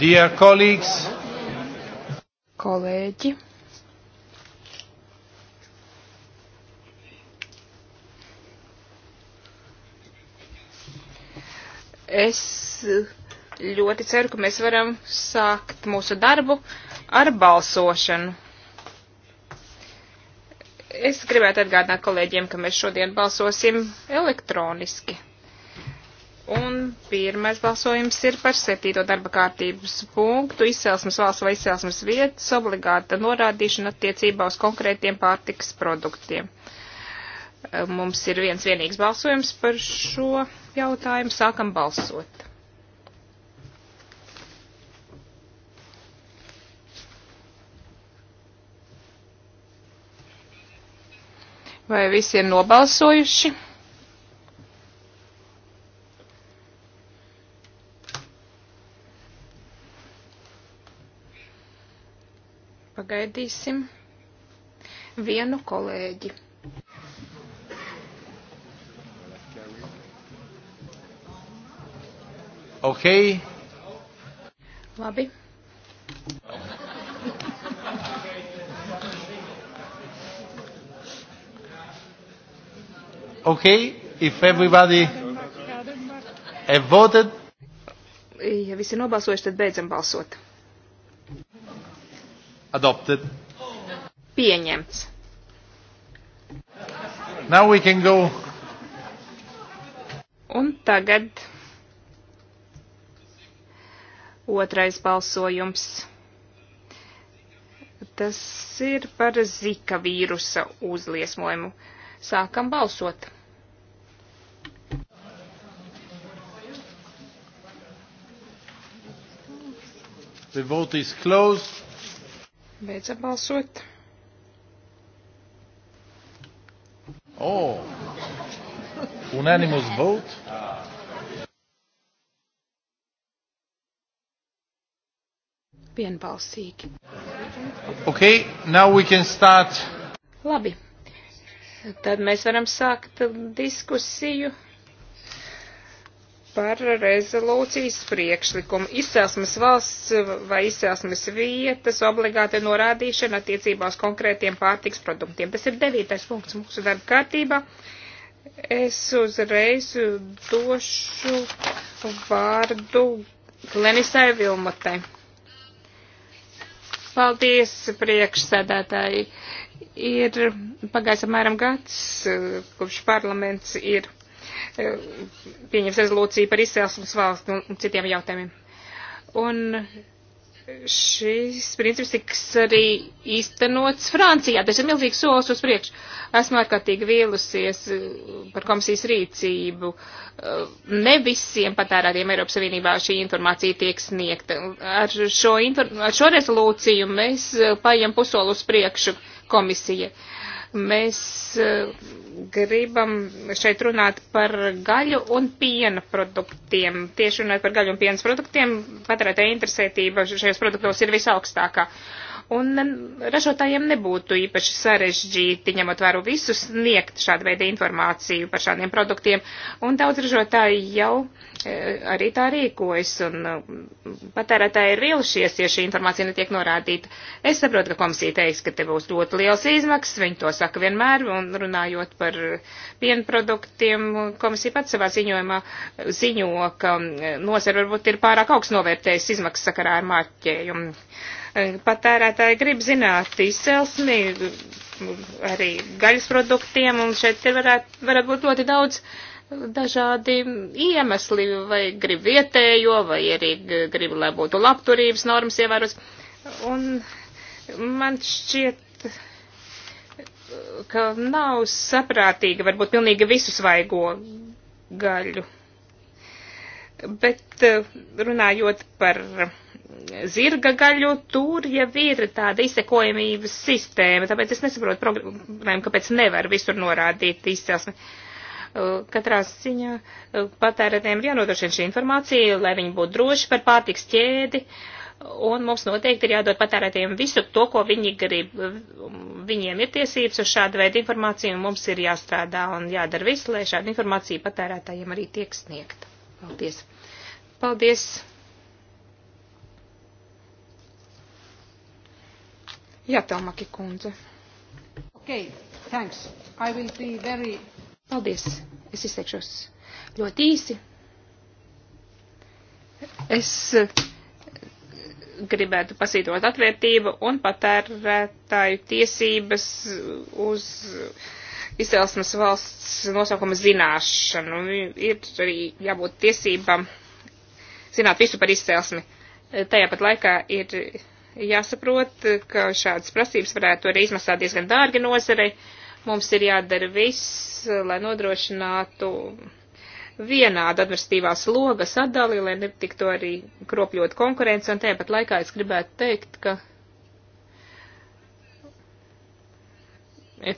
Dear colleagues, kolēģi, es ļoti ceru, ka mēs varam sākt mūsu darbu ar balsošanu. Es gribētu atgādināt kolēģiem, ka mēs šodien balsosim elektroniski. Pirmais balsojums ir par septīto darba kārtības punktu - izcelsmes valsts vai izcelsmes vietas obligāta norādīšana attiecībā uz konkrētiem pārtikas produktiem. Eh, mums ir viens vienīgs balsojums par šo jautājumu. Sākam balsot. Vai visi ir nobalsojuši? Pagaidīsim vienu kolēģi. Ok. Labi. Okay, if everybody have voted. Ja visi nobalsojuši, tad beidzam balsot. Adopted. Pieņemts. Now we can go. Un tagad otrais balsojums. Tas ir par zika vīrusa uzliesmojumu. Sākam balsot. The vote is closed. Beidzam balsot. Oh, unanimous vote. Vienbalsīgi. Okay, now we can start. Labi. Tad mēs varam sākt diskusiju par rezolūcijas priekšlikumu. Izcelsmes valsts vai izcelsmes vietas obligāta norādīšana attiecībā uz konkrētiem pārtiks produktiem. Tas ir devītais punkts mūsu darba kārtībā. Es uzreiz došu vārdu Lenisai Vilmotai. Paldies, priekšsēdētāji. Ir pagājis apmēram gads, eh, kopš parlaments ir Eh, pieņems rezolūciju par izcelsmes valstu un citiem jautājumiem. Un šis princips tiks arī īstenots Francijā. Tas ir milzīgs solis uz priekšu. Esmu ārkārtīgi vīlusies eh, par komisijas rīcību. Eh, ne visiem patērētiem Eiropas Savienībā šī informācija tiek sniegta. Ar šo, ar šo rezolūciju mēs paiem pusoli uz priekšu komisija. Uh, Mēs eh, gribam šeit runāt par gaļu un piena produktiem. Tieši runāt par gaļu un pienas produktiem, patērētāja interesētība šajos produktos ir visaugstākā. Uh, un ražotājiem nebūtu īpaši sarežģīti, ņemot vēru visus, sniegt šādu veidu informāciju par šādiem produktiem, un daudz ražotāji jau e, arī tā rīkojas, un e, patērētāji ir vilšies, ja šī informācija netiek norādīta. Es saprotu, ka komisija teiks, ka te būs ļoti liels izmaksas, viņi to saka vienmēr, un runājot par piena produktiem, komisija pats savā ziņojumā ziņo, ka e, nozara varbūt ir pārāk augsts novērtējis izmaksas sakarā ar mārķējumu. E, patērētāji grib zināt izcelsmi, arī gaļas produktiem, un šeit ir varētu, varētu būt ļoti daudz dažādi iemesli, vai grib vietējo, vai arī grib, lai būtu labturības normas ievēros. Un man šķiet, ka nav saprātīgi varbūt pilnīgi visu svaigo gaļu. Bet e, runājot par zirga gaļu, tur jau ir tāda izsekojamības sistēma, tāpēc es nesaprotu problēmu, kāpēc nevar visur norādīt izcelsmi. Uh, katrā ziņā uh, patērētēm ir jānodrošina šī informācija, lai viņi būtu droši par pārtiks ķēdi, un mums noteikti ir jādod patērētēm visu to, ko viņi grib. Viņiem ir tiesības uz šādu veidu informāciju, un mums ir jāstrādā un jādara viss, lai šāda informācija patērētājiem arī tiek sniegta. Paldies! Paldies! Jā, Telmaki kundze. Ok, thanks. I will be very. Paldies. Es izteikšos ļoti īsi. Es eh, gribētu pasītot atvērtību un patērētāju tiesības uz izcelsmes valsts nosaukuma zināšanu. Ir arī jābūt tiesībām zināt visu par izcelsmi. Tajā pat laikā ir jāsaprot, ka šādas prasības varētu arī izmaksāt diezgan dārgi nozarei. Mums ir jādara viss, lai nodrošinātu vienādu administratīvā sloga sadali, lai netiktu arī kropļot konkurence, un tāpat laikā es gribētu teikt, ka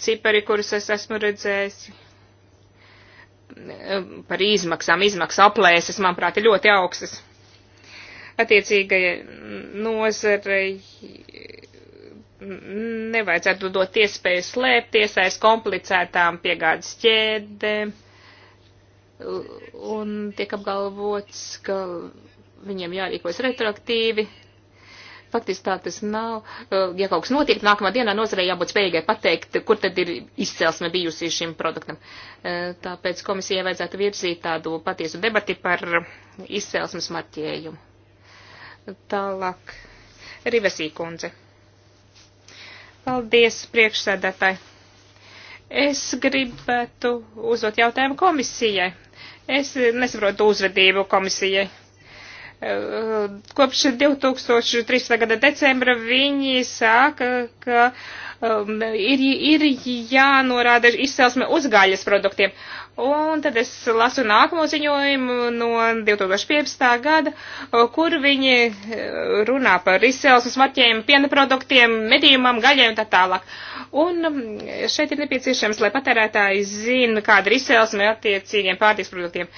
cipari, kurus es esmu redzējis par izmaksām, izmaksu aplēses, manuprāt, ir ļoti augstas attiecīgajai nozarei nevajadzētu dot iespēju slēpties aiz komplicētām piegādes ķēdēm. Un tiek apgalvots, ka viņiem jārīkojas retroaktīvi. Faktiski tā tas nav. Ja kaut kas notiek, nākamā dienā nozarei jābūt spējīgai pateikt, kur tad ir izcelsme bijusi šim produktam. Tāpēc komisijai vajadzētu virzīt tādu patiesu debati par izcelsmes marķējumu. Tālāk. Rivesī kundze. Paldies, priekšsēdētāji. Es gribētu uzdot jautājumu komisijai. Es nesaprotu uzvedību komisijai. Eh, kopš 2013. gada decembra viņi sāka, ka um, ir, ir jānorāda izcelsme uz gaļas produktiem. Uh, Un tad es lasu nākamo ziņojumu no 2015. gada, kur viņi eh, runā par izcelsmes marķējumu, piena produktiem, medījumam, gaļiem un tā tālāk. Un mm, šeit ir nepieciešams, lai patērētāji zina, kāda ir izcelsme attiecīgiem pārtiks produktiem.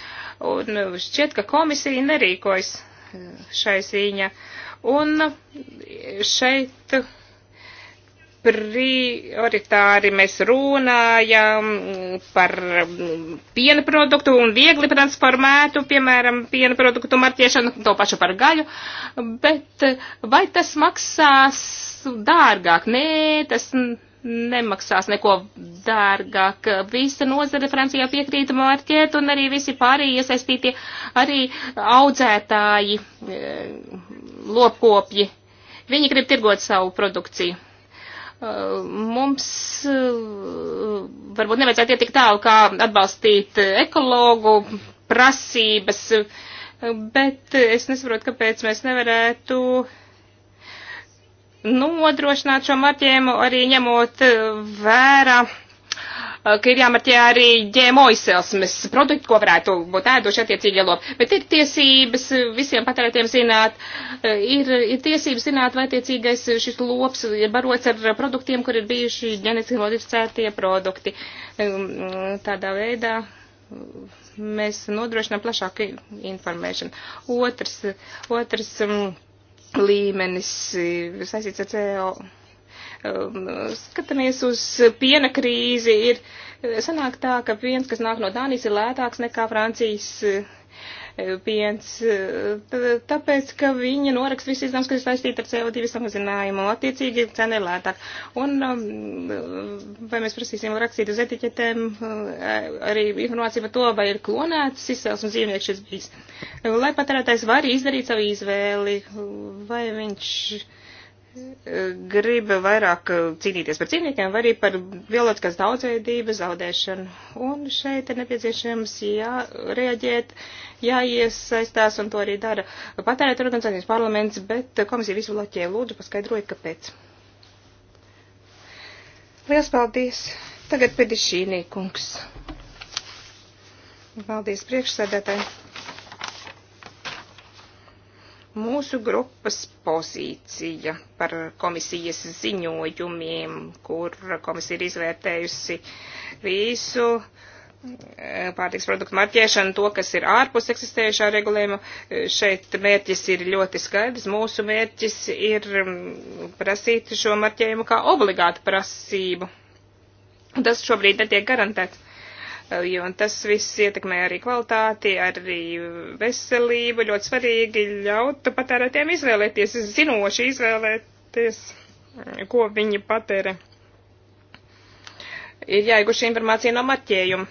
Un eh, šķiet, ka komisija nerīkojas eh, šai ziņā. Un šeit prioritāri mēs runājam par piena produktu un viegli transformētu, piemēram, piena produktu marķiešanu, to pašu par gaļu, bet vai tas maksās dārgāk? Nē, tas nemaksās neko dārgāk. Visa nozare Francijā piekrīta marķēt un arī visi pārējie iesaistītie, arī audzētāji, eh, lopkopji. Viņi grib tirgot savu produkciju mums eh, varbūt nevajadzētu iet tik tālu, kā atbalstīt ekologu prasības, bet es nesaprotu, kāpēc mēs nevarētu nu, nodrošināt šo marķējumu arī ņemot vērā Eh, ka ir jāmarķē arī ģēmo izcelsmes produkti, ko varētu būt ēduši attiecīgie lopi. Bet ir tiesības visiem patērētiem zināt, eh, ir, ir tiesības zināt, vai attiecīgais šis lops ir barots ar produktiem, kur ir bijuši ģenetiski modificētie produkti. Tādā veidā mēs nodrošinām plašāku informēšanu. Otrs, otrs mm, līmenis eh, saistīts ar CO. Um, skatāmies uz piena krīzi. Ir sanāk tā, ka piens, kas nāk no Dānijas, ir lētāks nekā Francijas uh, piens, uh, tāpēc, ka viņa norakst visu izdevumus, kas ir saistīti ar CO2 samazinājumu, attiecīgi cena ir lētāk. Un um, vai mēs prasīsim rakstīt uz etiķetēm uh, arī informāciju par to, vai ir klonēts izcelsmes dzīvnieks šis bijis. Lai patērētājs var izdarīt savu izvēli, vai viņš grib vairāk eh, cīnīties par cīniekiem, vai arī par bioloģiskās daudzveidības zaudēšanu. Un šeit ir nepieciešams jārēģēt, jāiesaistās, un to arī dara patērēt organizācijas parlaments, bet komisija visu bloķē. Lūdzu, paskaidrojiet, kāpēc. Liels paldies! Tagad pēdišīnī kungs. Paldies priekšsēdētāji mūsu grupas pozīcija par komisijas ziņojumiem, kur komisija ir izvērtējusi visu e, pārtiks produktu marķēšanu, to, kas ir ārpus eksistējušā regulējuma. E, šeit mērķis ir ļoti skaidrs. Mūsu mērķis ir prasīt šo marķējumu kā obligātu prasību. Tas šobrīd netiek garantēts. Eh, jo tas viss ietekmē arī kvalitāti, arī veselību. Ļoti svarīgi ļaut patērētiem izvēlēties, zinoši izvēlēties, mm, ko viņi patērē. Ir jāieguši informācija no marķējuma.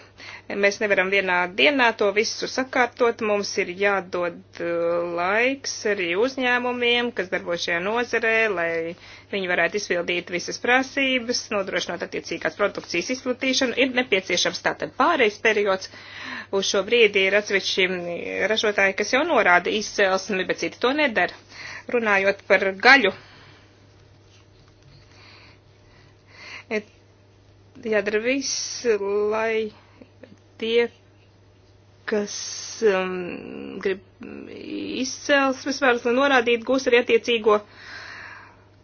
Mēs nevaram vienā dienā to visu sakārtot, mums ir jādod uh, laiks arī uzņēmumiem, kas darbo šajā nozarē, lai viņi varētu izpildīt visas prasības, nodrošinot attiecīgās produkcijas izplatīšanu, ir nepieciešams tātad pārejas periods. Uz šo brīdi ir atsevišķi ražotāji, kas jau norāda izcelsmi, bet citi to nedara. Runājot par gaļu, jādara viss, lai tie, kas um, grib izcelsmes vairs norādīt, gūs arī attiecīgo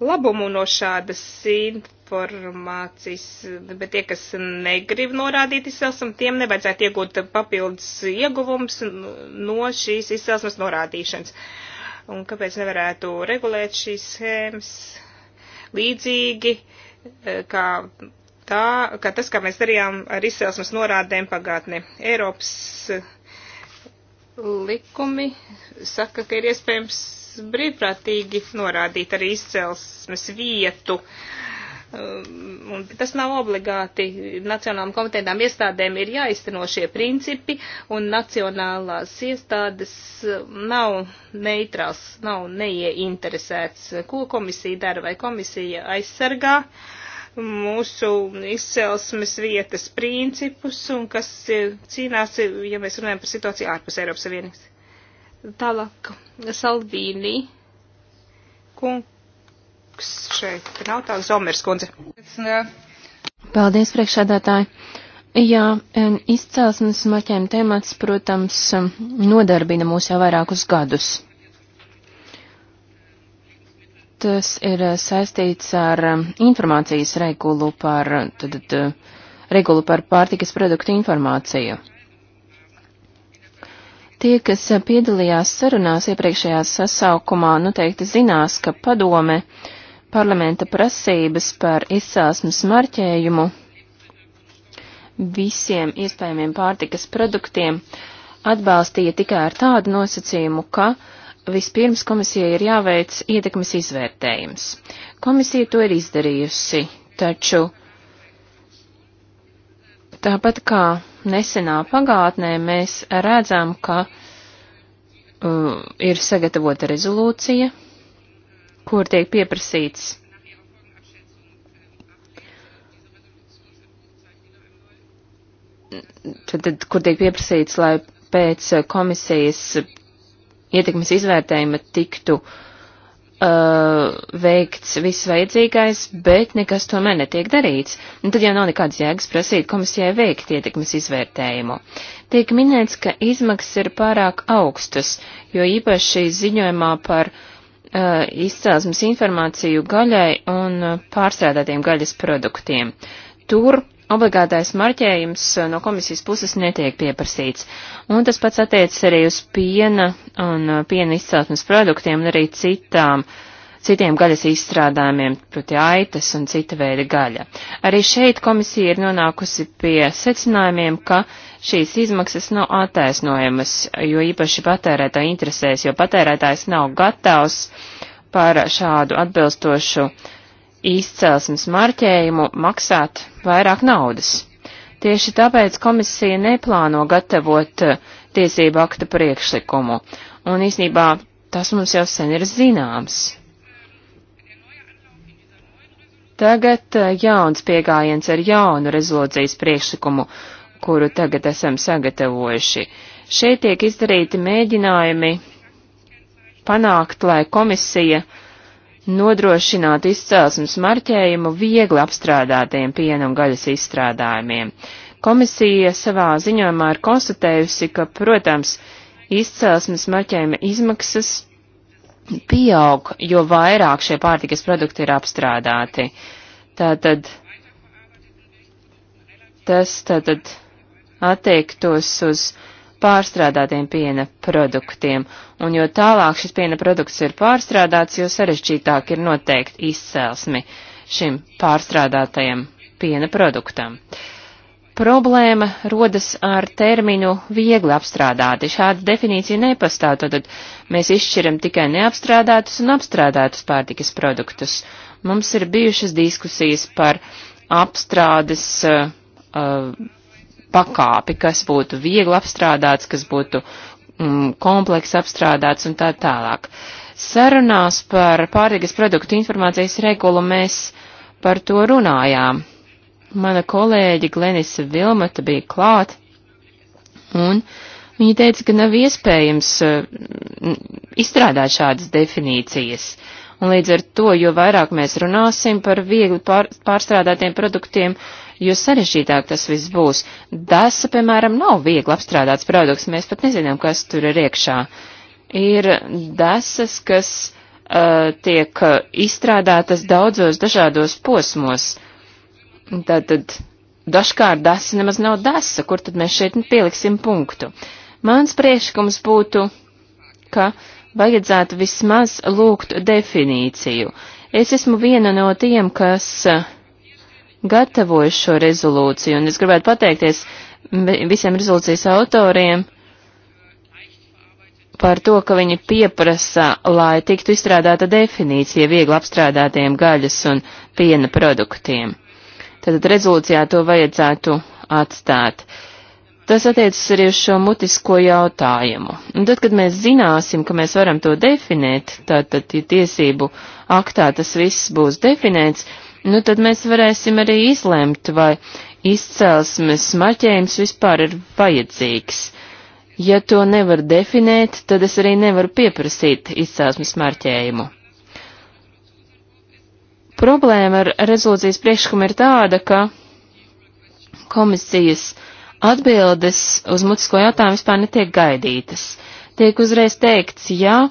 labumu no šādas informācijas, bet tie, kas negrib norādīt izcelsmi, tiem nevajadzētu iegūt papildus ieguvums no šīs izcelsmes norādīšanas. Un kāpēc nevarētu regulēt šīs schēmas līdzīgi, eh, kā tā, ka tas, kā mēs darījām ar izcelsmes norādēm pagātnē. Eiropas eh, likumi saka, ka ir iespējams brīvprātīgi norādīt arī izcelsmes vietu. Eh, un tas nav obligāti. Nacionālām komitētām iestādēm ir jāizteno šie principi, un nacionālās iestādes eh, nav neitrās, nav neieinteresēts, ko komisija dara vai komisija aizsargā. Uh, mūsu izcelsmes vietas principus un kas e, cīnās, e, ja mēs runājam par situāciju ārpus Eiropas Savienības. Tālāk, Salvīni kungs šeit nav tā, Zomers kundze. Paldies, priekšādātāji. Jā, e, izcelsmes maķēm temats, protams, nodarbina mūs jau vairākus gadus tas ir eh, saistīts ar eh, informācijas regulu par, eh, tad, tad, regulu par pārtikas produktu informāciju. Tie, kas piedalījās sarunās iepriekšējā sasaukumā, noteikti zinās, ka padome parlamenta prasības par izcelsmes marķējumu visiem iespējamiem pārtikas produktiem atbalstīja tikai ar tādu nosacījumu, ka uh, vispirms komisijai ir jāveic ietekmes izvērtējums. Komisija to ir izdarījusi, taču tāpat kā nesenā pagātnē mēs redzam, ka uh, ir sagatavota rezolūcija, kur tiek pieprasīts tad, tad, kur tiek pieprasīts, lai pēc komisijas ietekmes izvērtējuma tiktu uh, veikts viss vajadzīgais, bet nekas tomēr netiek darīts. Un nu, tad jau nav nekādas jēgas prasīt komisijai veikt ietekmes izvērtējumu. Tiek minēts, ka izmaksas ir pārāk augstas, jo īpaši ziņojumā par uh, izcelsmes informāciju gaļai un uh, pārstrādātiem gaļas produktiem. Tur obligātais marķējums eh, no komisijas puses netiek pieprasīts. Un tas pats attiecas arī uz piena un eh, piena izcelsmes produktiem un arī citām, citiem gaļas izstrādājumiem, proti aitas un cita veida gaļa. Arī šeit komisija ir nonākusi pie secinājumiem, ka šīs izmaksas nav attaisnojamas, jo īpaši patērētāji interesēs, jo patērētājs nav gatavs par šādu atbilstošu uh, izcelsmes marķējumu maksāt vairāk naudas. Tieši tāpēc komisija neplāno gatavot eh, tiesību akta priekšlikumu, un īsnībā tas mums jau sen ir zināms. Tagad eh, jauns piegājiens ar jaunu rezolūcijas priekšlikumu, kuru tagad esam sagatavojuši. Šeit tiek izdarīti mēģinājumi panākt, lai komisija uh, nodrošināt izcelsmes marķējumu viegli apstrādātiem piena un gaļas izstrādājumiem. Komisija savā ziņojumā ir konstatējusi, ka, protams, izcelsmes marķējuma izmaksas pieaug, jo vairāk šie pārtikas produkti ir apstrādāti. Tātad tas tātad attiektos uz pārstrādātiem piena produktiem, un jo tālāk šis piena produkts ir pārstrādāts, jo sarežģītāk ir noteikt izcelsmi šim pārstrādātajam piena produktam. Problēma rodas ar terminu viegli apstrādāti. Šāda definīcija nepastāv, tad mēs izšķiram tikai neapstrādātus un apstrādātus pārtikas produktus. Mums ir bijušas diskusijas par apstrādes uh, uh pakāpi, kas būtu viegli apstrādāts, kas būtu uh, mm, kompleks apstrādāts un tā tālāk. Sarunās par pārīgas produktu informācijas regulu mēs par to runājām. Mana kolēģi Glenisa Vilmata bija klāt, un viņa teica, ka nav iespējams uh, izstrādāt šādas definīcijas. Un līdz ar to, jo vairāk mēs runāsim par viegli pār, pārstrādātiem produktiem, uh, jo sarežģītāk tas viss būs. Dasa, piemēram, nav viegli apstrādāts produkts, mēs pat nezinām, kas tur ir iekšā. Ir dasas, kas uh, tiek uh, izstrādātas daudzos dažādos posmos. Tātad dažkārt dasa nemaz nav dasa, kur tad mēs šeit pieliksim punktu. Mans priekšlikums būtu, ka vajadzētu vismaz lūgt definīciju. Es esmu viena no tiem, kas uh, gatavojis šo rezolūciju, un es gribētu pateikties visiem rezolūcijas autoriem par to, ka viņi pieprasa, lai tiktu izstrādāta definīcija viegli apstrādātiem gaļas un piena produktiem. Tātad rezolūcijā to vajadzētu atstāt. Tas attiecas arī uz šo mutisko jautājumu. Un tad, kad mēs zināsim, ka mēs varam to definēt, tātad ja tiesību aktā tas viss būs definēts, nu tad mēs varēsim arī izlemt, vai izcelsmes maķējums vispār ir vajadzīgs. Ja to nevar definēt, tad es arī nevaru pieprasīt izcelsmes marķējumu. Problēma ar rezolūcijas priekšlikumu ir tāda, ka komisijas atbildes uz mutisko jautājumu vispār netiek gaidītas. Tiek uzreiz teikts, jā,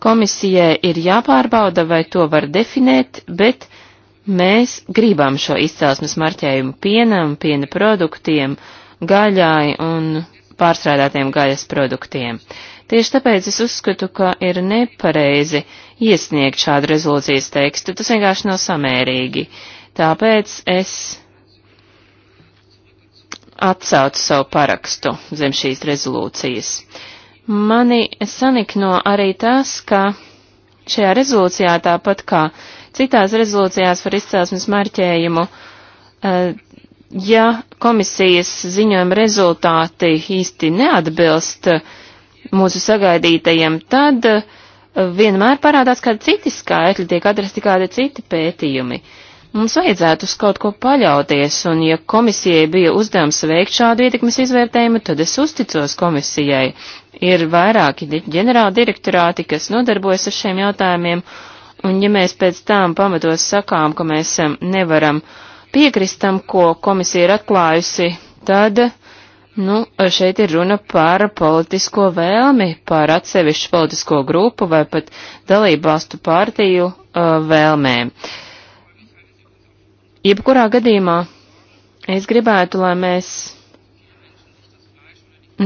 komisijai ir jāpārbauda, vai to var definēt, bet Mēs gribam šo izcelsmes marķējumu pienam, piena produktiem, gaļai un pārstrādātiem gaļas produktiem. Tieši tāpēc es uzskatu, ka ir nepareizi iesniegt šādu rezolūcijas tekstu, tas vienkārši nav samērīgi. Tāpēc es atsaucu savu parakstu zem šīs rezolūcijas. Mani sanikno arī tas, ka šajā rezolūcijā tāpat kā citās rezolūcijās par izcelsmes marķējumu. Eh, ja komisijas ziņojuma rezultāti īsti neatbilst mūsu sagaidītajiem, tad eh, vienmēr parādās kādi citi skaitļi, tiek atrasti kādi citi pētījumi. Mums vajadzētu uz kaut ko paļauties, un ja komisijai bija uzdevums veikt šādu ietekmes izvērtējumu, tad es uzticos komisijai. Ir vairāki ģenerāli direktorāti, kas nodarbojas ar šiem jautājumiem, Un ja mēs pēc tām pamatos sakām, ka mēs nevaram piekrist tam, ko komisija ir atklājusi, tad, nu, šeit ir runa par politisko vēlmi, par atsevišķu politisko grupu vai pat dalībvalstu pārtīju uh, vēlmēm. Jebkurā gadījumā es gribētu, lai mēs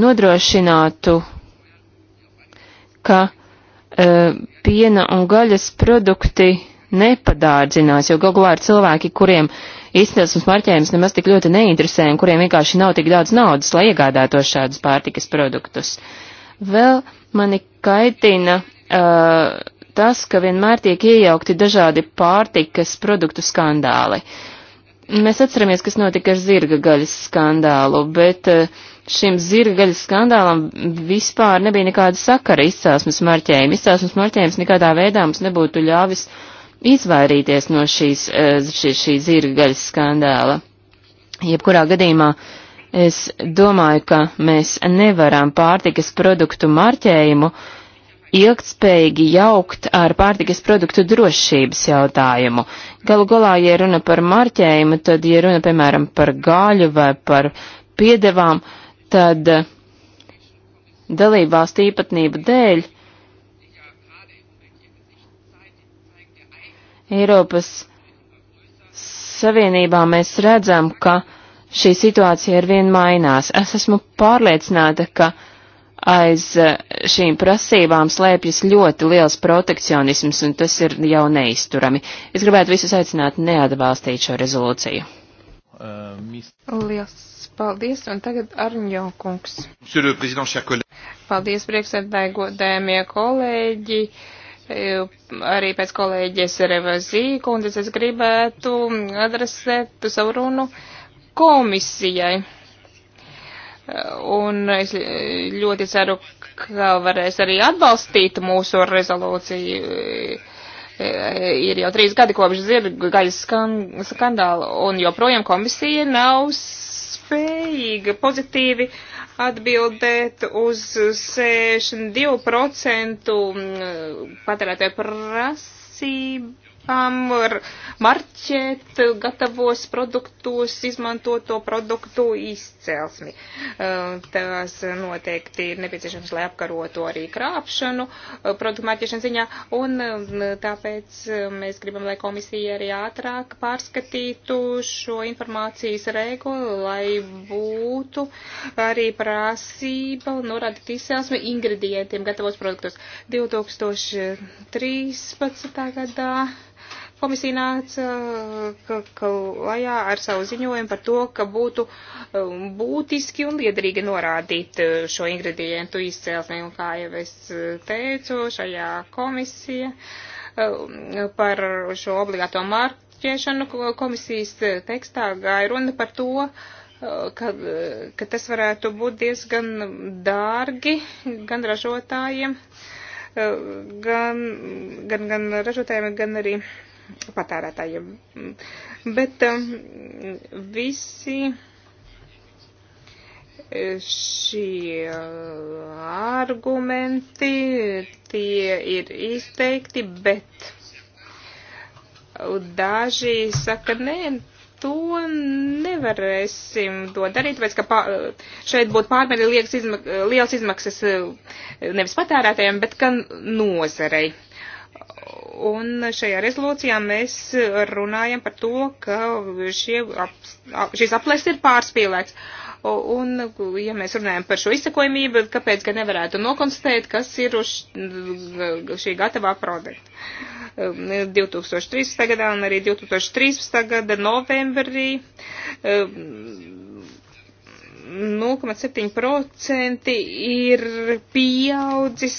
nodrošinātu, ka E, piena un gaļas produkti nepadārdzinās, jo galvā ir cilvēki, kuriem izcelsmes marķējums nemaz tik ļoti neinteresē un kuriem vienkārši nav tik daudz naudas, lai iegādātos šādus pārtikas produktus. Vēl mani kaitina uh, tas, ka vienmēr tiek iejaukti dažādi pārtikas produktu skandāli. Mēs atceramies, kas notika ar zirga gaļas skandālu, bet uh, šim zirgaļas skandālam vispār nebija nekāda sakara izcelsmes marķējuma. Izcelsmes marķējums nekādā veidā mums nebūtu ļāvis izvairīties no šīs, eh, šī, šī zirgaļas skandāla. Jebkurā gadījumā es domāju, ka mēs nevaram pārtikas produktu marķējumu ilgtspējīgi jaukt ar pārtikas produktu drošības jautājumu. Galu galā, ja runa par marķējumu, tad, ja runa, piemēram, par gaļu vai par piedevām, uh, tad dalībvalstu īpatnību dēļ Eiropas Savienībā mēs redzam, ka šī situācija ar vienu mainās. Es esmu pārliecināta, ka aiz eh, šīm prasībām slēpjas ļoti liels protekcionisms, un tas ir jau neizturami. Es gribētu visus aicināt neatbalstīt šo rezolūciju. Uh, mis... Liels Paldies, un tagad Arņo kungs. Paldies, priekšsēdētāji, godējumie kolēģi. E, arī pēc kolēģis Revazī kundzes es gribētu adresēt savu runu komisijai. E, un es ļoti ceru, ka varēs arī atbalstīt mūsu rezolūciju e, ir jau trīs gadi kopš zirgaļas skandāla, un joprojām komisija nav spējīga pozitīvi atbildēt uz 62% mm, patērētāju prasību lietām, marķēt gatavos produktos, izmantot to produktu izcelsmi. Tās noteikti ir nepieciešams, lai apkarotu arī krāpšanu produktu marķēšanas ziņā, un tāpēc mēs gribam, lai komisija arī ātrāk pārskatītu šo informācijas regulu, lai būtu arī prasība norādīt izcelsmi ingredientiem gatavos produktos. 2013. gadā komisija nāca uh, klajā ar savu ziņojumu par to, ka būtu um, būtiski un liederīgi norādīt uh, šo ingredientu izcelsmi. Un kā jau es uh, teicu, šajā komisija um, par šo obligāto marķēšanu komisijas tekstā gāja runa par to, ka, ka tas varētu būt diezgan dārgi gan ražotājiem, gan, gan, gan ražotājiem, gan arī patērētājiem. Bet um, visi eh, šie eh, argumenti, tie ir izteikti, bet daži saka, nē, to nevarēsim to darīt, tāpēc, ka pā, šeit būtu pārmērīgi izma, liels izmaksas eh, nevis patērētājiem, bet gan nozarei. Un šajā rezolūcijā mēs runājam par to, ka šie, ap, šīs aplēs ir pārspīlēts. Un, ja mēs runājam par šo izsakojamību, kāpēc gan nevarētu nokonstatēt, kas ir uz šī gatavā produkta? 2013. Um, gadā un arī 2013. gada novembrī um, 0,7% ir pieaudzis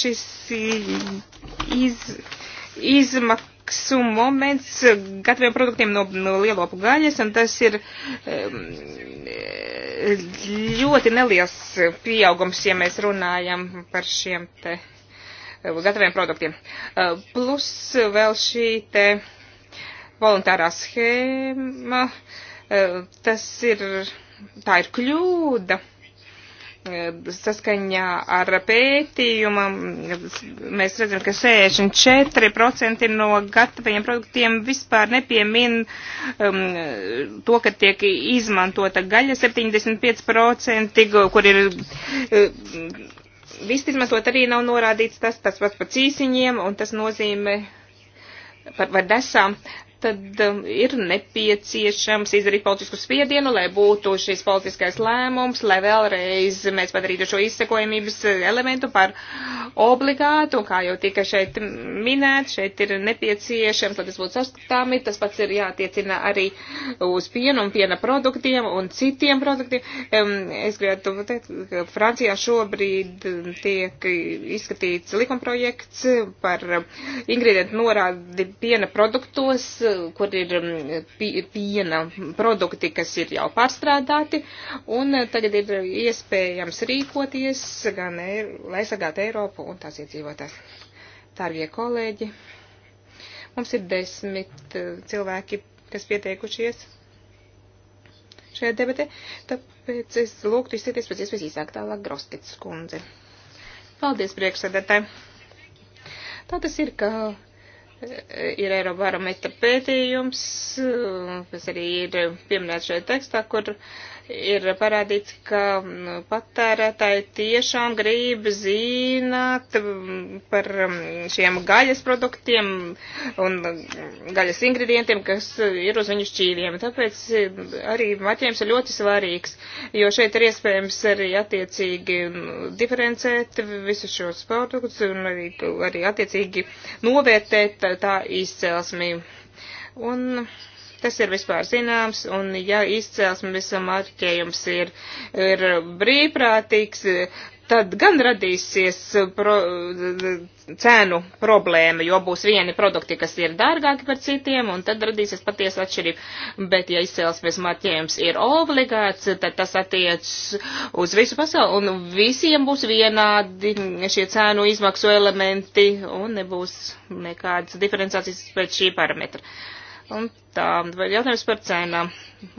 šis iz, izmaksas maksu moments gataviem produktiem no, no lielopu gaļas, un tas ir ļoti neliels pieaugums, ja mēs runājam par šiem te eh, gataviem produktiem. Eh, plus vēl šī te voluntārā schēma, eh, tas ir tā ir kļūda. E, saskaņā ar pētījumu mēs redzam, ka 64% no gatavajiem produktiem vispār nepiemin um, to, ka tiek izmantota gaļa, 75%, kur ir. Um, Viss izmantot arī nav norādīts tas, tas pats par cīsiņiem, un tas nozīmē par, par desām tad um, ir nepieciešams izdarīt politisku spiedienu, lai būtu šis politiskais lēmums, lai vēlreiz mēs padarītu šo izsekojamības elementu par obligātu, un kā jau tika šeit minēt, šeit ir nepieciešams, lai tas būtu saskatāmi, tas pats ir jātiecina arī uz pienu un piena produktiem un citiem produktiem. Um, es gribētu teikt, ka Francijā šobrīd tiek izskatīts likumprojekts par um, ingredientu norādi piena produktos, kur ir um, piena produkti, kas ir jau pārstrādāti, un uh, tagad ir iespējams rīkoties, gan, e, lai sagātu Eiropu un tās iedzīvotās. Tārgie kolēģi, mums ir desmit uh, cilvēki, kas pieteikušies šajā debatē, tāpēc es lūgtu izsieties pēc iespējas īsāk tālāk Grostits kundze. Paldies priekšsēdētāji! Tā tas ir, ka ir Eirobarometra pētījums, kas arī ir pieminēts šajā tekstā, kur ir parādīts, ka mm, patērētāji tiešām grib zināt mm, par mm, šiem gaļas produktiem un gaļas ingredientiem, kas ir uz viņu šķīviem. Tāpēc arī marķējums ir ļoti svarīgs, jo šeit ir iespējams arī attiecīgi diferencēt visus šos produktus un arī, arī attiecīgi novērtēt tā izcelsmi. Un Tas ir vispār zināms, un ja izcelsmes marķējums ir, ir brīvprātīgs, tad gan radīsies pro, cēnu problēma, jo būs vieni produkti, kas ir dārgāki par citiem, un tad radīsies patiesa atšķirība. Bet, ja izcelsmes marķējums ir obligāts, tad tas attiec uz visu pasauli, un visiem būs vienādi šie cēnu izmaksu elementi, un nebūs nekādas diferenciācijas pēc šī parametra. Uh, Un tā, vai jautājums par cenām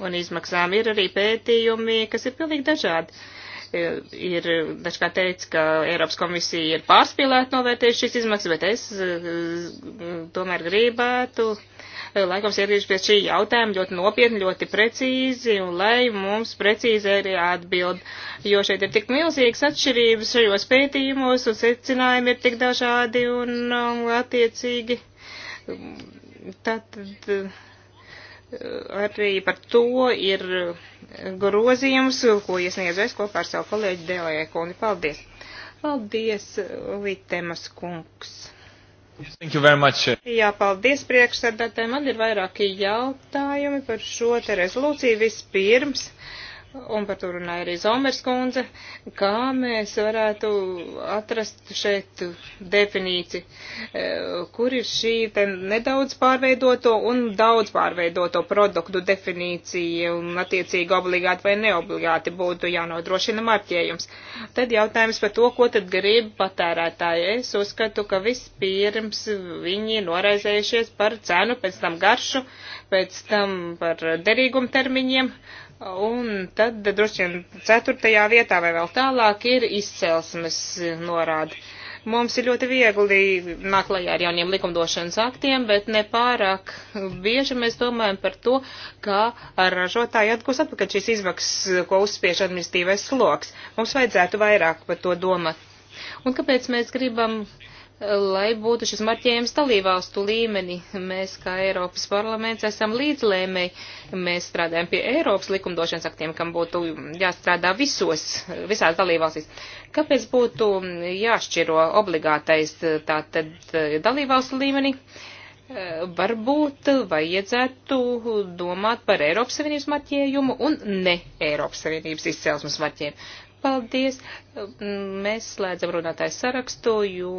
un izmaksām ir arī pētījumi, kas ir pilnīgi dažādi. E, ir dažkārt teica, ka Eiropas komisija ir pārspīlēta novērtējuši šīs izmaksas, bet es e, e, tomēr gribētu laikam sēdīšu pie šī jautājuma ļoti nopietni, ļoti precīzi, un lai mums precīzi arī atbild, jo šeit ir tik milzīgas atšķirības šajos pētījumos, un secinājumi ir tik dažādi un um, attiecīgi. Tad eh, arī par to ir eh, grozījums, ko iesniedzu es kopā ar savu kolēģi Dēlē Kuni. Paldies! Paldies, Vitemas kungs! Yes, thank you very much. Jā, paldies priekšsēdētāji. Man ir vairāki jautājumi par šo te rezolūciju vispirms. Uh, un par to runāja arī Zomers kundze, kā mēs varētu atrast šeit definīciju, e, kur ir šī nedaudz pārveidoto un daudz pārveidoto produktu definīcija un attiecīgi obligāti vai neobligāti būtu jānodrošina marķējums. Tad jautājums par to, ko tad grib patērētāji. Es uzskatu, ka vispirms viņi noraizējušies par cenu, pēc tam garšu, pēc tam par derīgumu termiņiem Un tad droši vien ceturtajā vietā vai vēl tālāk ir izcelsmes norāde. Mums ir ļoti viegli nākt klajā ar jauniem likumdošanas aktiem, bet nepārāk bieži mēs domājam par to, kā ražotāji atgūs atpakaļ šīs izmaksas, ko uzspiež administratīvais sloks. Mums vajadzētu vairāk par to domāt. Un kāpēc mēs gribam uh, lai būtu šis marķējums dalībvalstu līmenī. Mēs, kā Eiropas parlaments, esam līdzlēmēji. Mēs strādājam pie Eiropas likumdošanas aktiem, kam būtu jāstrādā visos, visās dalībvalstīs. Kāpēc būtu jāšķiro obligātais tātad dalībvalstu līmenī? Varbūt vajadzētu domāt par Eiropas Savienības marķējumu un ne Eiropas Savienības izcelsmes marķējumu. Paldies! Mēs slēdzam runātājs sarakstu, jo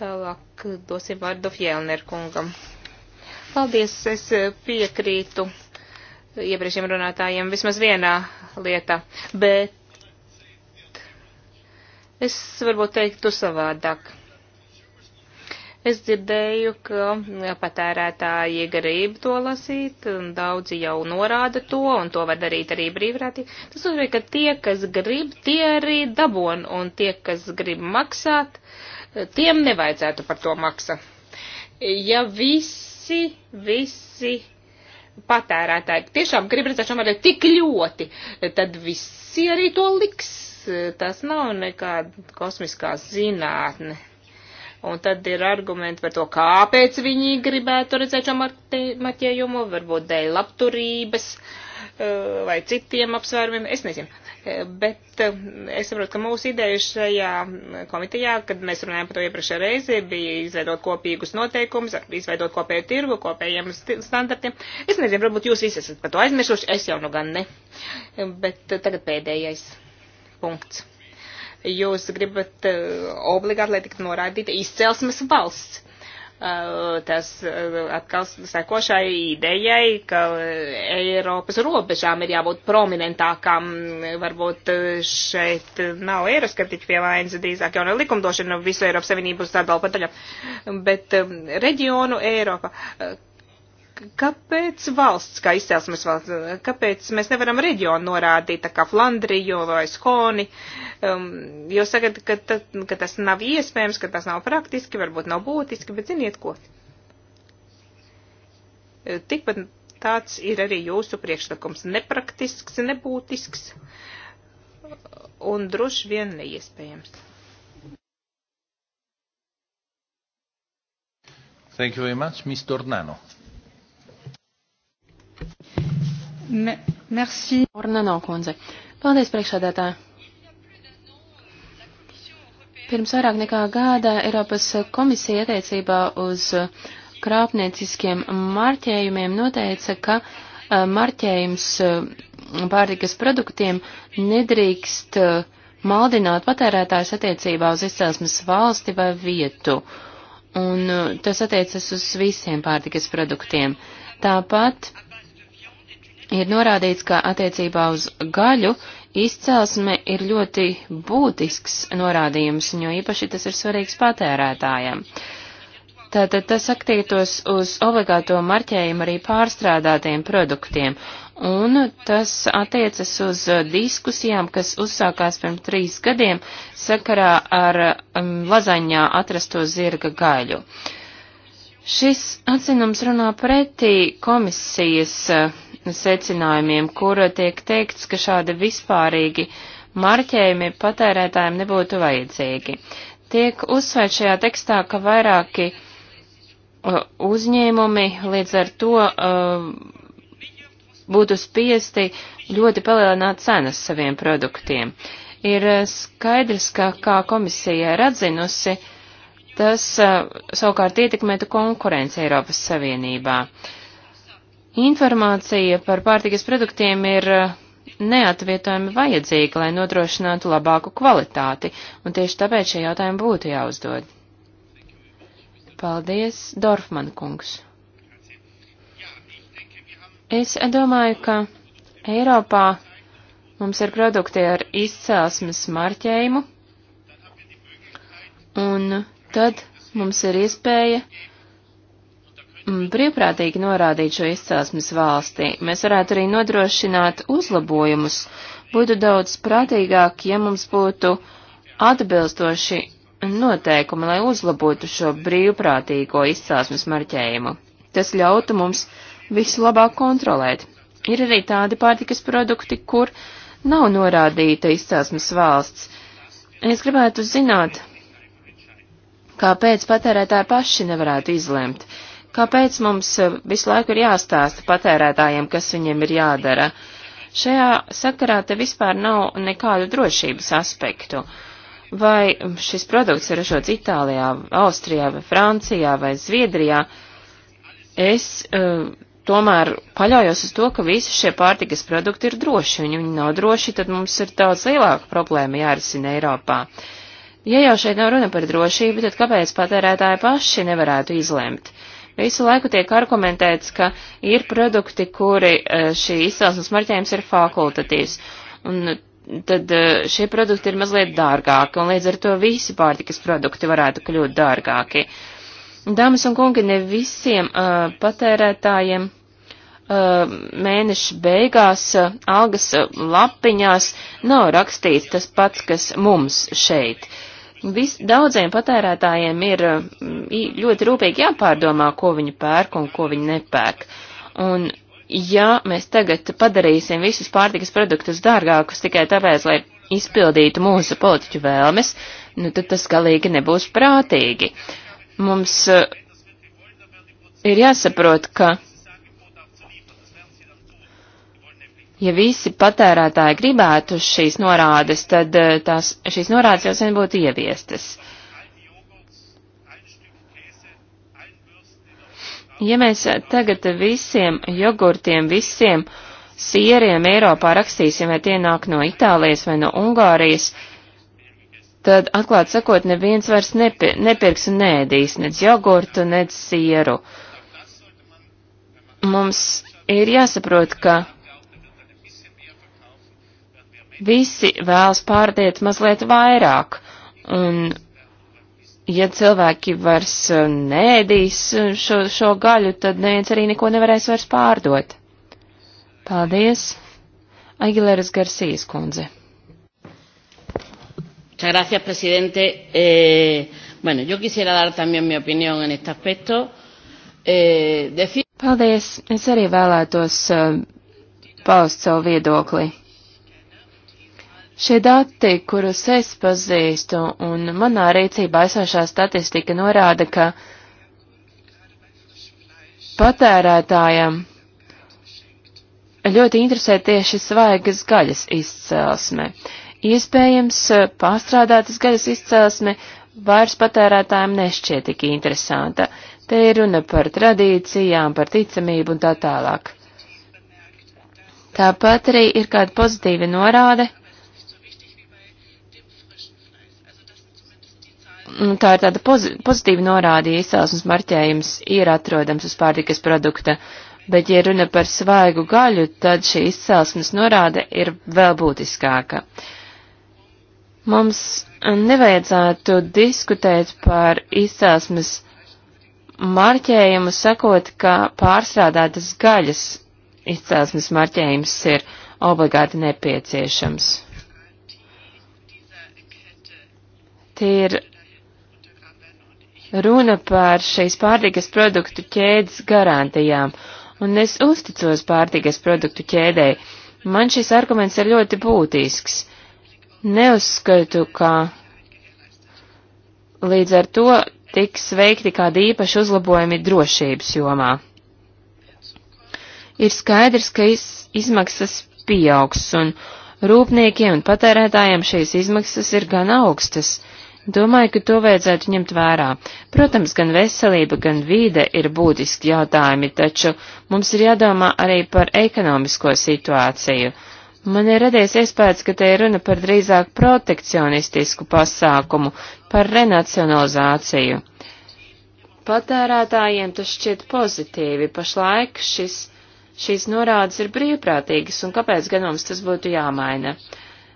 Tālāk dosim vārdu Fjellner kungam. Paldies, es piekrītu iepriekšiem runātājiem vismaz vienā lietā, bet es varbūt teiktu savādāk. Es dzirdēju, ka patērētāji grib to lasīt, un daudzi jau norāda to, un to var darīt arī brīvrātī. Tas nozīmē, ka tie, kas grib, tie arī dabon, un tie, kas grib maksāt, uh, tiem nevajadzētu par to maksāt. Ja visi, visi patērētāji tiešām grib redzēt šo modeli tik ļoti, tad visi arī to liks. Tas nav nekāda kosmiskā zinātne. Un tad ir argumenti par to, kāpēc viņi gribētu redzēt šo marķējumu, varbūt dēļ labturības eh, vai citiem apsvērumiem. Es nezinu. Bet eh, es saprotu, ka mūsu ideja šajā komitejā, kad mēs runājam par to iepriekšējā reizi, bija izveidot kopīgus noteikumus, izveidot kopēju tirgu, kopējiem standartiem. Es nezinu, varbūt jūs visi esat par to aizmirsuši, es jau nu gan ne. Bet eh, tagad pēdējais punkts. Jūs gribat eh, obligāti, lai tiktu norādīta izcelsmes valsts. Eh, tas eh, atkal sekošai idejai, ka eh, Eiropas robežām ir jābūt prominentākām. Varbūt šeit nav eiroskeptiķi pie vainas, drīzāk jau ne likumdošana visu Eiropas Savienības sadalpa daļa, bet reģionu Eiropa Kāpēc valsts, kā izcelsmes valsts, kāpēc mēs nevaram reģionu norādīt, tā kā Flandriju vai Skoni? Um, jūs sakat, ka, ta, ka tas nav iespējams, ka tas nav praktiski, varbūt nav būtiski, bet ziniet ko? Tikpat tāds ir arī jūsu priekšlikums. Nepraktisks, nebūtisks un droši vien neiespējams. Thank you very much, Mr. Dornano. Me merci. Ornano kundze. Paldies, priekšādētāji. Pirms vairāk nekā gada Eiropas komisija attiecībā uz krāpnieciskiem marķējumiem noteica, ka eh, marķējums eh, pārtikas produktiem nedrīkst eh, maldināt patērētājs attiecībā uz izcelsmes valsti vai vietu. Un tas attiecas uz visiem pārtikas produktiem. Tāpat ir norādīts, ka attiecībā uz gaļu izcelsme ir ļoti būtisks norādījums, jo īpaši tas ir svarīgs patērētājiem. Tātad tas attiektos uz obligāto marķējumu arī pārstrādātiem produktiem, un tas attiecas uz diskusijām, kas uzsākās pirms trīs gadiem sakarā ar um, lazaņā atrasto zirga gaļu. Šis atzinums runā pretī komisijas uh, secinājumiem, kur tiek teikts, ka šādi vispārīgi marķējumi patērētājiem nebūtu vajadzīgi. Tiek uzsvērt šajā tekstā, ka vairāki uh, uzņēmumi līdz ar to uh, būtu spiesti ļoti palielināt cenas saviem produktiem. Ir uh, skaidrs, ka, kā komisija ir atzinusi, tas uh, savukārt ietekmētu konkurenci Eiropas Savienībā. Uh, Informācija par pārtikas produktiem ir eh, neatvietojami vajadzīga, lai nodrošinātu labāku kvalitāti, un tieši tāpēc šie jautājumi būtu jāuzdod. Paldies, Dorfman kungs. Es domāju, ka Eiropā mums ir produkti ar izcelsmes marķējumu, un tad mums ir iespēja Mm, brīvprātīgi norādīt šo izcelsmes valsti. Mēs varētu arī nodrošināt uzlabojumus. Būtu daudz prātīgāk, ja mums būtu atbilstoši noteikumi, lai uzlabotu šo brīvprātīgo izcelsmes marķējumu. Tas ļautu mums visu labāk kontrolēt. Ir arī tādi pārtikas produkti, kur nav norādīta izcelsmes valsts. Es gribētu zināt, kāpēc patērētāji paši nevarētu izlemt. Kāpēc mums eh, visu laiku ir jāstāsta patērētājiem, kas viņiem ir jādara? Šajā sakarā te vispār nav nekādu drošības aspektu. Vai šis produkts ir ražots Itālijā, Austrijā, vai Francijā vai Zviedrijā, es uh, tomēr paļaujos uz to, ka visi šie pārtikas produkti ir droši, un ja viņi nav droši, tad mums ir daudz lielāka problēma jārisina Eiropā. Ja jau šeit nav runa par drošību, tad kāpēc patērētāji paši nevarētu izlemt? Visu laiku tiek argumentēts, ka ir produkti, kuri e, šī izcelsmes marķējums ir fakultatīvs. Un e, tad e, šie produkti ir mazliet dārgāki, un līdz ar to visi pārtikas produkti varētu kļūt dārgāki. Dāmas un kungi, ne visiem uh, patērētājiem uh, mēneša beigās uh, algas lapiņās nav rakstīts tas pats, kas mums šeit. Uh, Vis, daudziem patērētājiem ir mm, ļoti rūpīgi jāpārdomā, ko viņi pērk un ko viņi nepērk. Un ja mēs tagad padarīsim visus pārtikas produktus dārgākus tikai tāpēc, lai izpildītu mūsu politiķu vēlmes, nu tad tas galīgi nebūs prātīgi. Mums eh, ir jāsaprot, ka Ja visi patērētāji gribētu šīs norādes, tad eh, tās, šīs norādes jau sen būtu ieviestas. Ja mēs tagad visiem jogurtiem, visiem sieriem Eiropā rakstīsim, vai tie nāk no Itālijas vai no Ungārijas, tad, atklāt sakot, neviens vairs nepir nepirks un nēdīs nec jogurtu, nec sieru. Mums ir jāsaprot, ka visi vēlas pārdēt mazliet vairāk, un ja cilvēki vairs eh, nēdīs eh, šo, šo gaļu, tad neviens arī neko nevarēs vairs pārdot. Paldies, Aguilēras Garcijas kundze. Muchas gracias, presidente. Eh, bueno, yo quisiera dar también mi opinión en este aspecto. Eh, decir... Paldies, es arī vēlētos uh, paust savu viedokli. Šie dati, kurus es pazīstu, un manā rīcībā esošā statistika norāda, ka patērētājam ļoti interesē tieši svaigas gaļas izcelsme. Iespējams, pārstrādātas gaļas izcelsme vairs patērētājiem nešķiet tik interesanta. Te ir runa par tradīcijām, par ticamību un tā tālāk. Tāpat arī ir kāda pozitīva norāde, Mm, tā ir tāda pozitīva norāde, ja izcelsmes marķējums ir atrodams uz pārtikas produkta, bet, ja runa par svaigu gaļu, tad šī izcelsmes norāde ir vēl būtiskāka. Mums nevajadzētu diskutēt par izcelsmes marķējumu, sakot, ka pārstrādātas gaļas izcelsmes marķējums ir obligāti nepieciešams. Tie ir runa par šīs pārtikas produktu ķēdes garantijām, un es uzticos pārtikas produktu ķēdēji. Man šis arguments ir ļoti būtisks. Neuzskatu, ka līdz ar to tiks veikti kādi īpaši uzlabojumi drošības jomā. Ir skaidrs, ka iz, izmaksas pieaugs, un rūpniekiem un patērētājiem šīs izmaksas ir gan augstas. Domāju, ka to vajadzētu ņemt vērā. Protams, gan veselība, gan vīde ir būtiski jautājumi, taču mums ir jādomā arī par ekonomisko situāciju. Man ir radies iespējas, ka te ir runa par drīzāk protekcionistisku pasākumu, par renacionalizāciju. Patērētājiem tas šķiet pozitīvi, pašlaik šis, šīs norādes ir brīvprātīgas, un kāpēc gan mums tas būtu jāmaina?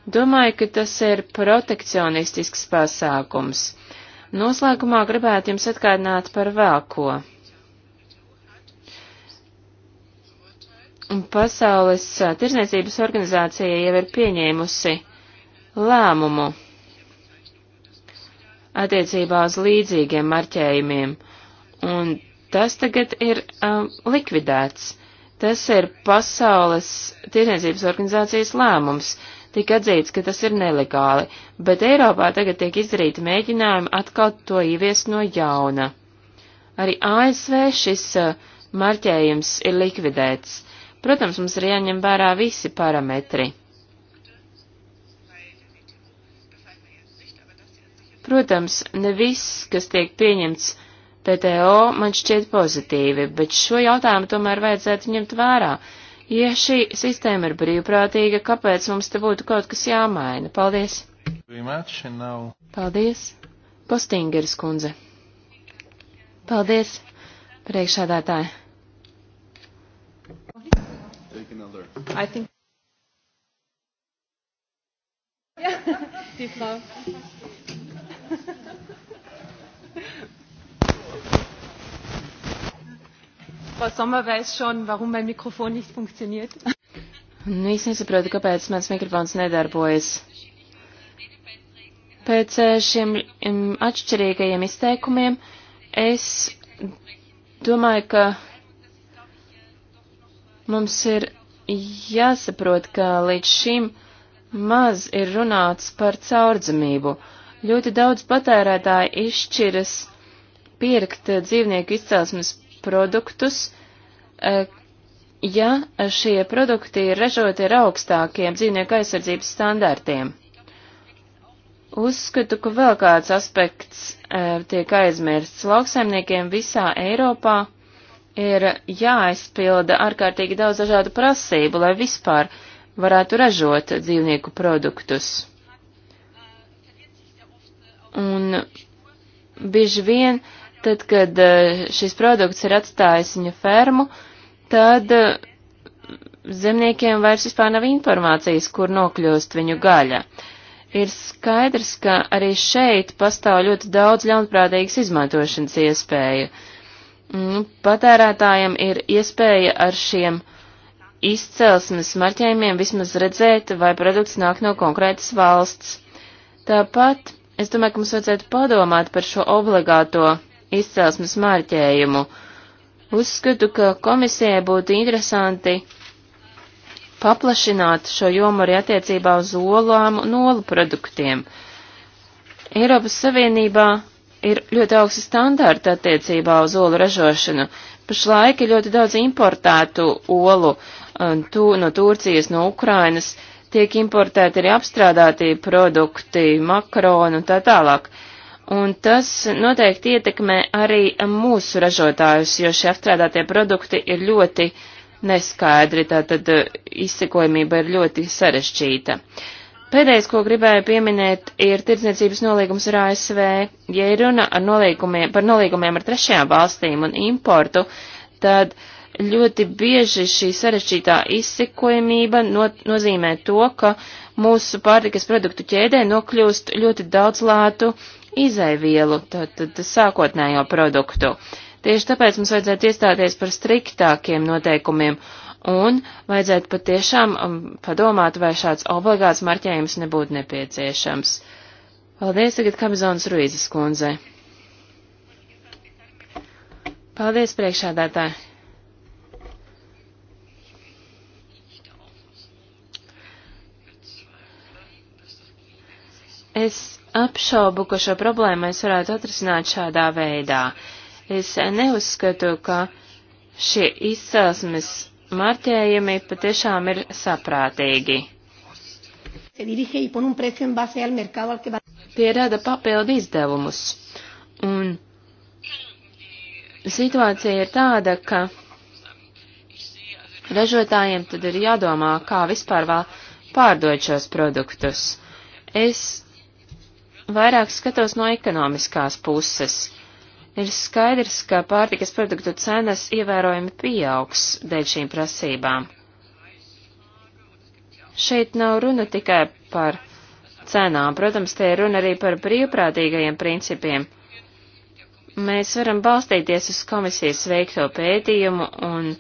Domāju, ka tas ir protekcionistisks pasākums. Noslēgumā gribētu jums atkārdināt par vēl ko. Pasaules tirzniecības organizācija jau ir pieņēmusi lēmumu attiecībā uz līdzīgiem marķējumiem, un tas tagad ir um, likvidēts. Tas ir Pasaules tirzniecības organizācijas lēmums. Uh, tika atzīts, ka tas ir nelegāli, bet Eiropā tagad tiek izdarīti mēģinājumi atkal to ieviest no jauna. Arī ASV šis uh, marķējums ir likvidēts. Protams, mums ir jāņem vērā visi parametri. Protams, ne viss, kas tiek pieņemts PTO, man šķiet pozitīvi, bet šo jautājumu tomēr vajadzētu ņemt vērā Ja šī sistēma ir brīvprātīga, kāpēc mums te būtu kaut kas jāmaina? Paldies! Paldies! Postingeris kundze! Paldies, priekšādātāji! I think. Yeah, deep love. Frau Sommer weiß schon, warum mein Mikrofon nicht funktioniert. Nu, es nesaprotu, kāpēc mans mikrofons nedarbojas. Pēc eh, šiem atšķirīgajiem izteikumiem es domāju, ka mums ir jāsaprot, ka līdz šim maz ir runāts par caurdzamību. Ļoti daudz patērētāji izšķiras pirkt dzīvnieku izcelsmes produktus, eh, ja šie produkti ir ražoti ar augstākiem dzīvnieku aizsardzības standartiem. Uzskatu, ka vēl kāds aspekts eh, tiek aizmirsts. Lauksaimniekiem visā Eiropā ir jāaizpilda ārkārtīgi daudz dažādu prasību, lai vispār varētu ražot dzīvnieku produktus. Un bieži vien uh, Tad, kad eh, šis produkts ir atstājis viņa fermu, tad eh, zemniekiem vairs vispār nav informācijas, kur nokļūst viņu gaļa. Ir skaidrs, ka arī šeit pastāv ļoti daudz ļaunprātīgas izmantošanas iespēju. Mm, patērētājiem ir iespēja ar šiem izcelsmes marķējumiem vismaz redzēt, vai produkts nāk no konkrētas valsts. Tāpat es domāju, ka mums vajadzētu padomāt par šo obligāto izcelsmes mārķējumu. Uzskatu, ka komisijai būtu interesanti paplašināt šo jomu arī attiecībā uz olām un olu produktiem. Eiropas Savienībā ir ļoti augsti standarti attiecībā uz olu ražošanu. Pašlaik ir ļoti daudz importētu olu tū, no Turcijas, no Ukrainas, tiek importēti arī apstrādātie produkti, makaroni un tā tālāk un tas noteikti ietekmē arī mūsu ražotājus, jo šie apstrādātie produkti ir ļoti neskaidri, tātad eh, izsekojamība ir ļoti sarežģīta. Pēdējais, ko gribēju pieminēt, ir tirdzniecības nolīgums ar ASV. Ja ir runa ar nolīgumiem, par nolīgumiem ar trešajām valstīm un importu, tad ļoti bieži šī sarežģītā izsekojamība no, nozīmē to, ka mūsu pārtikas produktu ķēdē nokļūst ļoti daudz lātu uh, izēvielu, tātad sākotnējo produktu. Tieši tāpēc mums vajadzētu iestāties par striktākiem noteikumiem un vajadzētu patiešām um, padomāt, vai šāds obligāts marķējums nebūtu nepieciešams. Paldies tagad Kamizonas Ruīzes kundzei. Paldies priekšādātāji. Es apšaubu, ka šo problēmu mēs varētu atrisināt šādā veidā. Es neuzskatu, ka šie izcelsmes marķējumi patiešām ir saprātīgi. Tie rada papildu izdevumus. Un situācija ir tāda, ka ražotājiem tad ir jādomā, kā vispār vēl pārdot šos produktus. Es vairāk skatos no ekonomiskās puses. Ir skaidrs, ka pārtikas produktu cenas ievērojami pieaugs dēļ šīm prasībām. Šeit nav runa tikai par cenām, protams, te ir runa arī par brīvprātīgajiem principiem. Mēs varam balstīties uz komisijas veikto pētījumu un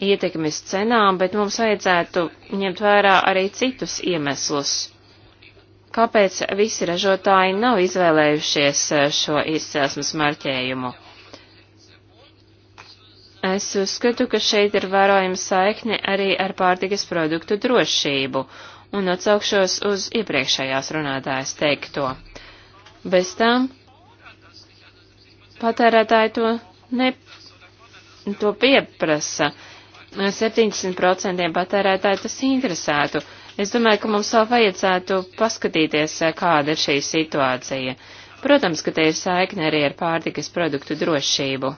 ietekmes cenām, bet mums vajadzētu ņemt vērā arī citus iemeslus kāpēc visi ražotāji nav izvēlējušies eh, šo izcelsmes marķējumu. Es uzskatu, ka šeit ir vērojama saikne arī ar pārtikas produktu drošību, un atsaukšos uz iepriekšējās runātājas teikto. Bez tam patērētāji to, ne, to pieprasa. 70% patērētāji tas interesētu. Es domāju, ka mums vēl vajadzētu paskatīties, eh, kāda ir šī situācija. Protams, ka te ir saikne arī ar pārtikas produktu drošību.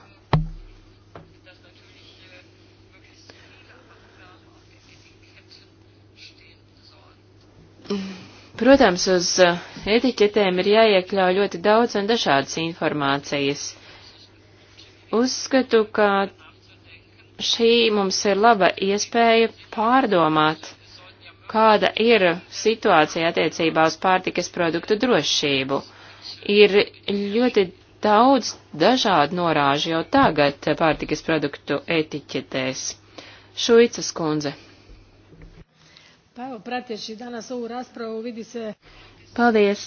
Protams, uz eh, etiķetēm ir jāiekļauj ļoti daudz un dažādas informācijas. Uzskatu, ka šī mums ir laba iespēja pārdomāt kāda ir situācija attiecībā uz pārtikas produktu drošību. Ir ļoti daudz dažādu norāžu jau tagad pārtikas produktu etiķetēs. Šuicas kundze. Paldies!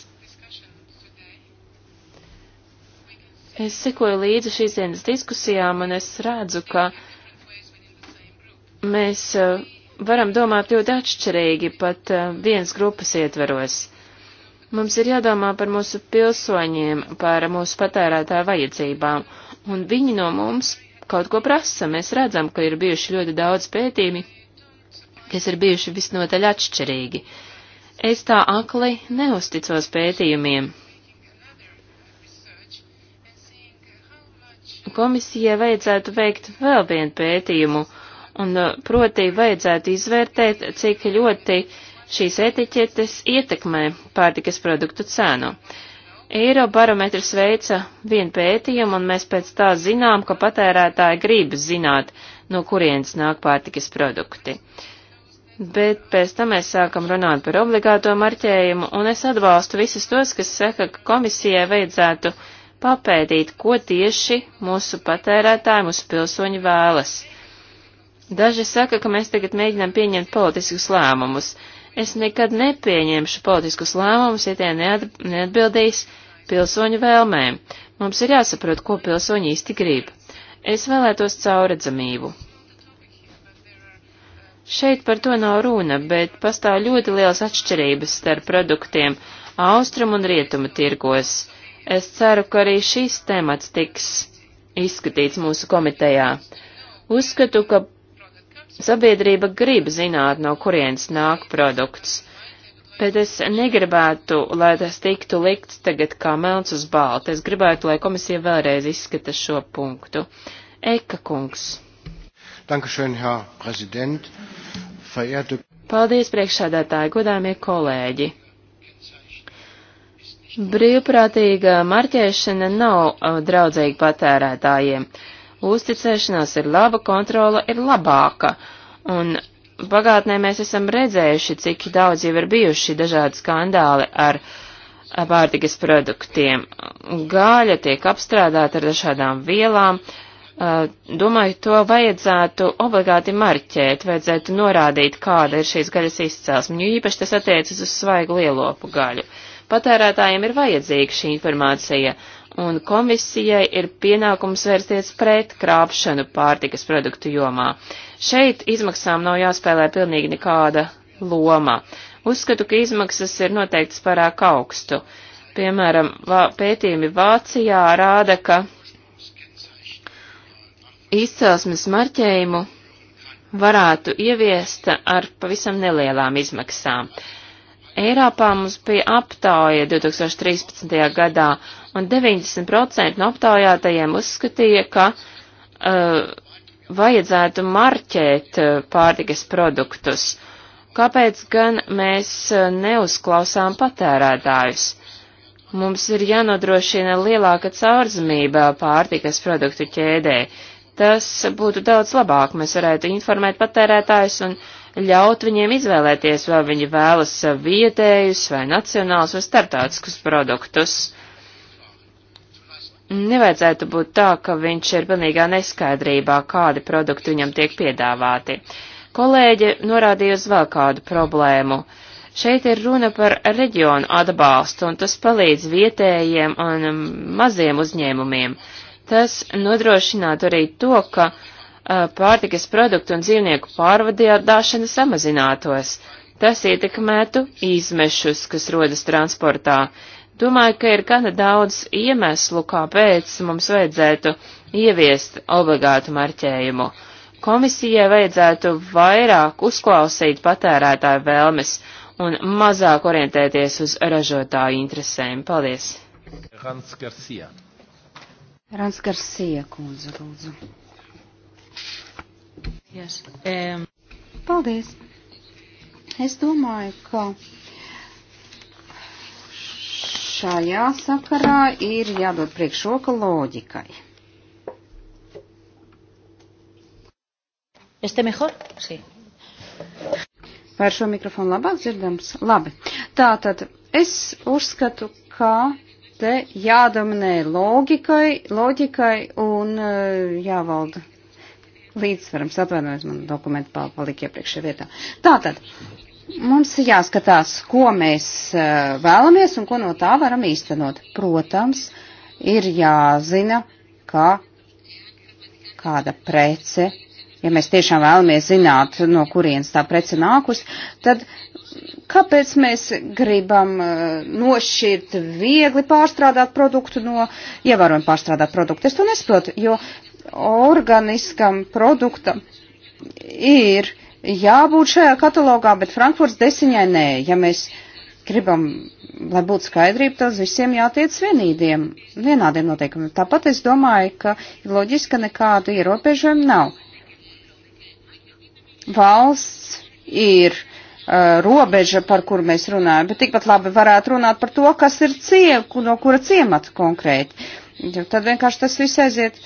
Es sekoju līdzi šīs dienas diskusijām, un es redzu, ka mēs eh, varam domāt ļoti atšķirīgi pat eh, vienas grupas ietveros. Mums ir jādomā par mūsu pilsoņiem, par mūsu patērētāju vajadzībām, un viņi no mums kaut ko prasa. Mēs redzam, ka ir bijuši ļoti daudz pētījumi, kas ir bijuši visnotaļ atšķirīgi. Es tā akli neusticos pētījumiem. Komisijai vajadzētu veikt vēl vienu pētījumu Un uh, proti vajadzētu izvērtēt, cik ļoti šīs etiķetes ietekmē pārtikas produktu cēnu. Eirobarometrs veica vienu pētījumu, un mēs pēc tā zinām, ka patērētāji grib zināt, no kurienes nāk pārtikas produkti. Bet pēc tam mēs sākam runāt par obligāto marķējumu, un es atbalstu visus tos, kas saka, ka komisijai vajadzētu papētīt, ko tieši mūsu patērētāji, mūsu pilsoņi vēlas. Daži saka, ka mēs tagad mēģinām pieņemt politiskus lēmumus. Es nekad nepieņemšu politiskus lēmumus, ja tie neatbildīs pilsoņu vēlmēm. Mums ir jāsaprot, ko pilsoņi īsti grib. Es vēlētos cauredzamību. Šeit par to nav runa, bet pastāv ļoti liels atšķirības starp produktiem austrumu un rietumu tirgos. Es ceru, ka arī šīs temats tiks izskatīts mūsu komitejā. Uzskatu, ka Sabiedrība grib zināt, no kurienes nāk produkts, bet es negribētu, lai tas tiktu likts tagad kā melns uz balta. Es gribētu, lai komisija vēlreiz izskata šo punktu. Eka kungs. Dankeschön, Herr Präsident. Verehrte... Paldies, priekšsādātāji, godāmie kolēģi. Brīvprātīga marķēšana nav uh, draudzīga patērētājiem. Uh, uzticēšanās ir laba, kontrola ir labāka. Un pagātnē mēs esam redzējuši, cik daudz jau ir bijuši dažādi skandāli ar pārtikas produktiem. Gāļa tiek apstrādāta ar dažādām vielām. Uh, domāju, to vajadzētu obligāti marķēt, vajadzētu norādīt, kāda ir šīs gaļas izcelsme, jo īpaši tas attiecas uz svaigu lielopu gaļu. Patērētājiem ir vajadzīga šī informācija. Uh, un komisijai ir pienākums vērsties pret krāpšanu pārtikas produktu jomā. Šeit izmaksām nav jāspēlē pilnīgi nekāda loma. Uzskatu, ka izmaksas ir noteikts pārāk augstu. Piemēram, vā, pētījumi Vācijā rāda, ka izcelsmes marķējumu varētu ieviest ar pavisam nelielām izmaksām. Eiropā mums bija aptāja 2013. gadā, un 90% no aptaujātajiem uzskatīja, ka uh, vajadzētu marķēt uh, pārtikas produktus. Kāpēc gan mēs uh, neuzklausām patērētājus? Mums ir jānodrošina lielāka caurzmība pārtikas produktu ķēdē. Tas būtu daudz labāk, mēs varētu informēt patērētājus un ļaut viņiem izvēlēties, vai viņi vēlas vietējus vai nacionālus vai startautiskus produktus. Nevajadzētu būt tā, ka viņš ir pilnīgā neskaidrībā, kādi produkti viņam tiek piedāvāti. Kolēģi norādīja uz vēl kādu problēmu. Šeit ir runa par reģionu atbalstu, un tas palīdz vietējiem un maziem uzņēmumiem. Tas nodrošinātu arī to, ka uh, pārtikas produktu un dzīvnieku pārvadījāšana samazinātos. Tas ietekmētu izmešus, kas rodas transportā. Uh, Domāju, ka ir gana daudz iemeslu, kāpēc mums vajadzētu ieviest obligātu marķējumu. Komisijai vajadzētu vairāk uzklausīt patērētāju vēlmes un mazāk orientēties uz ražotāju interesēm. Paldies! Rans Garcia. Rans Garcia, kundze, lūdzu. Yes. Um. Paldies! Es domāju, ka šajā sakarā ir jādod priekšroka loģikai. Este mejor? Sí. Vai ar šo mikrofonu labāk dzirdams? Labi. Tātad es uzskatu, ka te jādominē loģikai, loģikai un eh, jāvalda līdzsvarams. Atvainojos, man dokumenti palika iepriekšējā vietā. Tātad Mums ir jāskatās, ko mēs eh, vēlamies un ko no tā varam īstenot. Protams, ir jāzina, ka kāda prece, ja mēs tiešām vēlamies zināt, no kurienes tā prece nākus, tad kāpēc mēs gribam eh, nošķirt viegli pārstrādāt produktu no ievērojami pārstrādāt produktu? Es to nesaprotu, jo organiskam produktam ir jābūt šajā katalogā, bet Frankfurts desiņai nē. Ja mēs gribam, lai būtu skaidrība, tad visiem jātiec vienīdiem, vienādiem noteikumiem. Tāpat es domāju, ka loģiski, ka nekādu ierobežojumu nav. Valsts ir uh, robeža, par kuru mēs runājam, bet tikpat labi varētu runāt par to, kas ir cieku, no kura ciemata konkrēti. Jo tad vienkārši tas viss aiziet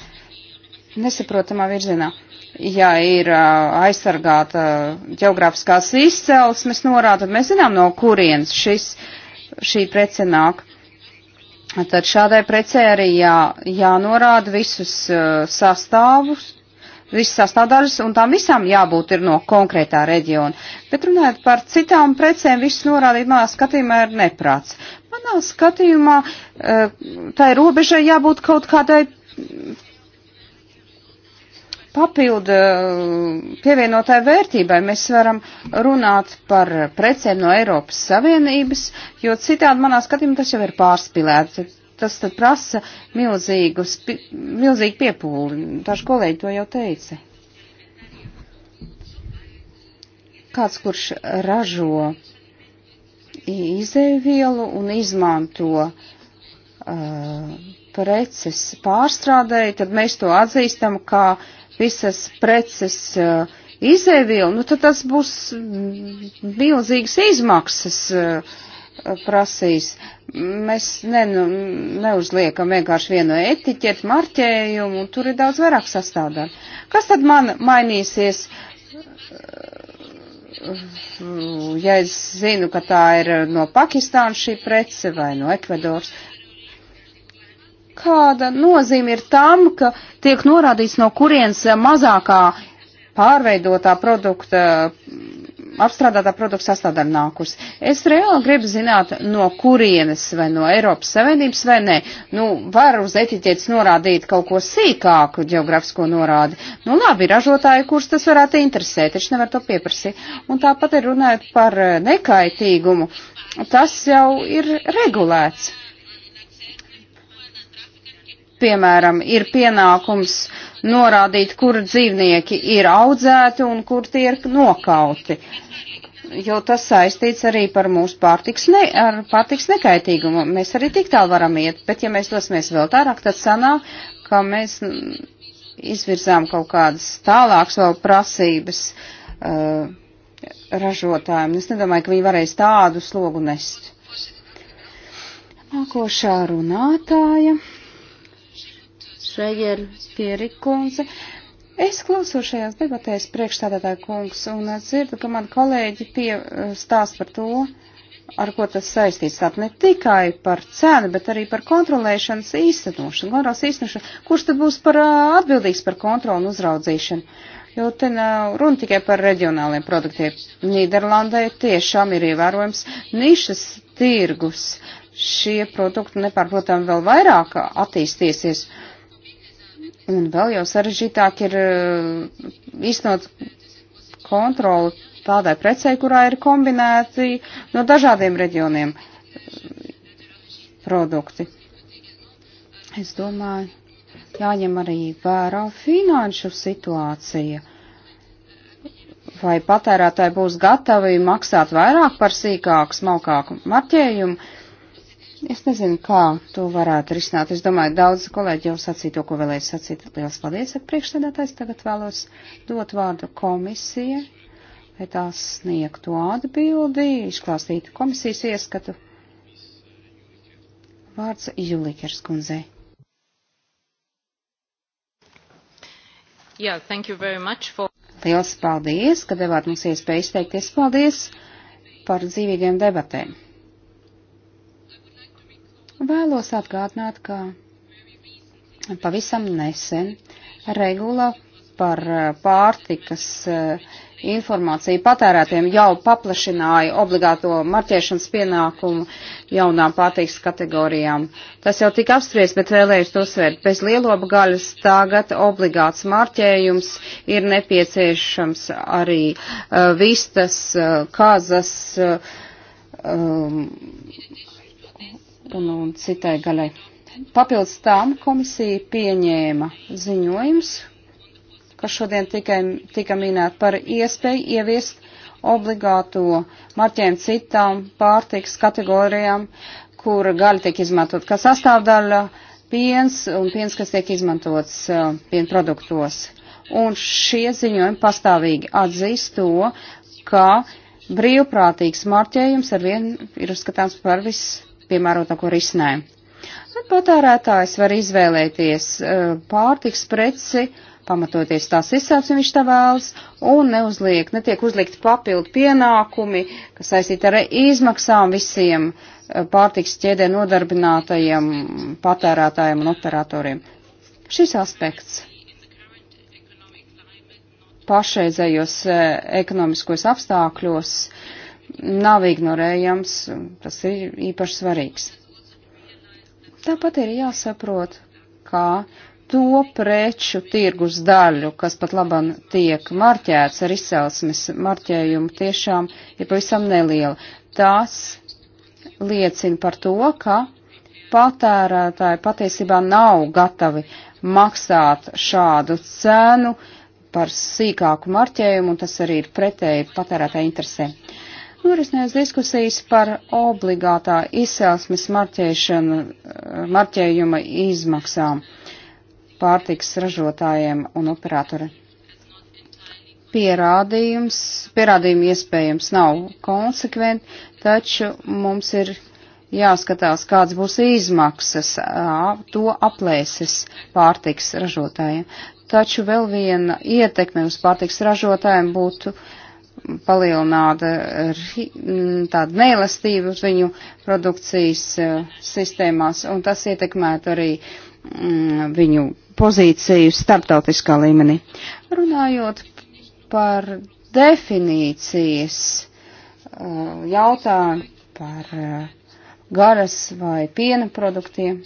nesaprotamā virzienā. Uh, ja ir aizsargāta ģeogrāfiskās izcelsmes norāda, tad mēs zinām, no kurienes šis, šī prece nāk. Tad šādai precē arī jā, jānorāda visus uh, sastāvus, visas sastāvdaļas, un tām visām jābūt ir no konkrētā reģiona. Bet runājot par citām precēm, viss norādīt manā skatījumā ir neprāts. Manā skatījumā uh, tai robežai jābūt kaut kādai papildu eh, pievienotāju vērtībai. Mēs varam runāt par precēm no Eiropas Savienības, jo citādi manā skatījumā tas jau ir pārspīlēts. Tas tad prasa milzīgu, milzīgu piepūli. Daži kolēģi to jau teica. Kāds, kurš ražo izēvielu un izmanto uh, preces pārstrādēji, tad mēs to atzīstam kā uh, visas preces uh, izēvielu, nu tad tas būs mm, milzīgas izmaksas uh, prasīs. Mēs ne, nu, neuzliekam vienkārši vienu etiķetu, marķējumu, un tur ir daudz vairāk sastāvdaļu. Kas tad man mainīsies? Uh, ja es zinu, ka tā ir no Pakistāna šī prece vai no Ekvadoras, kāda nozīme ir tam, ka tiek norādīts, no kurienes mazākā pārveidotā produkta, apstrādātā produkta sastāvdaļa nākusi. Es reāli gribu zināt, no kurienes, vai no Eiropas Savienības, vai nē. Nu, var uz etiķetes norādīt kaut ko sīkāku geogrāfisko norādi. Nu, labi, ražotāji, kurš tas varētu interesēt, taču nevar to pieprasīt. Un tāpat ir runājot par nekaitīgumu. Tas jau ir regulēts piemēram, ir pienākums norādīt, kur dzīvnieki ir audzēti un kur tie ir nokauti. Jo tas saistīts arī par mūsu pārtiks, ne, ar pārtiks nekaitīgumu. Mēs arī tik tālu varam iet, bet ja mēs dosimies vēl tālāk, tad sanāk, ka mēs izvirzām kaut kādas tālākas vēl prasības uh, ražotājiem. Es nedomāju, ka viņi varēs tādu slogu nest. Nākošā runātāja. Šrejer Pierikundze. Es klausos šajās debatēs priekšstādātāju kungs un dzirdu, ka man kolēģi pie eh, stāst par to, ar ko tas saistīts. Tātad ne tikai par cenu, bet arī par kontrolēšanas īstenošanu, kontrols īstenošanu. Kurš tad būs par eh, atbildīgs par kontrolu un uzraudzīšanu? Jo te nav runa tikai par reģionāliem produktiem. Nīderlandē tiešām ir ievērojams nišas tirgus. Šie produkti nepārprotam vēl vairāk attīstīsies. Uh, Un vēl jau sarežģītāk ir eh, iznot kontroli tādai precei, kurā ir kombinēti no dažādiem reģioniem eh, produkti. Es domāju, jāņem arī vērā finanšu situācija. Vai patērētāji būs gatavi maksāt vairāk par sīkāku, smalkāku marķējumu, Es nezinu, kā to varētu risināt. Es domāju, daudz kolēģi jau sacīja to, ko vēlēju sacīt. Lielas paldies, ak, priekšsēdētājs. Tagad vēlos dot vārdu komisija, lai tās sniegtu atbildi, izklāstītu komisijas ieskatu. Vārds Julikers kundzei. Yeah, for... Lielas paldies, ka devāt mums iespēju izteikties. Paldies par dzīvīgiem debatēm. Vēlos atgādināt, ka pavisam nesen regula par eh, pārtikas eh, informāciju patērētiem jau paplašināja obligāto marķēšanas pienākumu jaunām pārtikas kategorijām. Tas jau tika apspriests, bet vēlējos to svērt. Bez lieloba gaļas tagad obligāts marķējums ir nepieciešams arī uh, vistas, uh, kazas, uh, um, un, un citai gaļai. Papildus tām komisija pieņēma ziņojums, kas šodien tikai tika minēt par iespēju ieviest obligāto marķējumu citām pārtiks kategorijām, kura gaļa tiek izmantot kā sastāvdaļa, piens un piens, kas tiek izmantots uh, pienproduktos. Un šie ziņojumi pastāvīgi atzīst to, ka brīvprātīgs marķējums ar vienu ir uzskatāms par viss piemērotāko risinājumu. Nu, patērētājs var izvēlēties e, pārtiks preci, pamatoties tās izcelsmi viņš tā vēlas, un neuzliek, netiek uzliekti papildu pienākumi, kas saistīti ar izmaksām visiem e, pārtiks ķēdē nodarbinātajiem patērētājiem un operatoriem. Šis aspekts pašreizējos e, ekonomiskos apstākļos uh, nav ignorējams, tas ir īpaši svarīgs. Tāpat ir jāsaprot, kā to preču tirgus daļu, kas pat laban tiek marķēts ar izcelsmes marķējumu, tiešām ir pavisam neliela. Tās liecina par to, ka patērētāji patiesībā nav gatavi maksāt šādu cenu par sīkāku marķējumu, un tas arī ir pretēji patērētāji interesē norisinājās diskusijas par obligātā izcelsmes eh, marķējuma izmaksām pārtiks ražotājiem un operatoriem. Pierādījums, pierādījumi iespējams nav konsekventi, taču mums ir jāskatās, kāds būs izmaksas, to aplēses pārtiks ražotājiem. Taču vēl viena ietekme uz pārtiks ražotājiem būtu uh, palielināta mm, tāda neelastība viņu produkcijas eh, sistēmās, un tas ietekmētu arī mm, viņu pozīciju starptautiskā līmenī. Runājot par definīcijas eh, jautājumu par eh, garas vai piena produktiem,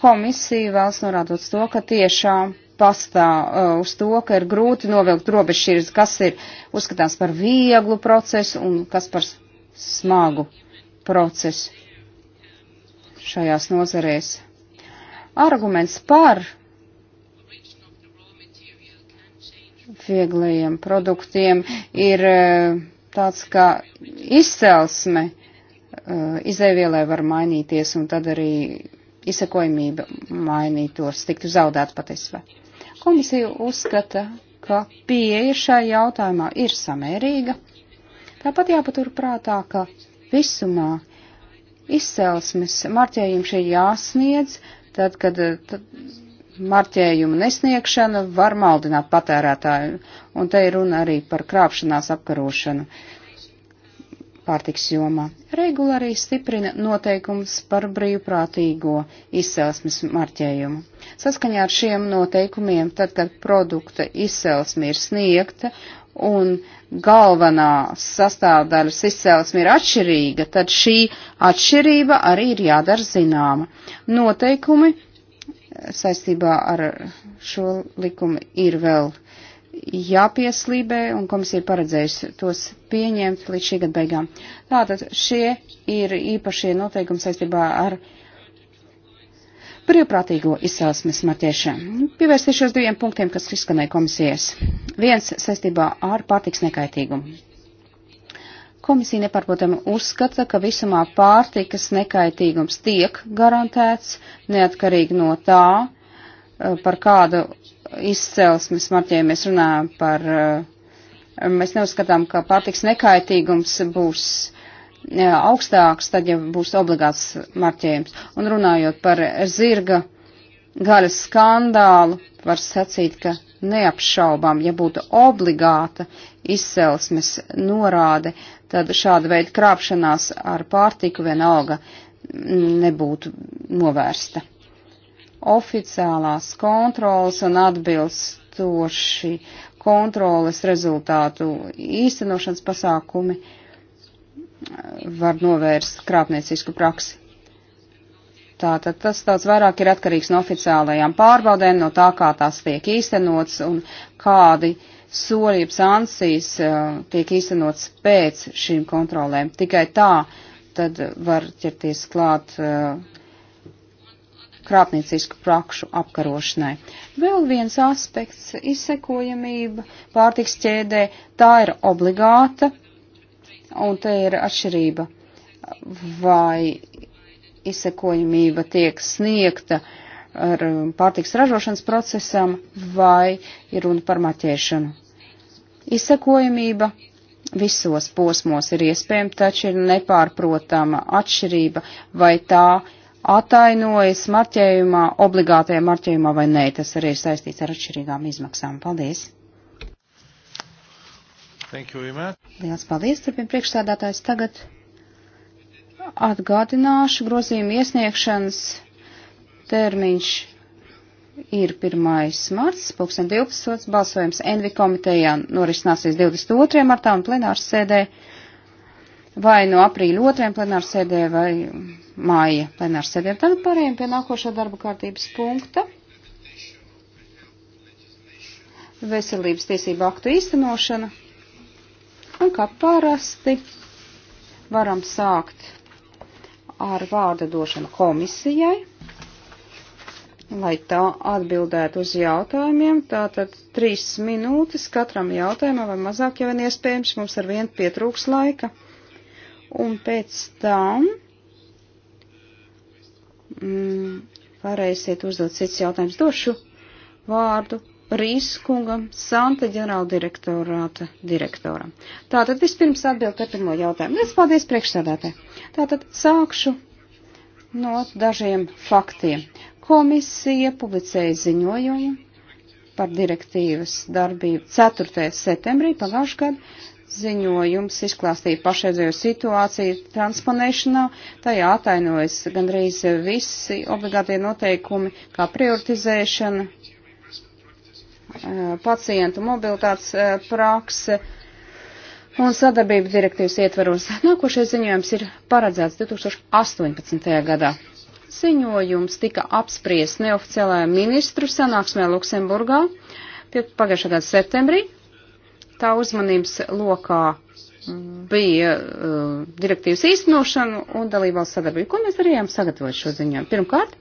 komisija vēlas norādot to, ka tiešām pastā uh, uz to, ka ir grūti novilkt robežšķiras, kas ir uzskatāms par vieglu procesu un kas par smagu procesu šajās nozarēs. Arguments par vieglajiem produktiem ir uh, tāds, ka izcelsme uh, izēvielai var mainīties un tad arī izsekojamība mainītos, tiktu zaudēta patiesībā. Komisija uzskata, ka pieeja šai jautājumā ir samērīga. Tāpat jāpaturprātā, ka visumā izcelsmes marķējums ir jāsniedz, tad, kad eh, tad marķējuma nesniegšana var maldināt patērētāju, un te ir runa arī par krāpšanās apkarošanu pārtiks jomā. Regula arī stiprina noteikums par brīvprātīgo izcelsmes marķējumu. Saskaņā ar šiem noteikumiem, tad, kad produkta izcelsme ir sniegta un galvenā sastāvdaļas izcelsme ir atšķirīga, tad šī atšķirība arī ir jādara zināma. Noteikumi eh, saistībā ar šo likumu ir vēl jāpieslībē, un komisija ir paredzējusi tos pieņemt līdz šī gada beigām. Tātad šie ir īpašie noteikumi saistībā ar brīvprātīgo izcelsmes marķēšanu. Pievērsīšos diviem punktiem, kas izskanēja komisijas. Viens saistībā ar pārtiks nekaitīgumu. Komisija nepārprotam uzskata, ka visumā pārtikas nekaitīgums tiek garantēts neatkarīgi no tā, eh, par kādu izcelsmes marķējumu mēs runājam par. Eh, mēs neuzskatām, ka pārtiks nekaitīgums būs augstāks, tad jau būs obligāts marķējums. Un runājot par zirga gaļas skandālu, var sacīt, ka neapšaubām, ja būtu obligāta izcelsmes norāde, tad šāda veida krāpšanās ar pārtiku vienalga nebūtu novērsta. Oficiālās kontrolas un atbilstoši kontrolas rezultātu īstenošanas pasākumi uh, var novērst krāpniecisku praksi. Tātad tas daudz vairāk ir atkarīgs no oficiālajām pārbaudēm, no tā, kā tās tiek īstenots un kādi soļi, sankcijas uh, tiek īstenots pēc šīm kontrolēm. Tikai tā tad var ķerties klāt uh, krāpniecisku prakšu apkarošanai. Vēl viens aspekts - izsekojamība pārtiks ķēdē. Tā ir obligāta Un te ir atšķirība, vai izsekojamība tiek sniegta ar pārtiks ražošanas procesam, vai ir runa par maķēšanu. Izsekojamība visos posmos ir iespējama, taču ir nepārprotama atšķirība, vai tā atainojas marķējumā, obligātajā marķējumā vai nē, tas arī ir saistīts ar atšķirīgām izmaksām. Paldies! Thank you, Imē. Liels paldies, turpin priekšstādātājs. Tagad atgādināšu grozījumu iesniegšanas termiņš ir 1. marts, 2012. balsojums Envi komitejā norisināsies 22. martā un plenārs sēdē vai no aprīļa 2. plenārs sēdē vai māja plenārs sēdē. Tagad pārējiem pie nākošā darba kārtības punkta veselības tiesību aktu īstenošana. Un kā parasti varam sākt ar vārda došanu komisijai, lai tā atbildētu uz jautājumiem. Tātad trīs minūtes katram jautājumam vai mazāk jau vien iespējams, mums ar vienu pietrūks laika. Un pēc tam mm, varēsiet uzdot cits jautājums. Došu vārdu Rīskungam, Santa ģenerāldirektorāta direktoram. Tātad vispirms atbild par pirmo jautājumu. Es paldies priekšsēdētē. Tātad sākšu no dažiem faktiem. Komisija publicēja ziņojumu par direktīvas darbību 4. septembrī pagājušajā gadā. Ziņojums izklāstīja pašreizējo situāciju transponēšanā, tajā atainojas gandrīz visi obligātie noteikumi, kā prioritizēšana, Eh, pacientu mobilitātes eh, prakse un sadarbību direktīvas ietveros. Nākošais ziņojums ir paredzēts 2018. gadā. Ziņojums tika apspriests neoficiālajā ministru sanāksmē Luksemburgā pagājušā gada septembrī. Tā uzmanības lokā bija uh, direktīvas īstenošana un dalībvalsts sadarbība. Ko mēs darījām sagatavot šo ziņojumu? Pirmkārt,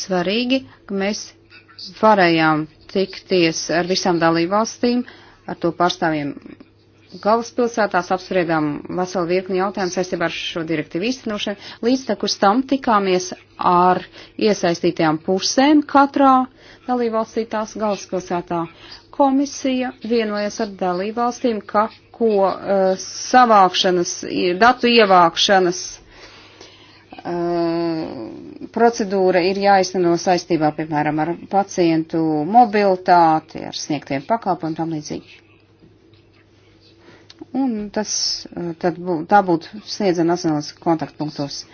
svarīgi, ka mēs varējām tikties ar visām dalībvalstīm, ar to pārstāvjiem galvaspilsētās, apspriedām veselu virkni jautājumu saistībā ar šo direktīvu īstenošanu. Līdz takus tam tikāmies ar iesaistītajām pusēm katrā dalībvalstī tās galvaspilsētā. Komisija vienojas ar dalībvalstīm, ka ko uh, savākšanas, datu ievākšanas uh, Eh, procedūra ir jāizteno saistībā, piemēram, ar pacientu mobilitāti, ar sniegtiem pakalpojumiem un tam līdzīgi. Un tas, eh, tad bū, tā būtu sniedza nacionālas kontaktpunktos.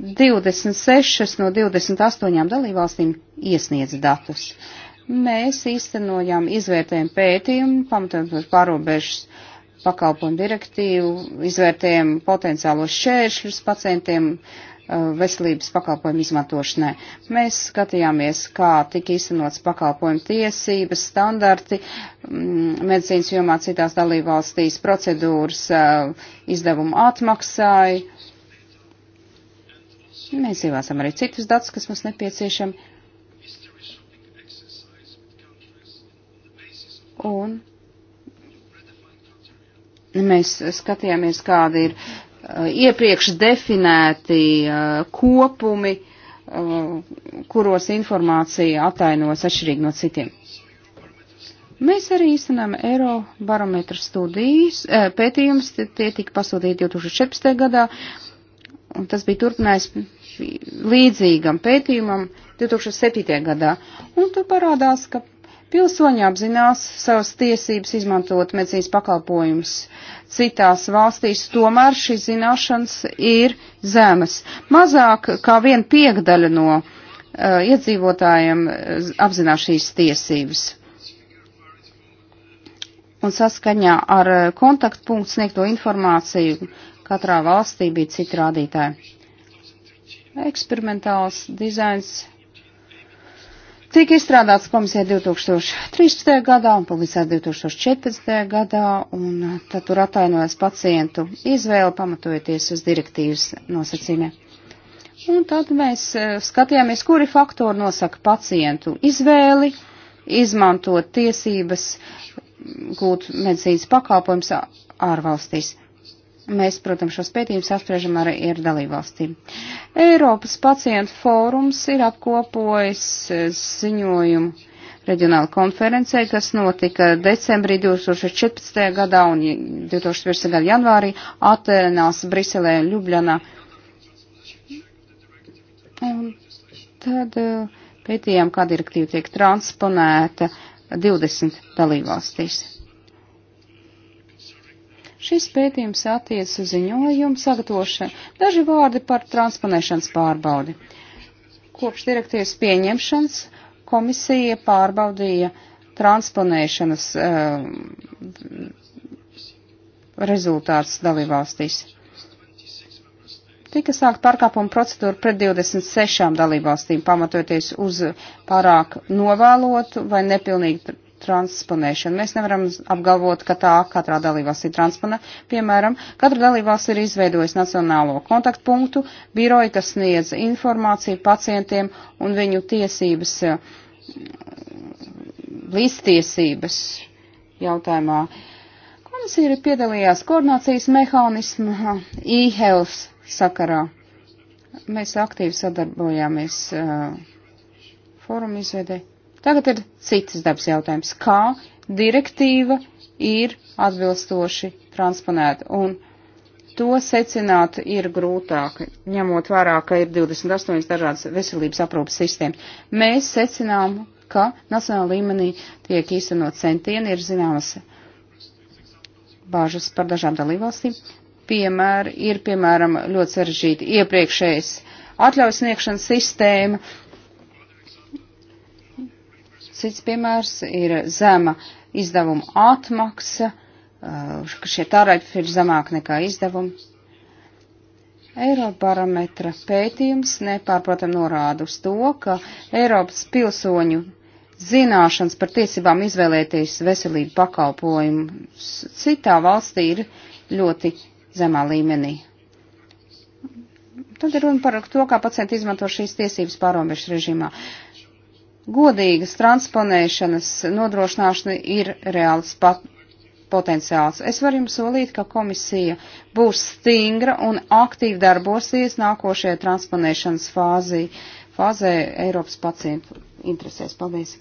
26 no 28 dalībvalstīm iesniedz datus. Mēs īstenojām izvērtējumu pētījumu, pamatot pārobežas pakalpojumu direktīvu, izvērtējumu potenciālos šķēršļus pacientiem, uh, Uh, veselības pakalpojumu izmantošanai. Mēs skatījāmies, kā tika īstenots pakalpojumu tiesības, standarti, mm, medicīnas jomā citās dalībvalstīs procedūras uh, izdevumu atmaksāja. Mēs ievāsam arī citus datus, kas mums nepieciešami. Un mēs skatījāmies, kāda ir uh, Eh, iepriekš definēti eh, kopumi, eh, kuros informācija atainojas atšķirīgi no citiem. Mēs arī īstenām eiro barometru studijas, pētījums, tie tika pasūtīti 2014. gadā, un tas bija turpinājis līdzīgam pētījumam 2007. gadā. Un tur parādās, ka Pilsoņi apzinās savas tiesības izmantot medicīnas pakalpojumus. Citās valstīs tomēr šīs zināšanas ir zemes. Mazāk kā viena piekdaļa no uh, iedzīvotājiem uh, apzinās šīs tiesības un saskaņā ar eh, kontaktpunktu sniegto informāciju katrā valstī bija citi rādītāji. Eksperimentāls dizains Tika izstrādāts komisija 2013. gadā un publicēta 2014. gadā, un tad tur atainojas pacientu izvēle pamatojoties uz direktīvas nosacījumiem. Un tad mēs e, skatījāmies, kuri faktori nosaka pacientu izvēli, izmantot tiesības, gūt medicīnas pakāpojums ārvalstīs. Mēs, protams, šos pētījumus apspriežam arī ar dalībvalstīm. Eiropas pacientu fórums ir apkopojis eh, ziņojumu reģionāla konferencē, kas notika decembrī 2014. gadā un 2015. gada janvārī Atenās, Briselē un Ljubļanā. Un tad eh, pētījām, kā direktīva tiek transponēta 20 dalībvalstīs. Šis pētījums attiec uz ziņojumu sagatavošanu. Daži vārdi par transponēšanas pārbaudi. Kopš direktīvas pieņemšanas komisija pārbaudīja transponēšanas uh, eh, rezultāts dalībvalstīs. Tika sākt pārkāpuma procedūra pret 26 dalībvalstīm, pamatoties uz pārāk novēlotu vai nepilnīgu transponēšanu. Mēs nevaram apgalvot, ka tā katrā dalībvalstī transpone. Piemēram, katra dalībvalsts ir izveidojis nacionālo kontaktpunktu, biroju, kas sniedz informāciju pacientiem un viņu tiesības, līdztiesības jautājumā. Komisija ir piedalījās koordinācijas mehānismā e-health sakarā. Mēs aktīvi sadarbojāmies uh, fórumu izvedē. Tagad ir citas dabas jautājums. Kā direktīva ir atbilstoši transponēta? Un to secināt ir grūtāk, ņemot vērā, ka ir 28 dažādas veselības aprūpas sistēmas. Mēs secinām, ka nacionāla līmenī tiek īstenot centieni, ir zināmas bāžas par dažām dalībvalstīm. Piemēr, ir, piemēram, ļoti sarežģīta iepriekšējais atļaujas sniegšanas sistēma, Cits piemērs ir zema izdevuma atmaksa, ka uh, šie tarifi ir zemāk nekā izdevumi. Eirobarometra pētījums nepārprotam norāda uz to, ka Eiropas pilsoņu zināšanas par tiesībām izvēlēties veselību pakalpojumu citā valstī ir ļoti zemā līmenī. Tad ir runa par to, kā pacienti izmanto šīs tiesības pārobežu režīmā. Uh, godīgas transponēšanas nodrošināšana ir reāls pat potenciāls. Es varu jums solīt, ka komisija būs stingra un aktīvi darbosies nākošajā transponēšanas fāzī, fāzē Eiropas pacientu interesēs. Paldies!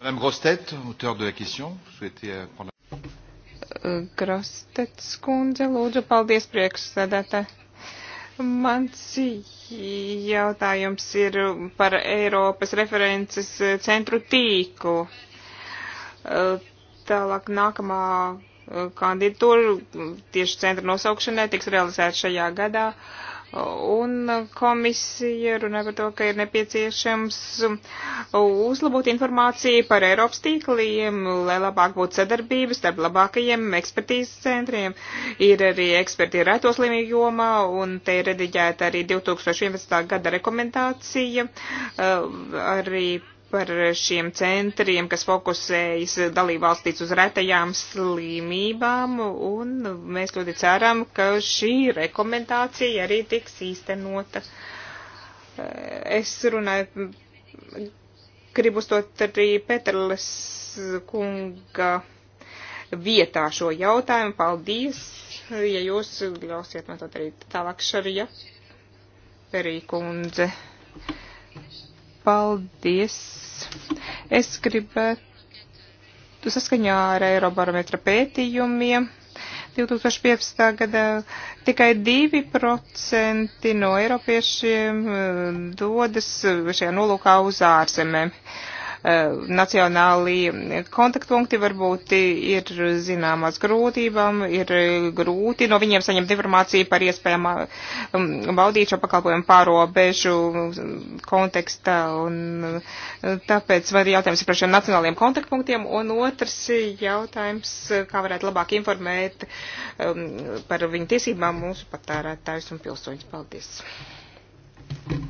Madame Grostet, auteur de la question, souhaitez prendre. Grostets kundze, lūdzu, paldies priekšsēdētāji. Mans jautājums ir par Eiropas references centru tīku. Eh, tālāk nākamā eh, kandidatūra tieši centra nosaukšanai tiks realizēta šajā gadā. Uh, Un komisija runā par to, ka ir nepieciešams uzlabot informāciju par Eiropas tīkliem, lai labāk būtu sadarbības starp labākajiem ekspertīzes centriem. Ir arī eksperti reto slimību jomā, un te ir rediģēta arī 2011. gada rekomendācija eh, arī par šiem centriem, kas fokusējas dalībvalstīs uz retajām slimībām, un mēs ļoti ceram, ka šī rekomendācija arī tiks īstenota. Es runāju, gribu stot arī Petrles kunga vietā šo jautājumu. Paldies, ja jūs ļausiet man to darīt tālāk, Šarija Perī kundze. Thank you. Paldies. Es gribētu saskaņā ar Eirobarometra pētījumiem. 2015. gadā tikai 2% no eiropiešiem eh, dodas šajā nolūkā uz ārzemēm. Uh, Eh, nacionālie kontaktpunkti varbūt ir zināmas grūtībām, ir grūti no viņiem saņemt informāciju par iespējamā um, baudīt šo pakalpojumu pārobežu kontekstā. Un, eh, tāpēc vai jautājums ir par šiem nacionāliem kontaktpunktiem, un otrs jautājums, kā varētu labāk informēt um, par viņu tiesībām mūsu patērētājus un pilsoņus. Paldies! Thank you.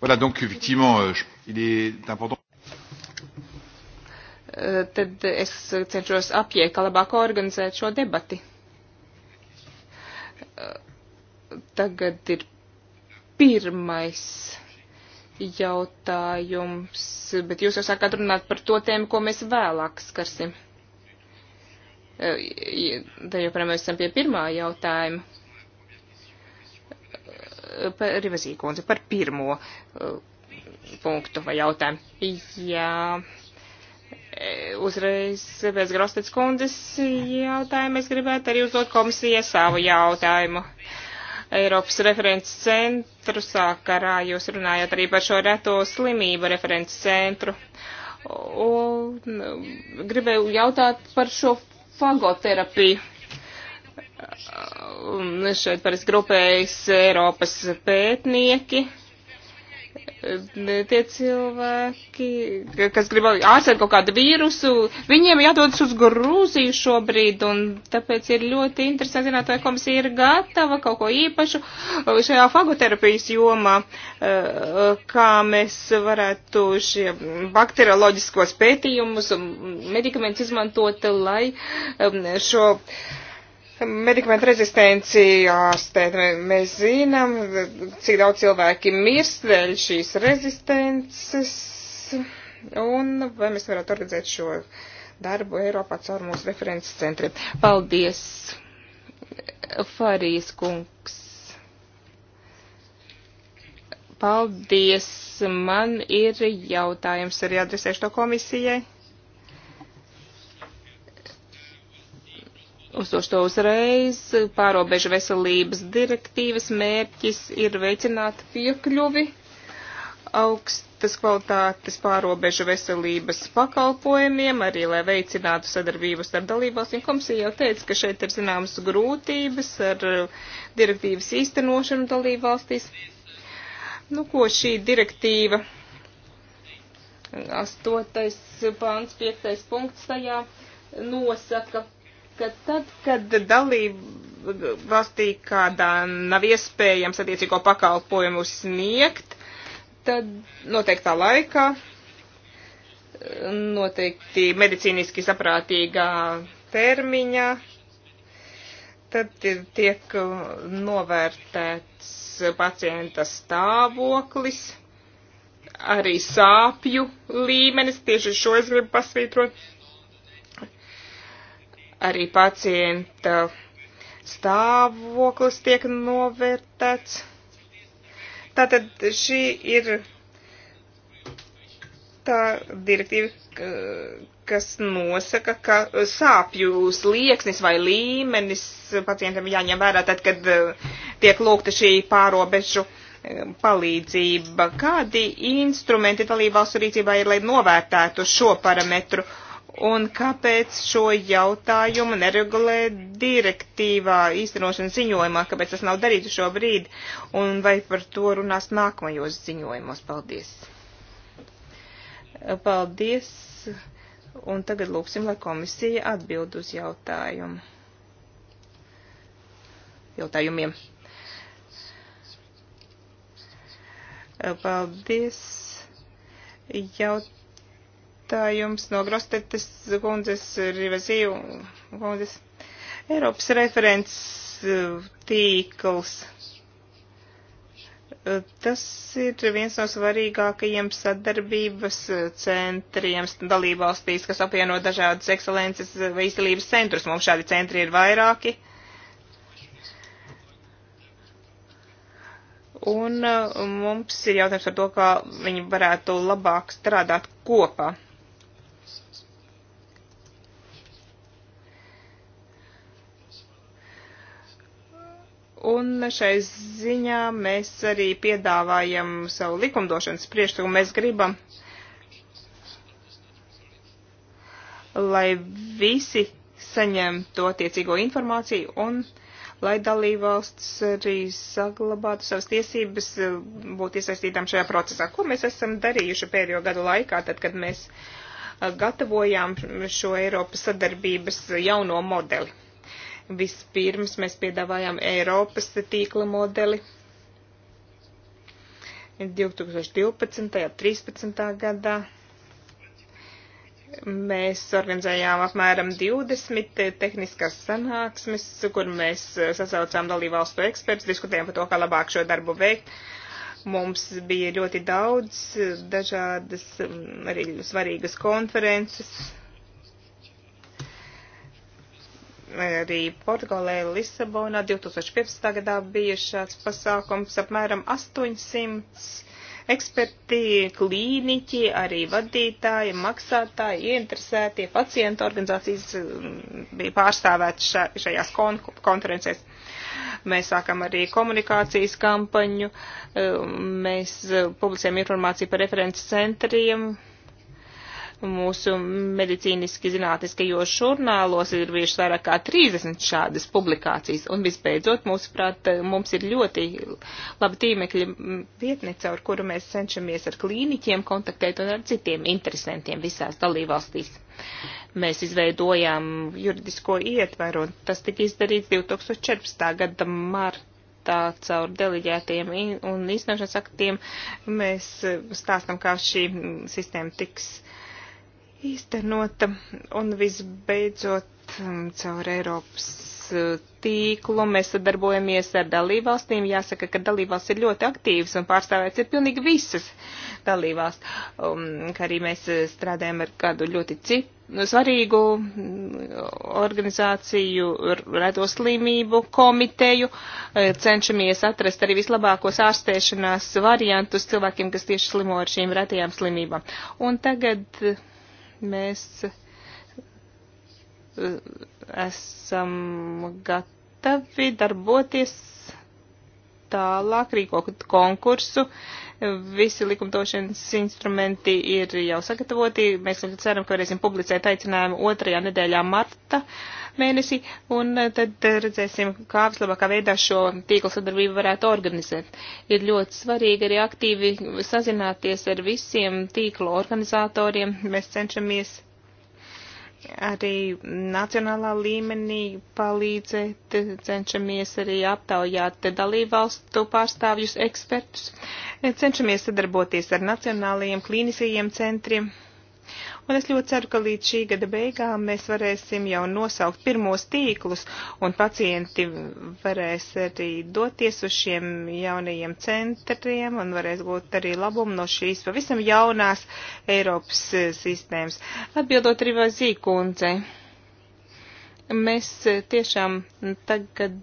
Voilà, donc effectivement, euh, je, il est important. Euh, tad es cenšos apiet, kā labāk organizēt šo debati. Uh, tagad ir pirmais jautājums, bet jūs jau sākāt runāt par to tēmu, ko mēs vēlāk skarsim. Uh, tad joprojām mēs esam pie pirmā jautājuma Rivazīkundze par pirmo eh, punktu vai jautājumu. Jā, e, uzreiz bez Grostets kundzes jautājumu es gribētu arī uzdot komisijai savu jautājumu. Eiropas referents centru sākarā jūs runājat arī par šo reto slimību referents centru. Un gribēju jautāt par šo fagoterapiju Un šeit parasti grupējas Eiropas pētnieki. Tie cilvēki, kas grib ārstēt kaut kādu vīrusu, viņiem jādodas uz Grūziju šobrīd, un tāpēc ir ļoti interesanti zināt, vai komisija ir gatava kaut ko īpašu uh, šajā fagoterapijas jomā, uh, uh, kā mēs varētu šie bakterioloģiskos pētījumus un medikamentus izmantot, lai um, šo. Um, Medikamentu rezistenci ārstēt. Mēs zinām, cik daudz cilvēki mirst dēļ šīs rezistences. Un vai mēs varētu organizēt šo darbu Eiropā caur mūsu references centriem. Paldies, Farijas kungs. Paldies, man ir jautājums arī adresēšu to komisijai. Uzdošu to uzreiz. Pārobežu veselības direktīvas mērķis ir veicināt piekļuvi augstas kvalitātes pārobežu veselības pakalpojumiem, arī lai veicinātu sadarbību starp dalībvalstīm. Komisija jau teica, ka šeit ir zināmas grūtības ar direktīvas īstenošanu dalībvalstīs. Nu, ko šī direktīva 8. pāns, 5. punkts tajā nosaka ka tad, kad dalība valstī kādā nav iespējams attiecīgo pakalpojumu sniegt, tad noteiktā laikā eh, noteikti medicīniski saprātīgā termiņā tad tiek novērtēts pacienta stāvoklis, arī sāpju līmenis, tieši šo es gribu pasvītrot arī pacienta stāvoklis tiek novērtēts. Tātad šī ir tā direktīva, kas nosaka, ka sāpju slieksnis vai līmenis pacientam jāņem vērā tad, kad eh, tiek lūgta šī pārobežu eh, palīdzība. Kādi instrumenti dalībvalstu rīcībā ir, lai novērtētu šo parametru? Uh, un kāpēc šo jautājumu neregulē direktīvā īstenošanas ziņojumā, kāpēc tas nav darīts šobrīd, un vai par to runās nākamajos ziņojumos. Paldies! Paldies! Un tagad lūksim, lai komisija atbild uz jautājumu. jautājumiem. Paldies! Jaut jautājums no Grostetes kundzes, Rivaziju kundzes. Eiropas referents eh, tīkls. Eh, tas ir viens no svarīgākajiem sadarbības eh, centriem dalībvalstīs, kas apvieno dažādas ekscelences vai izcilības centrus. Mums šādi centri ir vairāki. Un mums ir jautājums par to, kā viņi varētu labāk strādāt kopā. Un šai ziņā mēs arī piedāvājam savu likumdošanas priekšlikumu. Mēs gribam, lai visi saņemtu attiecīgo informāciju un lai dalībvalsts arī saglabātu savas tiesības eh, būt iesaistītām šajā procesā. Ko mēs esam darījuši pēdējo gadu laikā, tad, kad mēs eh, gatavojām šo Eiropas sadarbības jauno modeli? Vispirms mēs piedāvājām Eiropas tīkla modeli 2012. un 2013. gadā. Mēs organizējām apmēram 20 tehniskās sanāksmes, kur mēs sasaucām dalībvalstu ekspertus, diskutējām par to, kā labāk šo darbu veikt. Mums bija ļoti daudz dažādas mm, arī svarīgas konferences, arī Portugalē, Lisabonā 2015. gadā bija šāds pasākums apmēram 800 eksperti, klīniķi, arī vadītāji, maksātāji, ieinteresētie, pacientu organizācijas mm, bija pārstāvētas šajās kon konferencēs. Mēs sākam arī komunikācijas kampaņu, mēs publicējam informāciju par references centriem, mūsu medicīniski zinātniskajos žurnālos ir bijušas vairāk kā 30 šādas publikācijas. Un visbeidzot, mūsuprāt, mums ir ļoti laba tīmekļa vietne, caur kuru mēs cenšamies ar klīniķiem kontaktēt un ar citiem interesantiem visās dalībvalstīs. Mēs izveidojām juridisko ietveru, un tas tika izdarīts 2014. gada martā tā caur deleģētiem un īstenošanas aktiem mēs stāstam, kā šī sistēma tiks īstenota. Un visbeidzot, mm, caur Eiropas eh, tīklu mēs sadarbojamies ar dalībvalstīm. Jāsaka, ka dalībvalsts ir ļoti aktīvs un pārstāvēts ir pilnīgi visas dalībvalsts. Um, kā arī mēs eh, strādājam ar kādu ļoti citu svarīgu mm, organizāciju, reto slimību komiteju, eh, cenšamies atrast arī vislabākos ārstēšanās variantus cilvēkiem, kas tieši slimo ar šīm retajām slimībām. Un tagad Mēs eh, esam gatavi darboties tālāk, rīkot konkursu. Uh, Visi likumdošanas instrumenti ir jau sagatavoti. Mēs ceram, ka varēsim publicēt aicinājumu otrajā nedēļā marta mēnesī, un tad redzēsim, kā vislabākā veidā šo tīkla sadarbību varētu organizēt. Ir ļoti svarīgi arī aktīvi sazināties ar visiem tīkla organizatoriem. Mēs cenšamies arī nacionālā līmenī palīdzēt, cenšamies arī aptaujāt dalībvalstu pārstāvjus ekspertus, cenšamies sadarboties ar nacionālajiem klīniskajiem centriem Un es ļoti ceru, ka līdz šī gada beigām mēs varēsim jau nosaukt pirmos tīklus, un pacienti varēs arī doties uz šiem jaunajiem centriem un varēs gūt arī labumu no šīs pavisam jaunās Eiropas eh, sistēmas. Atbildot arī Vazīkundze. Mēs eh, tiešām tagad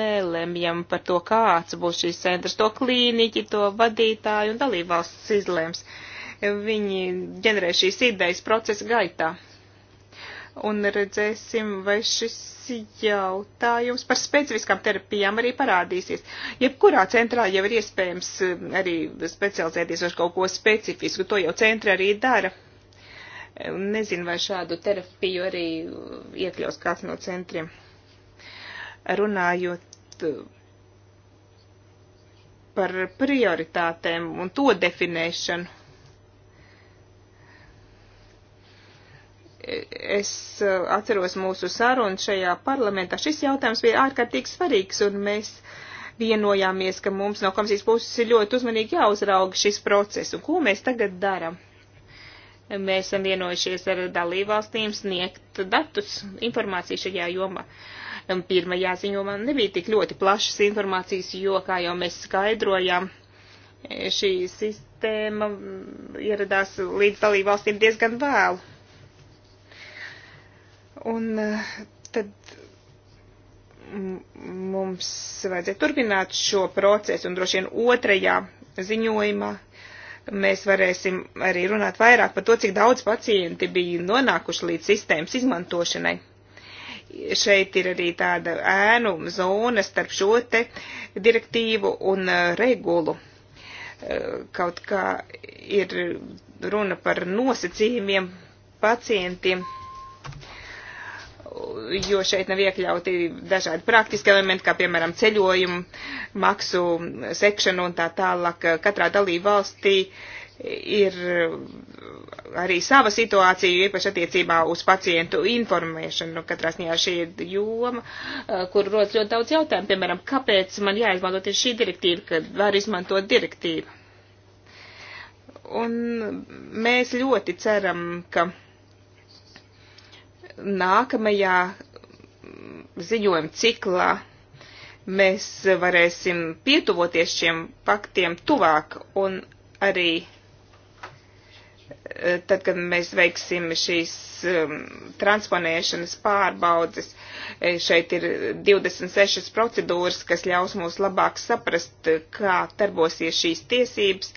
nelemjam par to, kāds būs šīs centrs, to klīniķi, to vadītāju un dalībvalsts izlēms. Uh, viņi ģenerē šīs idejas procesa gaitā. Un redzēsim, vai šis jautājums par specifiskām terapijām arī parādīsies. Jebkurā centrā jau ir iespējams eh, arī specializēties uz kaut ko specifisku, to jau centri arī dara. Nezinu, vai šādu terapiju arī iekļaus kāds no centriem. Runājot eh, par prioritātēm un to definēšanu. es eh, atceros mūsu sarunu šajā parlamentā. Šis jautājums bija ārkārtīgi svarīgs, un mēs vienojāmies, ka mums no komisijas puses ir ļoti uzmanīgi jāuzrauga šis process. Un ko mēs tagad darām? Mēs esam vienojušies ar dalībvalstīm sniegt datus, informāciju šajā jomā. Pirmajā ziņomā nebija tik ļoti plašas informācijas, jo, kā jau mēs skaidrojām, šī sistēma ieradās līdz dalībvalstīm diezgan vēlu Un eh, tad mums vajadzēja turpināt šo procesu, un droši vien otrajā ziņojumā mēs varēsim arī runāt vairāk par to, cik daudz pacienti bija nonākuši līdz sistēmas izmantošanai. Šeit ir arī tāda ēnu zona starp šo te direktīvu un eh, regulu. Eh, kaut kā ir runa par nosacījumiem pacientiem. Uh, jo šeit nav iekļauti dažādi praktiski elementi, kā piemēram ceļojumu, maksu sekšanu un tā tālāk. Katrā dalība valstī ir arī sava situācija, īpaši attiecībā uz pacientu informēšanu. Katrā ziņā šī ir joma, kur rodas ļoti daudz jautājumu. Piemēram, kāpēc man jāizmanto tieši šī direktīva, kad var izmantot direktīvu? Un mēs ļoti ceram, ka nākamajā mm, ziņojuma ciklā mēs varēsim pietuvoties šiem faktiem tuvāk un arī e, tad, kad mēs veiksim šīs um, transponēšanas pārbaudzes, e, šeit ir 26 procedūras, kas ļaus mums labāk saprast, kā darbosies šīs tiesības,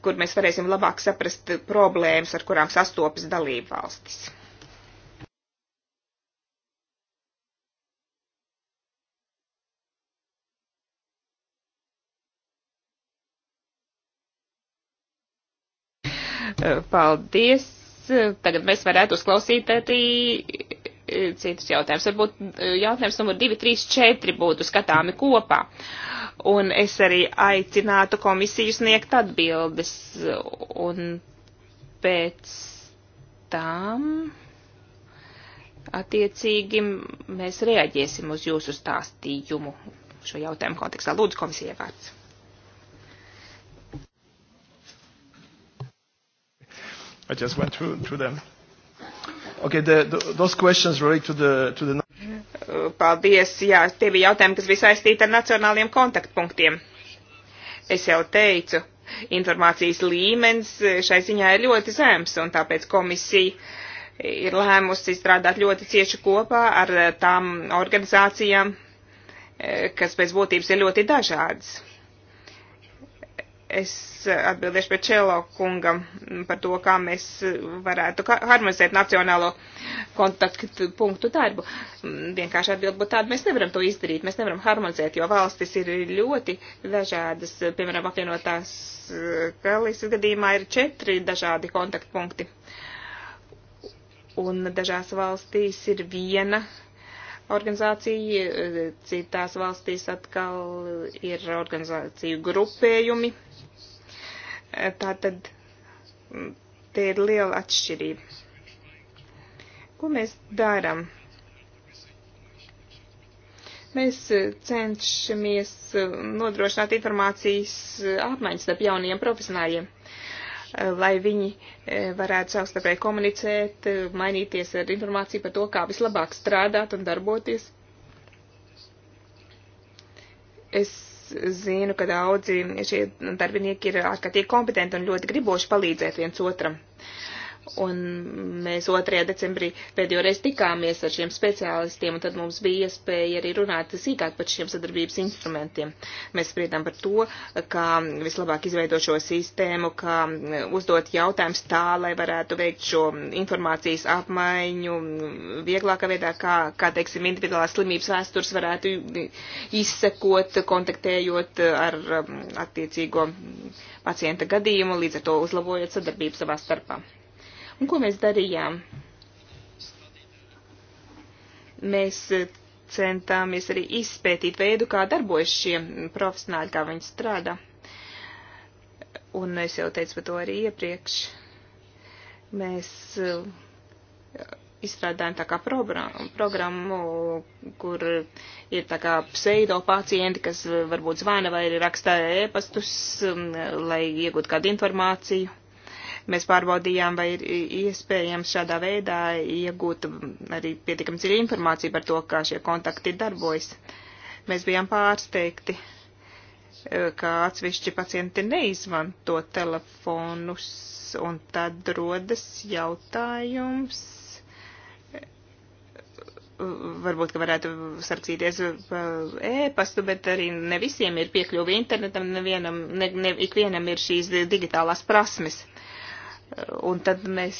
kur mēs varēsim labāk saprast problēmas, ar kurām sastopas dalību valstis. Paldies. Tagad mēs varētu uzklausīt arī e, citus jautājumus. Varbūt e, jautājums numur 2, 3, 4 būtu skatāmi kopā. Un es arī aicinātu komisiju sniegt atbildes. Un pēc tam attiecīgi mēs reaģēsim uz jūsu stāstījumu šo jautājumu kontekstā. Lūdzu, komisijai vārds. I just went through, through them. Okay, the, the, those questions relate to the, to the... Paldies, jā, tie bija jautājumi, kas bija saistīti ar nacionāliem kontaktpunktiem. Es jau teicu, informācijas līmenis šai ziņā ir ļoti zems, un tāpēc komisija ir lēmusi strādāt ļoti cieši kopā ar tām organizācijām, eh, kas pēc būtības ir ļoti dažādas. Es atbildēšu pēc Čelo kungam par to, kā mēs varētu harmonizēt nacionālo kontaktu punktu darbu. Vienkārši atbild būtu tāda, mēs nevaram to izdarīt, mēs nevaram harmonizēt, jo valstis ir ļoti dažādas. Piemēram, apvienotās karalīstas eh, gadījumā ir četri dažādi kontaktpunkti. Un dažās valstīs ir viena organizācija, eh, citās valstīs atkal ir organizāciju grupējumi. Tātad mm, te ir liela atšķirība. Ko mēs darām? Mēs eh, cenšamies eh, nodrošināt informācijas eh, apmaiņas starp jaunajiem profesionāļiem, lai viņi varētu savstarpēji komunicēt, mainīties ar informāciju par to, kā vislabāk strādāt un darboties. Es zinu, ka daudzi šie darbinieki ir ārkārtīgi kompetenti un ļoti griboši palīdzēt viens otram. Uh, Un mēs 2. decembrī pēdējo reizi tikāmies ar šiem speciālistiem, un tad mums bija iespēja arī runāt sīkāk par šiem sadarbības instrumentiem. Mēs spriedām par to, kā vislabāk izveidot šo sistēmu, kā uzdot jautājumus tā, lai varētu veikt šo informācijas apmaiņu vieglākā veidā, kā, kā teiksim, individuālās slimības vēstures varētu izsekot, kontaktējot ar um, attiecīgo pacienta gadījumu, līdz ar to uzlabojot sadarbību savā starpā. Un ko mēs darījām? Mēs eh, centāmies arī izpētīt veidu, kā darbojas šie profesionāļi, kā viņi strādā. Un es jau teicu par to arī iepriekš. Mēs eh, izstrādājam tā kā programmu, kur ir tā kā pseido pacienti, kas eh, varbūt zvana vai rakstā ēpastus, mm, lai iegūtu kādu informāciju. Mēs pārbaudījām, vai ir iespējams šādā veidā iegūt arī pietiekami dziļu informāciju par to, kā šie kontakti darbojas. Mēs bijām pārsteigti, eh, ka atsevišķi pacienti neizmanto telefonus, un tad rodas jautājums varbūt, ka varētu sarcīties ēpastu, e bet arī ne visiem ir piekļuvi internetam, nevienam, ne, ne ikvienam ir šīs digitālās prasmes. Un tad mēs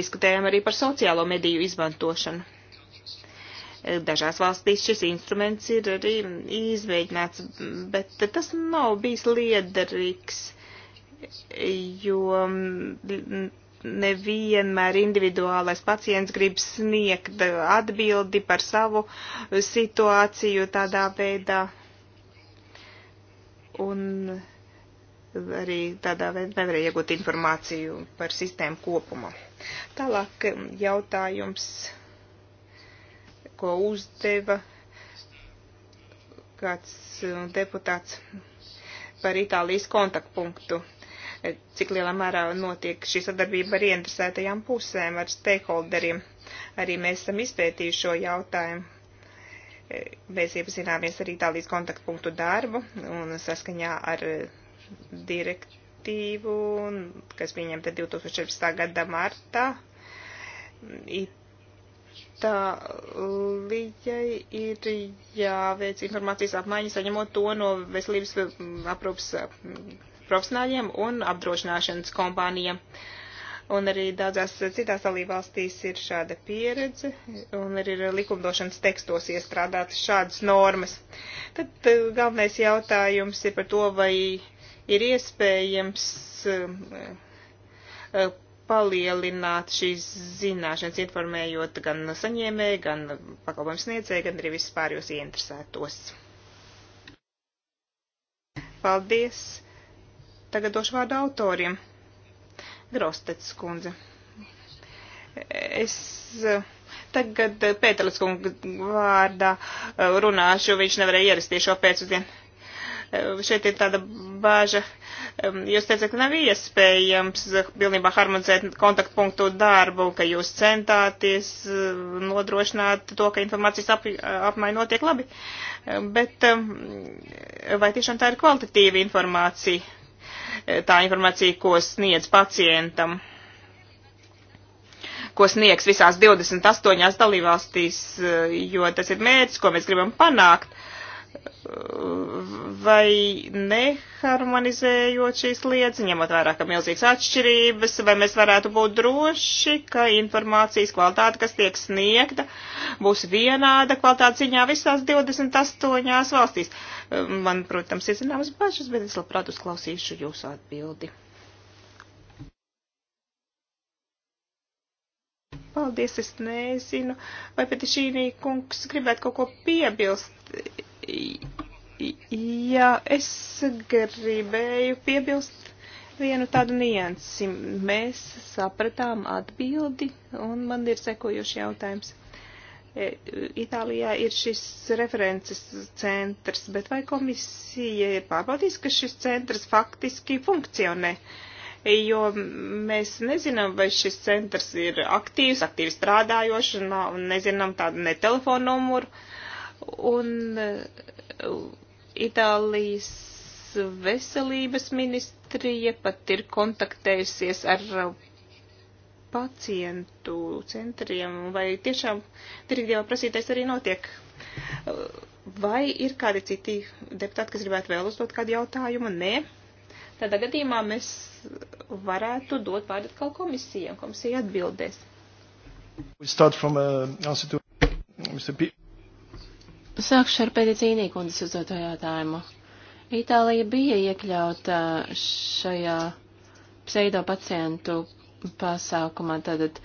diskutējam arī par sociālo mediju izmantošanu. Dažās valstīs šis instruments ir arī izmēģināts, bet tas nav bijis liederīgs, jo nevienmēr individuālais pacients grib sniegt atbildi par savu situāciju tādā veidā. Un arī tādā veidā nevarēja iegūt informāciju par sistēmu kopumā. Tālāk um, jautājums, ko uzdeva kāds um, deputāts par Itālijas kontaktpunktu. Cik lielā mērā notiek šī sadarbība ar ieinteresētajām pusēm, ar stakeholderiem. Arī mēs esam izpētījuši šo jautājumu mēs iepazināmies ar Itālijas kontaktpunktu darbu un saskaņā ar direktīvu, kas pieņemta 2014. gada martā. Itālijai ir jāveic informācijas apmaiņa, saņemot to no veselības aprūpas profesionāļiem un apdrošināšanas kompānijām. Un arī daudzās citās dalībvalstīs ir šāda pieredze, un arī likumdošanas tekstos iestrādātas šādas normas. Tad eh, galvenais jautājums ir par to, vai ir iespējams eh, eh, palielināt šīs zināšanas, informējot gan saņēmēju, gan pakalpojumu sniedzēju, gan arī vispār jūs ieinteresētos. Paldies! Tagad došu vārdu autoriem. Grostets kundze. Es eh, tagad Pētelis kunga vārdā runāšu, viņš nevarēja ierasties šo pēcpusdienu. Ehm, šeit ir tāda bāža. Ehm, jūs teicat, ka nav iespējams pilnībā harmonizēt kontaktpunktu darbu, ka jūs centāties ehm, nodrošināt to, ka informācijas ap, apmaiņa notiek labi. Bet vai tiešām tā ir kvalitatīva informācija? Tā informācija, ko sniedz pacientam ko sniegs visās 28 dalībvalstīs, jo tas ir mērķis, ko mēs gribam panākt. Uh, vai neharmonizējot šīs lietas, ņemot vērā, ka milzīgas atšķirības, vai mēs varētu būt droši, ka informācijas kvalitāte, kas tiek sniegta, būs vienāda kvalitāte ziņā visās 28 valstīs. Man, protams, ir zināmas bažas, bet es labprāt uzklausīšu jūsu atbildi. Paldies, es nezinu, vai Petišīnī kungs gribētu kaut ko piebilst Jā, es gribēju piebilst vienu tādu niansi. Mēs sapratām atbildi, un man ir sekojuši jautājums. E, Itālijā ir šis references centrs, bet vai komisija ir pārbaudījusi, ka šis centrs faktiski funkcionē? Jo mēs nezinām, vai šis centrs ir aktīvs, aktīvi strādājošs, un nezinām tādu ne telefonu numuru. Uh, un eh, Itālijas veselības ministrija pat ir kontaktējusies ar eh, pacientu centriem, vai tiešām direktīvā prasītais arī notiek. Eh, vai ir kādi citi deputāti, kas gribētu vēl uzdot kādu jautājumu? Nē. Tādā gadījumā mēs varētu dot vārdu atkal komisijai, un komisija atbildēs. We start from uh, Mr. P. Sākšu ar pēdējā cīnīkundas uzdoto jautājumu. Itālija bija iekļauta šajā pseidopacientu pasākumā, tātad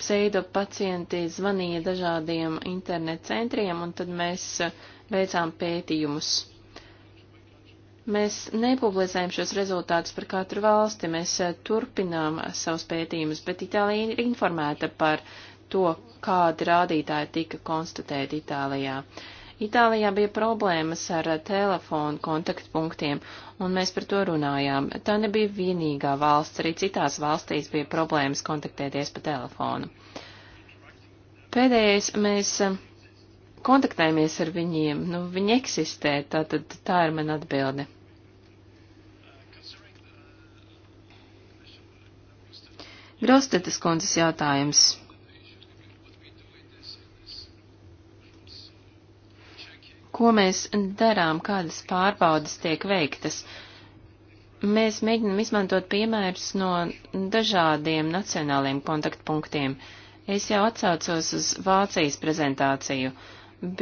pseidopacienti zvanīja dažādiem internet centriem, un tad mēs veicām pētījumus. Mēs nepublicējam šos rezultātus par katru valsti, mēs eh, turpinām savus pētījumus, bet Itālija ir informēta par to, kādi rādītāji tika konstatēti Itālijā. Itālijā bija problēmas ar telefonu kontaktpunktiem, un mēs par to runājām. Tā nebija vienīgā valsts, arī citās valstīs bija problēmas kontaktēties pa telefonu. Pēdējais mēs eh, kontaktējamies ar viņiem, nu, viņi eksistē, tā tad tā ir man atbilde. Graustetes kundzes jautājums. Ko mēs darām, kādas pārbaudas tiek veiktas? Mēs mēģinam izmantot piemērus no dažādiem nacionāliem kontaktpunktiem. Es jau atsaucos uz Vācijas prezentāciju.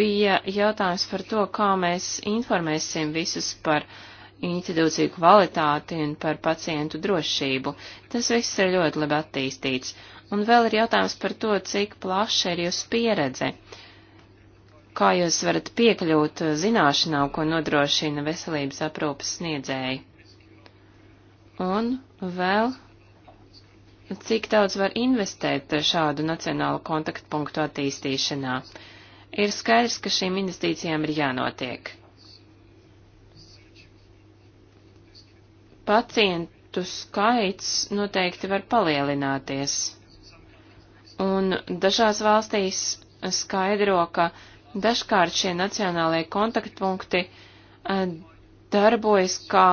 Bija jautājums par to, kā mēs informēsim visus par institūciju kvalitāti un par pacientu drošību. Tas viss ir ļoti labi attīstīts. Un vēl ir jautājums par to, cik plaša ir jūsu pieredze. Uh, kā jūs varat piekļūt uh, zināšanām, ko nodrošina veselības aprūpas sniedzēji? Un vēl, cik daudz var investēt uh, šādu nacionālu kontaktpunktu attīstīšanā? Ir skaidrs, ka šīm investīcijām ir jānotiek. Pacientu skaits noteikti var palielināties. Un dažās valstīs skaidro, ka uh, Dažkārt šie nacionālajie kontaktpunkti eh, darbojas kā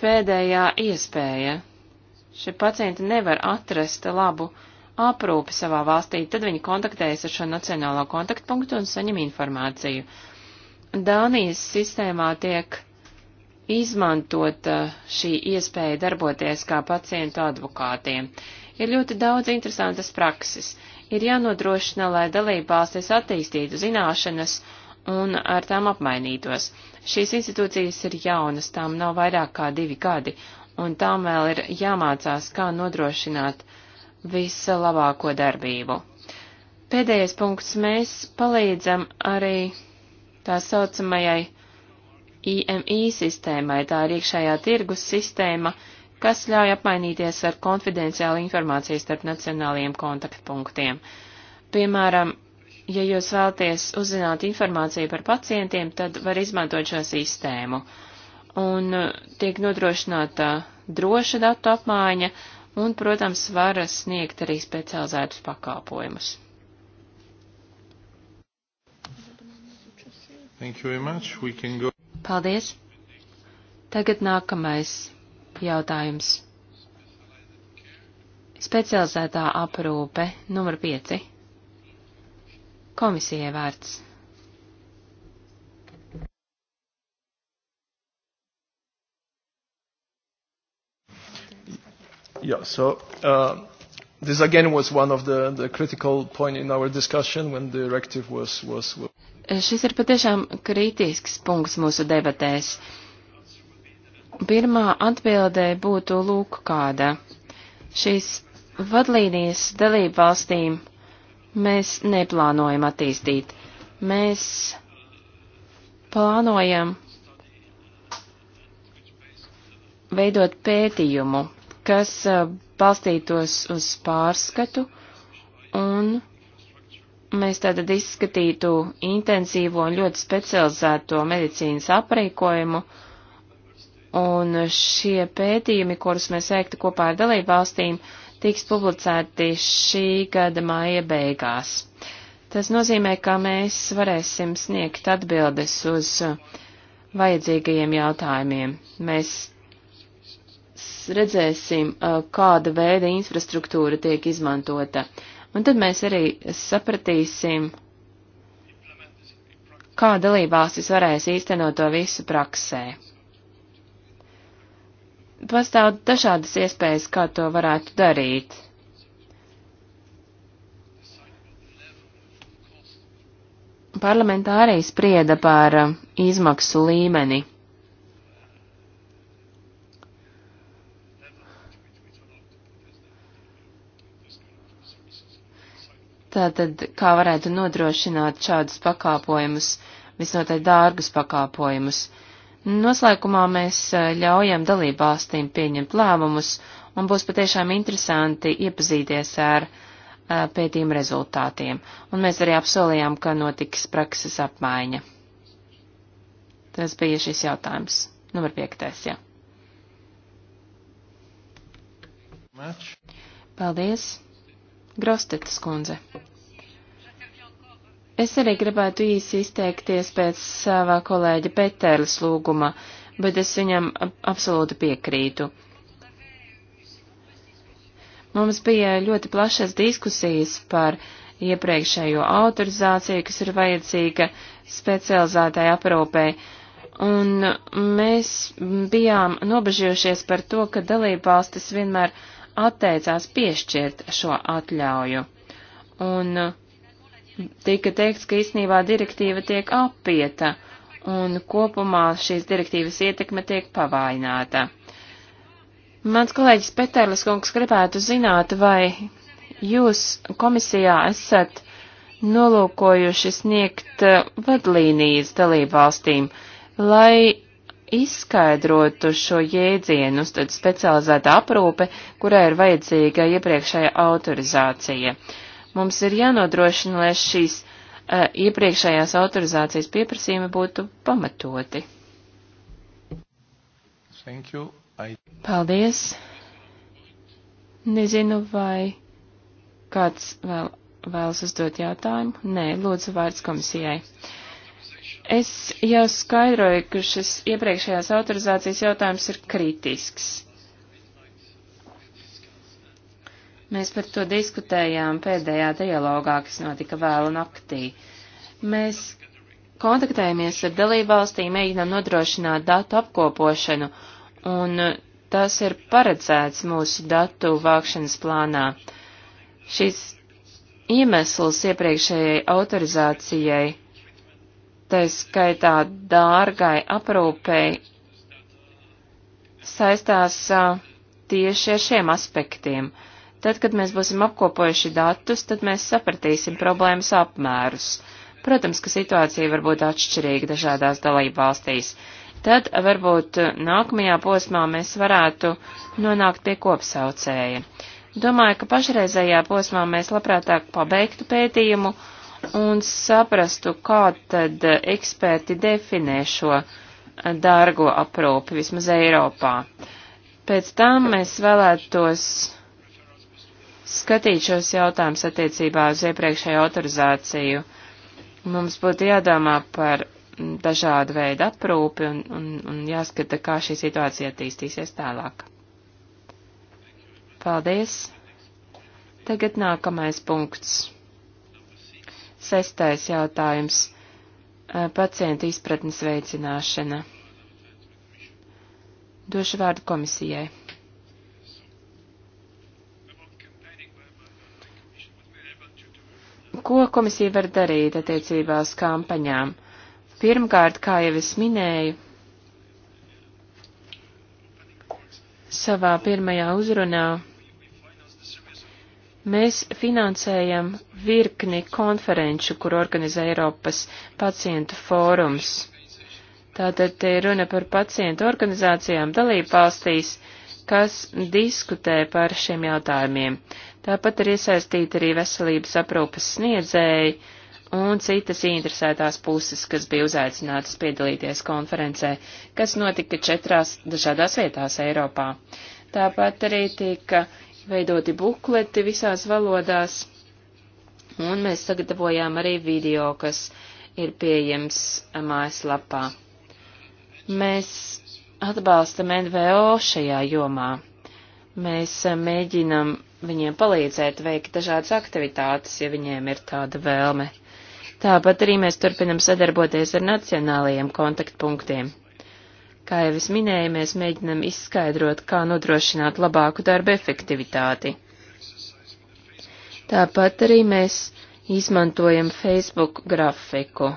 pēdējā iespēja. Šie pacienti nevar atrast labu aprūpi savā valstī, tad viņi kontaktējas ar šo nacionālo kontaktpunktu un saņem informāciju. Dānijas sistēmā tiek izmantot šī iespēja darboties kā pacientu advokātiem. Ir ļoti daudz interesantas prakses ir jānodrošina, lai dalībvalstis attīstītu zināšanas un ar tām apmainītos. Šīs institūcijas ir jaunas, tām nav vairāk kā divi gadi, un tām vēl ir jāmācās, kā nodrošināt vislabāko darbību. Pēdējais punkts mēs palīdzam arī tā saucamajai IMI sistēmai, tā ir iekšējā tirgus sistēma, kas ļauj apmainīties ar konfidenciālu informāciju starp nacionālajiem kontaktpunktiem. Piemēram, ja jūs vēlaties uzzināt informāciju par pacientiem, tad var izmantot šo sistēmu. Un uh, tiek nodrošināta droša datu apmaiņa un, protams, var sniegt arī specializētus pakalpojumus. Go... Paldies! Tagad nākamais jautājums. Specializētā aprūpe numur 5. Komisijai vārds. Yeah, so uh, this again was one of the, the critical point in our discussion when the directive was, was... Šis ir patiešām kritisks punkts mūsu debatēs. Uh, Pirmā atbildē būtu lūk kāda. Šīs vadlīnijas dalību valstīm mēs neplānojam attīstīt. Mēs plānojam veidot pētījumu, kas balstītos uz pārskatu, un mēs tātad izskatītu intensīvo un ļoti specializēto medicīnas aprīkojumu, uh, Un šie pētījumi, kurus mēs veiktu kopā ar dalību valstīm, tiks publicēti šī gada māja beigās. Tas nozīmē, ka mēs varēsim sniegt atbildes uz uh, vajadzīgajiem jautājumiem. Mēs redzēsim, uh, kāda veida infrastruktūra tiek izmantota. Un tad mēs arī sapratīsim, kā dalībvalstis varēs īstenot to visu praksē pastāv dažādas iespējas, kā to varētu darīt. Parlamentā arī sprieda par uh, izmaksu līmeni. Tātad, kā varētu nodrošināt šādus pakāpojumus, visnotaļ dārgus pakāpojumus. Uh, Noslēgumā mēs eh, ļaujam dalībvalstīm pieņemt lēmumus, un būs patiešām interesanti iepazīties ar eh, pētījuma rezultātiem, un mēs arī apsolījām, ka notiks prakses apmaiņa. Tas bija šis jautājums. Numur piektais, jā. Paldies. Grostetas kundze. Es arī gribētu īsi izteikties pēc savā kolēģa Petērlis lūguma, bet es viņam absolūti piekrītu. Mums bija ļoti plašas diskusijas par iepriekšējo autorizāciju, kas ir vajadzīga specializētai aprūpei, un mēs bijām nobežījušies par to, ka dalībvalstis vienmēr atteicās piešķirt šo atļauju. Un uh, tika teikts, ka īsnībā direktīva tiek apieta un kopumā šīs direktīvas ietekme tiek pavājināta. Mans kolēģis Peterlis kungs gribētu zināt, vai jūs komisijā esat nolūkojuši sniegt eh, vadlīnijas dalību valstīm, lai izskaidrotu šo jēdzienu, tad specializēta aprūpe, kurai ir vajadzīga iepriekšēja autorizācija. Uh, Mums ir jānodrošina, lai šīs uh, iepriekšējās autorizācijas pieprasījumi būtu pamatoti. Thank you. I... Paldies. Nezinu, vai kāds vēl, vēlas uzdot jautājumu. Nē, lūdzu vārds komisijai. Es jau skaidroju, ka šis iepriekšējās autorizācijas jautājums ir kritisks. Mēs par to diskutējām pēdējā dialogā, kas notika vēlu naktī. Mēs kontaktējamies ar dalībvalstīm, mēģinām nodrošināt datu apkopošanu, un tas ir paredzēts mūsu datu vākšanas plānā. Šis iemesls iepriekšējai autorizācijai, tā skaitā dārgai aprūpei, saistās tieši ar šiem aspektiem. Tad, kad mēs būsim apkopojuši datus, tad mēs sapratīsim problēmas apmērus. Protams, ka situācija var būt atšķirīga dažādās dalību valstīs. Tad varbūt nākamajā posmā mēs varētu nonākt pie kopsaucēja. Domāju, ka pašreizējā posmā mēs labprātāk pabeigtu pētījumu un saprastu, kā tad eksperti definē šo dārgo aprūpi vismaz Eiropā. Pēc tam mēs vēlētos skatīt šos jautājumus attiecībā uz iepriekšēju autorizāciju. Mums būtu jādomā par dažādu veidu aprūpi un, un, un jāskata, kā šī situācija attīstīsies tālāk. Paldies! Tagad nākamais punkts. Sestais jautājums - pacienta izpratnes veicināšana. Došu vārdu komisijai. Ko komisija var darīt attiecībā uz kampaņām? Pirmkārt, kā jau es minēju, savā pirmajā uzrunā mēs finansējam virkni konferenču, kur organizē Eiropas pacientu fórums. Tātad te runa par pacientu organizācijām dalībvalstīs, kas diskutē par šiem jautājumiem. Tāpat ir iesaistīti arī veselības aprūpas sniedzēji un citas interesētās puses, kas bija uzaicinātas piedalīties konferencē, kas notika četrās dažādās vietās Eiropā. Tāpat arī tika veidoti bukleti visās valodās, un mēs sagatavojām arī video, kas ir pieejams mājaslapā. Mēs atbalstam NVO šajā jomā. Mēs eh, mēģinam viņiem palīdzēt veikt dažādas aktivitātes, ja viņiem ir tāda vēlme. Tāpat arī mēs turpinam sadarboties ar nacionālajiem kontaktpunktiem. Kā jau es minēju, mēs mēģinam izskaidrot, kā nodrošināt labāku darba efektivitāti. Tāpat arī mēs izmantojam Facebook grafiku.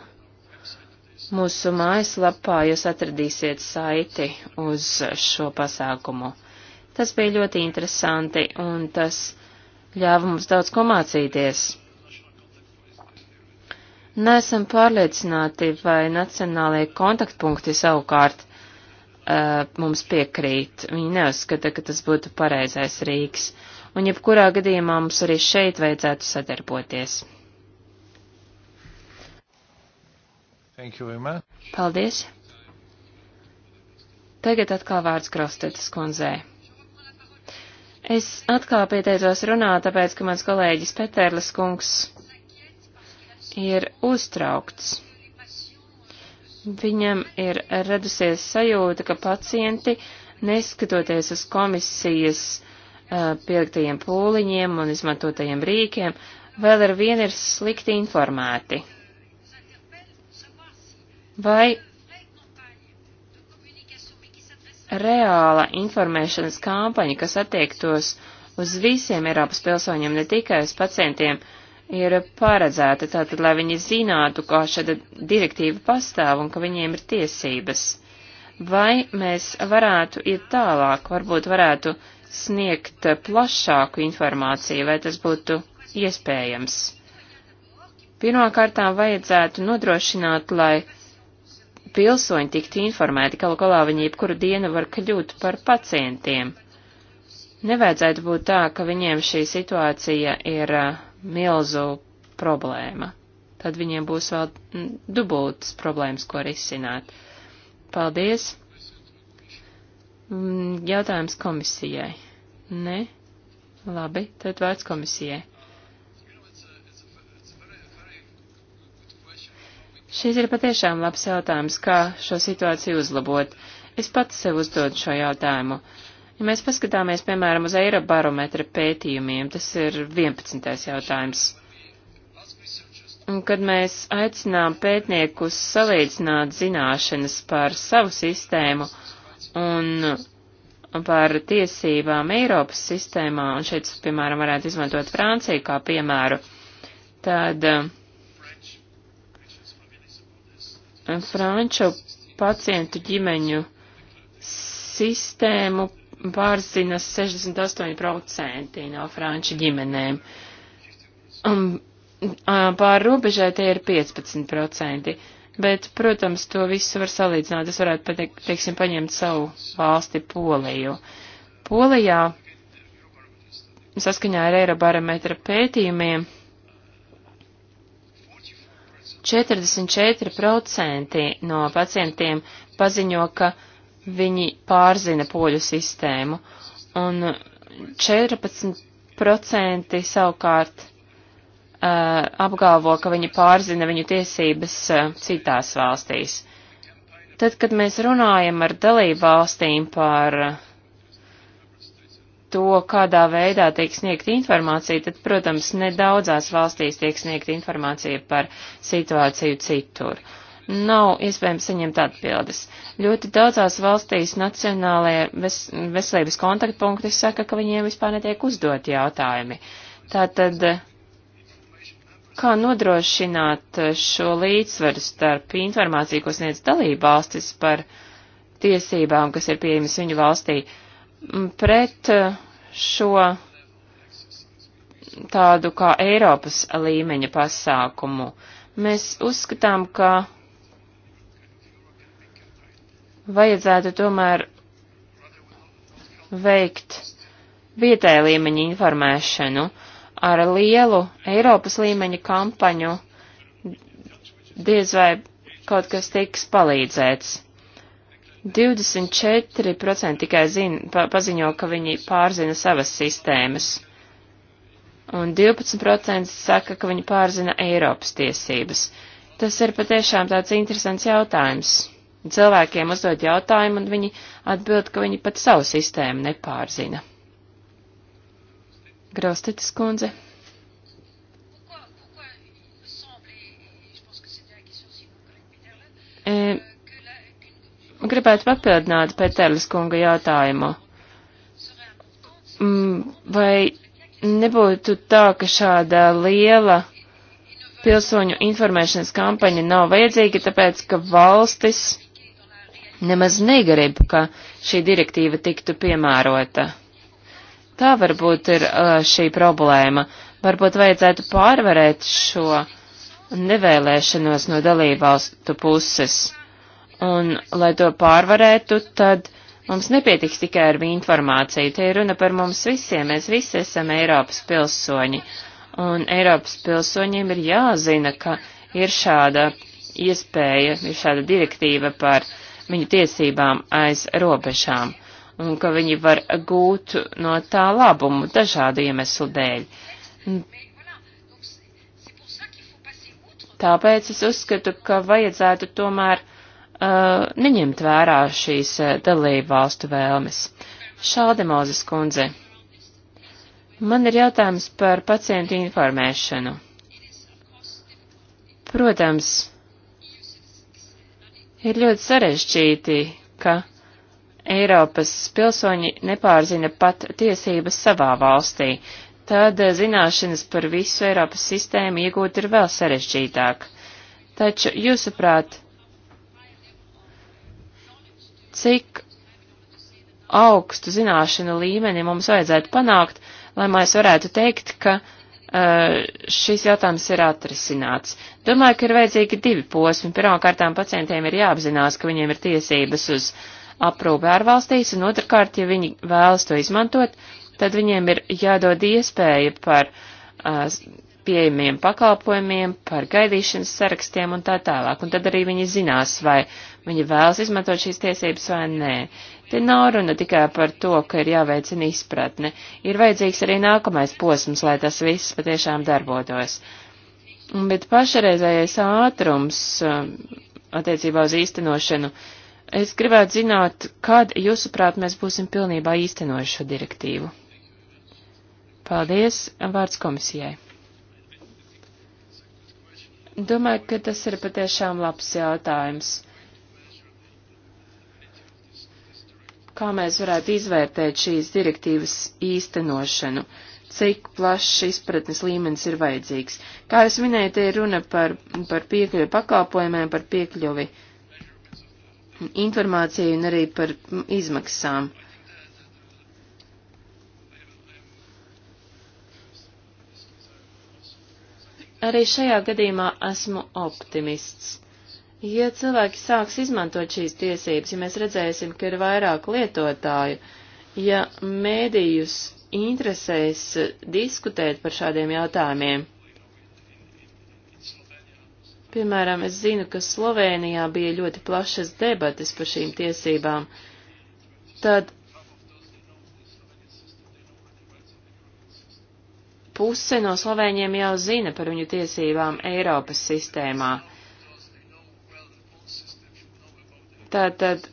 Mūsu mājaslapā jūs atradīsiet saiti uz šo pasākumu. Tas bija ļoti interesanti un tas ļāva mums daudz ko mācīties. Nesam pārliecināti, vai nacionālajie kontaktpunkti savukārt uh, mums piekrīt. Viņi neuzskata, ka tas būtu pareizais rīks. Un jebkurā gadījumā mums arī šeit vajadzētu sadarboties. Paldies! Tagad atkal vārds Krostetas kundzei. Es atkal pieteicos runā, tāpēc, ka mans kolēģis Petērlis kungs ir uztraukts. Viņam ir radusies sajūta, ka pacienti, neskatoties uz komisijas uh, pieliktajiem pūliņiem un izmantotajiem rīkiem, vēl ar vienu ir slikti informēti. Vai reāla informēšanas kampaņa, kas attiektos uz visiem Eiropas pilsoņiem, ne tikai uz pacientiem, ir paredzēta tātad, lai viņi zinātu, kā šāda direktīva pastāv un ka viņiem ir tiesības. Vai mēs varētu iet tālāk, varbūt varētu sniegt plašāku informāciju, lai tas būtu iespējams? Pirmkārtām vajadzētu nodrošināt, lai pilsoņi tiktu informēti, galu galā viņi jebkuru dienu var kļūt par pacientiem. Nevajadzētu būt tā, ka viņiem šī situācija ir uh, milzu problēma. Tad viņiem būs vēl mm, dubultas problēmas, ko risināt. Paldies! Mm, jautājums komisijai. Ne? Labi, tad vārds komisijai. Šis ir patiešām labs jautājums, kā šo situāciju uzlabot. Es pats sev uzdodu šo jautājumu. Ja mēs paskatāmies, piemēram, uz Eirobarometra pētījumiem, tas ir 11. jautājums. Un, kad mēs aicinām pētniekus salīdzināt zināšanas par savu sistēmu un par tiesībām Eiropas sistēmā, un šeit, piemēram, varētu izmantot Franciju kā piemēru, tad uh, franču pacientu ģimeņu sistēmu pārzina 68% no franču ģimenēm. Pār robežai tie ir 15%, bet, protams, to visu var salīdzināt. Es varētu, pateik, teiksim, paņemt savu valsti Poliju. Polijā, saskaņā ar Eirobarometra pētījumiem, 44% no pacientiem paziņo, ka viņi pārzina poļu sistēmu, un 14% savukārt uh, apgalvo, ka viņi pārzina viņu tiesības uh, citās valstīs. Tad, kad mēs runājam ar dalību valstīm par uh, to, kādā veidā tiek sniegta informācija, tad, protams, nedaudzās valstīs tiek sniegta informācija par situāciju citur. Nav iespējams saņemt atbildes. Ļoti daudzās valstīs nacionālajie ves veselības kontaktpunkti saka, ka viņiem vispār netiek uzdot jautājumi. Tātad, kā nodrošināt šo līdzsveru starp informāciju, ko sniedz dalībvalstis par tiesībām, kas ir pieejamas viņu valstī, uh, pret eh, šo tādu kā Eiropas līmeņa pasākumu. Mēs uzskatām, ka vajadzētu tomēr veikt vietēja līmeņa informēšanu ar lielu Eiropas līmeņa kampaņu. Diez vai kaut kas tiks palīdzēts. 24% tikai zin, pa, paziņo, ka viņi pārzina savas sistēmas, un 12% saka, ka viņi pārzina Eiropas tiesības. Tas ir patiešām tāds interesants jautājums. Cilvēkiem uzdod jautājumu, un viņi atbild, ka viņi pat savu sistēmu nepārzina. Graustitis kundze. gribētu papildināt Pēteris kunga jautājumu. Mm, vai nebūtu tā, ka šāda liela pilsoņu informēšanas kampaņa nav vajadzīga, tāpēc, ka valstis nemaz negrib, ka šī direktīva tiktu piemērota? Tā varbūt ir šī problēma. Varbūt vajadzētu pārvarēt šo nevēlēšanos no dalībvalstu puses Un, lai to pārvarētu, tad mums nepietiks tikai ar viņu informāciju. Te ir runa par mums visiem. Mēs visi esam Eiropas pilsoņi. Un Eiropas pilsoņiem ir jāzina, ka ir šāda iespēja, ir šāda direktīva par viņu tiesībām aiz robežām. Un ka viņi var gūt no tā labumu dažādu iemeslu dēļ. Tāpēc es uzskatu, ka vajadzētu tomēr uh, neņemt vērā šīs uh, dalību valstu vēlmes. Šādi Mozes kundze. Man ir jautājums par pacientu informēšanu. Protams, ir ļoti sarežģīti, ka Eiropas pilsoņi nepārzina pat tiesības savā valstī, tad uh, zināšanas par visu Eiropas sistēmu iegūt ir vēl sarežģītāk. Taču, jūsuprāt, cik augstu zināšanu līmeni mums vajadzētu panākt, lai mēs varētu teikt, ka uh, šis jautājums ir atrisināts. Domāju, ka ir vajadzīgi divi posmi. Pirmkārtām pacientiem ir jāapzinās, ka viņiem ir tiesības uz aprūpi ārvalstīs, un otrkārt, ja viņi vēlas to izmantot, tad viņiem ir jādod iespēja par uh, pieejamiem pakalpojumiem, par gaidīšanas sarakstiem un tā tālāk. Un tad arī viņi zinās, vai uh, viņi vēlas izmantot šīs tiesības vai nē. Te nav runa tikai par to, ka ir jāveicina izpratne. Ir vajadzīgs arī nākamais posms, lai tas viss patiešām darbotos. Bet pašreizējais ātrums um, attiecībā uz īstenošanu, es gribētu zināt, kad, jūsuprāt, mēs būsim pilnībā īstenojuši šo direktīvu. Paldies, vārds komisijai. Domāju, ka tas ir patiešām labs jautājums. kā mēs varētu izvērtēt šīs direktīvas īstenošanu, cik plašs izpratnes līmenis ir vajadzīgs. Kā es minēju, te ir runa par, par piekļuvi pakalpojumiem, par piekļuvi informāciju un arī par izmaksām. Arī šajā gadījumā esmu optimists. Ja cilvēki sāks izmantot šīs tiesības, ja mēs redzēsim, ka ir vairāk lietotāju, ja mēdījus interesēs diskutēt par šādiem jautājumiem. Piemēram, es zinu, ka Slovenijā bija ļoti plašas debates par šīm tiesībām. Tad puse no slovēņiem jau zina par viņu tiesībām Eiropas sistēmā. Tātad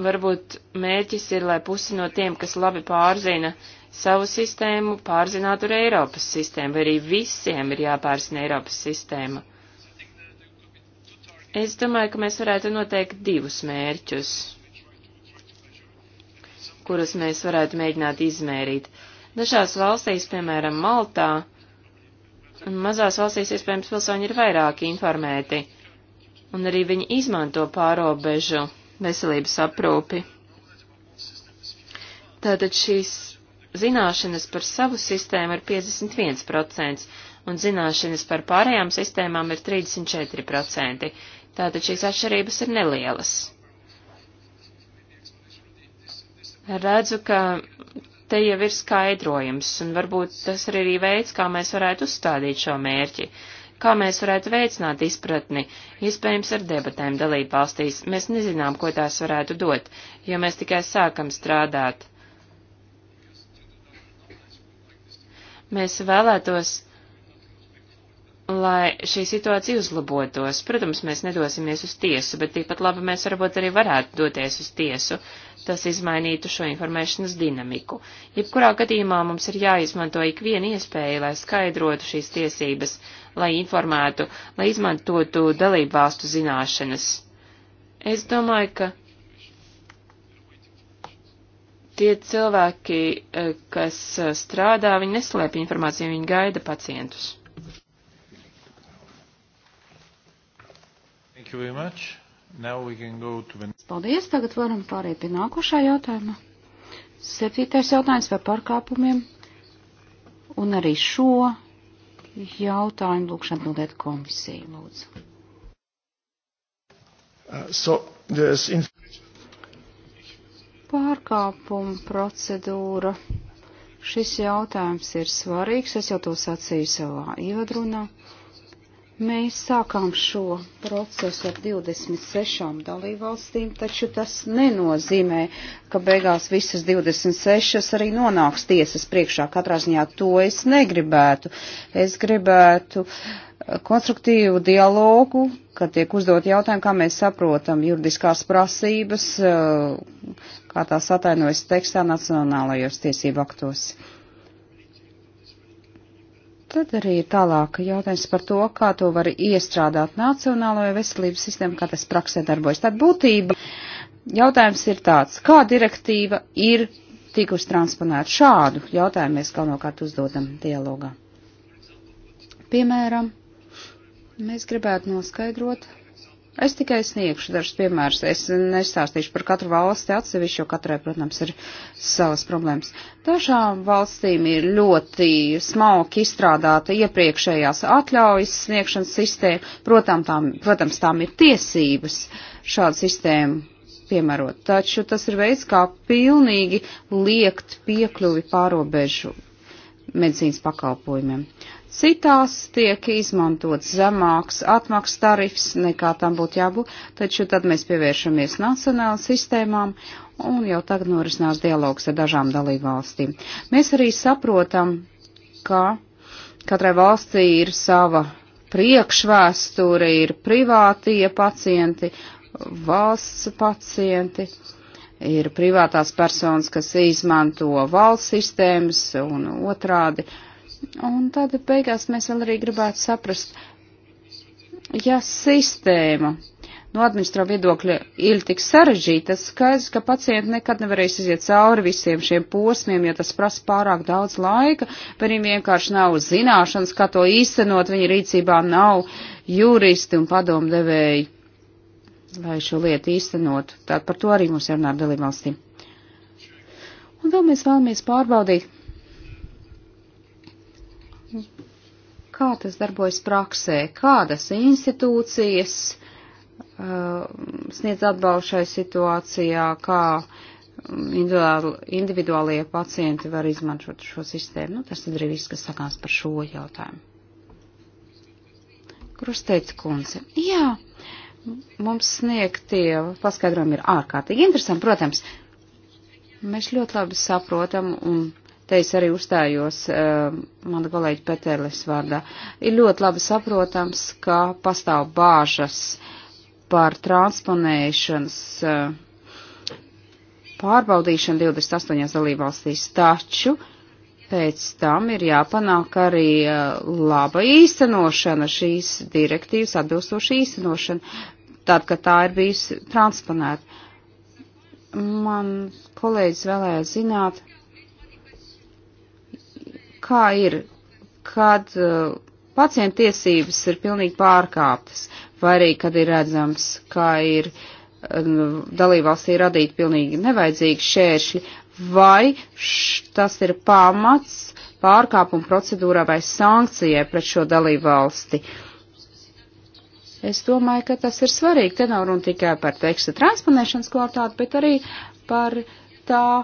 varbūt mērķis ir, lai pusi no tiem, kas labi pārzina savu sistēmu, pārzinātu arī Eiropas sistēmu, vai arī visiem ir jāpārzina Eiropas sistēma. Es domāju, ka mēs varētu noteikt divus mērķus, kurus mēs varētu mēģināt izmērīt. Dažās valstīs, piemēram, Maltā, un mazās valstīs, iespējams, pilsoņi ir vairāk informēti un arī viņi izmanto pārobežu veselības aprūpi. Tātad šīs zināšanas par savu sistēmu ir 51%, un zināšanas par pārējām sistēmām ir 34%. Tātad šīs atšķirības ir nelielas. Redzu, ka te jau ir skaidrojums, un varbūt tas ir arī veids, kā mēs varētu uzstādīt šo mērķi. Uh, kā mēs varētu veicināt izpratni, iespējams ar debatēm dalību valstīs. Mēs nezinām, ko tās varētu dot, jo mēs tikai sākam strādāt. Mēs vēlētos, lai šī situācija uzlabotos. Protams, mēs nedosimies uz tiesu, bet tikpat labi mēs varbūt arī varētu doties uz tiesu, tas izmainītu šo informēšanas dinamiku. Jebkurā gadījumā mums ir jāizmanto ik viena iespēja, lai skaidrotu šīs tiesības, lai informētu, lai izmantotu dalību valstu zināšanas. Es domāju, ka tie cilvēki, eh, kas eh, strādā, viņi neslēpj informāciju, viņi gaida pacientus. The... Paldies, tagad varam pāriet pie nākošā jautājuma. Septītais jautājums par pārkāpumiem. Un arī šo jautājumu lūkšu atbildēt komisiju, lūdzu. Uh, so, Pārkāpuma procedūra. Šis jautājums ir svarīgs, es jau to sacīju savā ievadrunā. Uh, Mēs sākām šo procesu ar 26 dalībvalstīm, taču tas nenozīmē, ka beigās visas 26 arī nonāks tiesas priekšā. Katrā ziņā to es negribētu. Es gribētu eh, konstruktīvu dialogu, kad tiek uzdot jautājumi, kā mēs saprotam juridiskās prasības, eh, kā tās atainojas tekstā nacionālajos tiesību aktos. Tad arī ir tālāk jautājums par to, kā to var iestrādāt nacionālajā veselības sistēmā, kā tas praksē darbojas. Tad būtība jautājums ir tāds, kā direktīva ir tikusi transponēta. Šādu jautājumu mēs galvenokārt uzdodam dialogā. Piemēram, mēs gribētu noskaidrot, Es tikai sniegšu dažus piemērus. Es nestāstīšu par katru valsti atsevišķi, jo katrai, protams, ir savas problēmas. Dažām valstīm ir ļoti smalki izstrādāta iepriekšējās atļaujas sniegšanas sistēma. Protams, tām, protams, tām ir tiesības šādu sistēmu piemērot. Taču tas ir veids, kā pilnīgi liekt piekļuvi pārobežu medicīnas pakalpojumiem. Citās tiek izmantots zemāks atmaks tarifs, nekā tam būtu jābūt, taču tad mēs pievēršamies nacionālajām sistēmām un jau tagad norisinās dialogs ar dažām dalību valstīm. Mēs arī saprotam, ka katrai valstī ir sava priekšvēsture, ir privātie pacienti, valsts pacienti ir privātās personas, kas izmanto valsts sistēmas un otrādi. Un tad beigās mēs vēl arī gribētu saprast, ja sistēma no administra viedokļa ir tik sarežģīta, skaidrs, ka pacienti nekad nevarēs iziet cauri visiem šiem posmiem, jo tas prasa pārāk daudz laika, viņiem vienkārši nav zināšanas, kā to īstenot, viņa rīcībā nav juristi un padomdevēji, lai šo lietu īstenot. Tātad par to arī mums jārunā ar dalībvalstīm. Un vēl mēs vēlamies pārbaudīt Kā tas darbojas praksē? Kādas institūcijas uh, sniedz atbalstu šai situācijā? Kā um, individuāli, individuālie pacienti var izmantot šo sistēmu? Nu, tas ir arī viss, kas sakās par šo jautājumu. Krusteica kundze. Jā, mums sniegtie paskaidrojumi ir ārkārtīgi interesanti, protams. Mēs ļoti labi saprotam un te es arī uzstājos uh, mana kolēģa Peterles vārdā, ir ļoti labi saprotams, ka pastāv bāžas par transponēšanas uh, pārbaudīšanu 28 dalībvalstīs, taču pēc tam ir jāpanāk arī uh, laba īstenošana, šīs direktīvas atbilstoša īstenošana, tad, kad tā ir bijusi transponēta. Man kolēģis vēlēja zināt, kā ir, kad uh, pacienta tiesības ir pilnīgi pārkāptas, vai arī, kad ir redzams, kā ir uh, nu, dalībvalstī radīt pilnīgi nevajadzīgi šēršļi, vai š, tas ir pamats pārkāpuma procedūrā vai sankcijai pret šo dalībvalsti. Es domāju, ka tas ir svarīgi. Te nav runa tikai par teksta transponēšanas kvalitāti, bet arī par uh, tā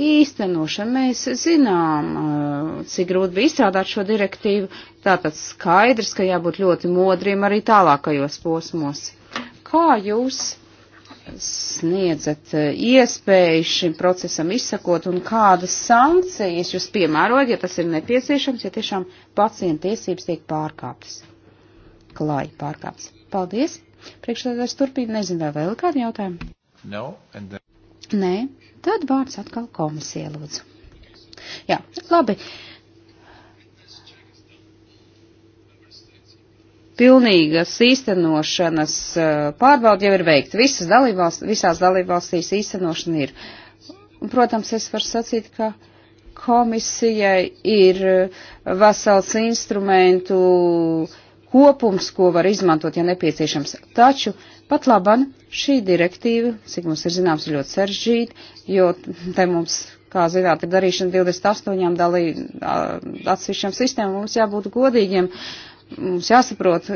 īstenošana. Mēs zinām, uh, cik grūti bija izstrādāt šo direktīvu, tātad skaidrs, ka jābūt ļoti modriem arī tālākajos posmos. Kā jūs sniedzat uh, iespēju šim procesam izsakot un kādas sankcijas jūs piemērojat, ja tas ir nepieciešams, ja tiešām pacienta tiesības tiek pārkāptas? Klāji pārkāptas. Paldies! Priekšstādājs turpina, nezinu, vai vēl kādu jautājumu? No, then... Nē. Tad vārds atkal komisija lūdzu. Jā, labi. Pilnīgas īstenošanas eh, pārbaudi jau ir veikta. Visas dalībvalst, visās dalībvalstīs īstenošana ir. Protams, es varu sacīt, ka komisijai ir eh, vesels instrumentu kopums, ko var izmantot, ja nepieciešams. Taču Pat laban šī direktīva, cik mums ir zināms, ir ļoti sarežģīta, jo te mums, kā zināt, ir darīšana 28 dalī atsevišķām sistēmām, mums jābūt godīgiem. Mums jāsaprot,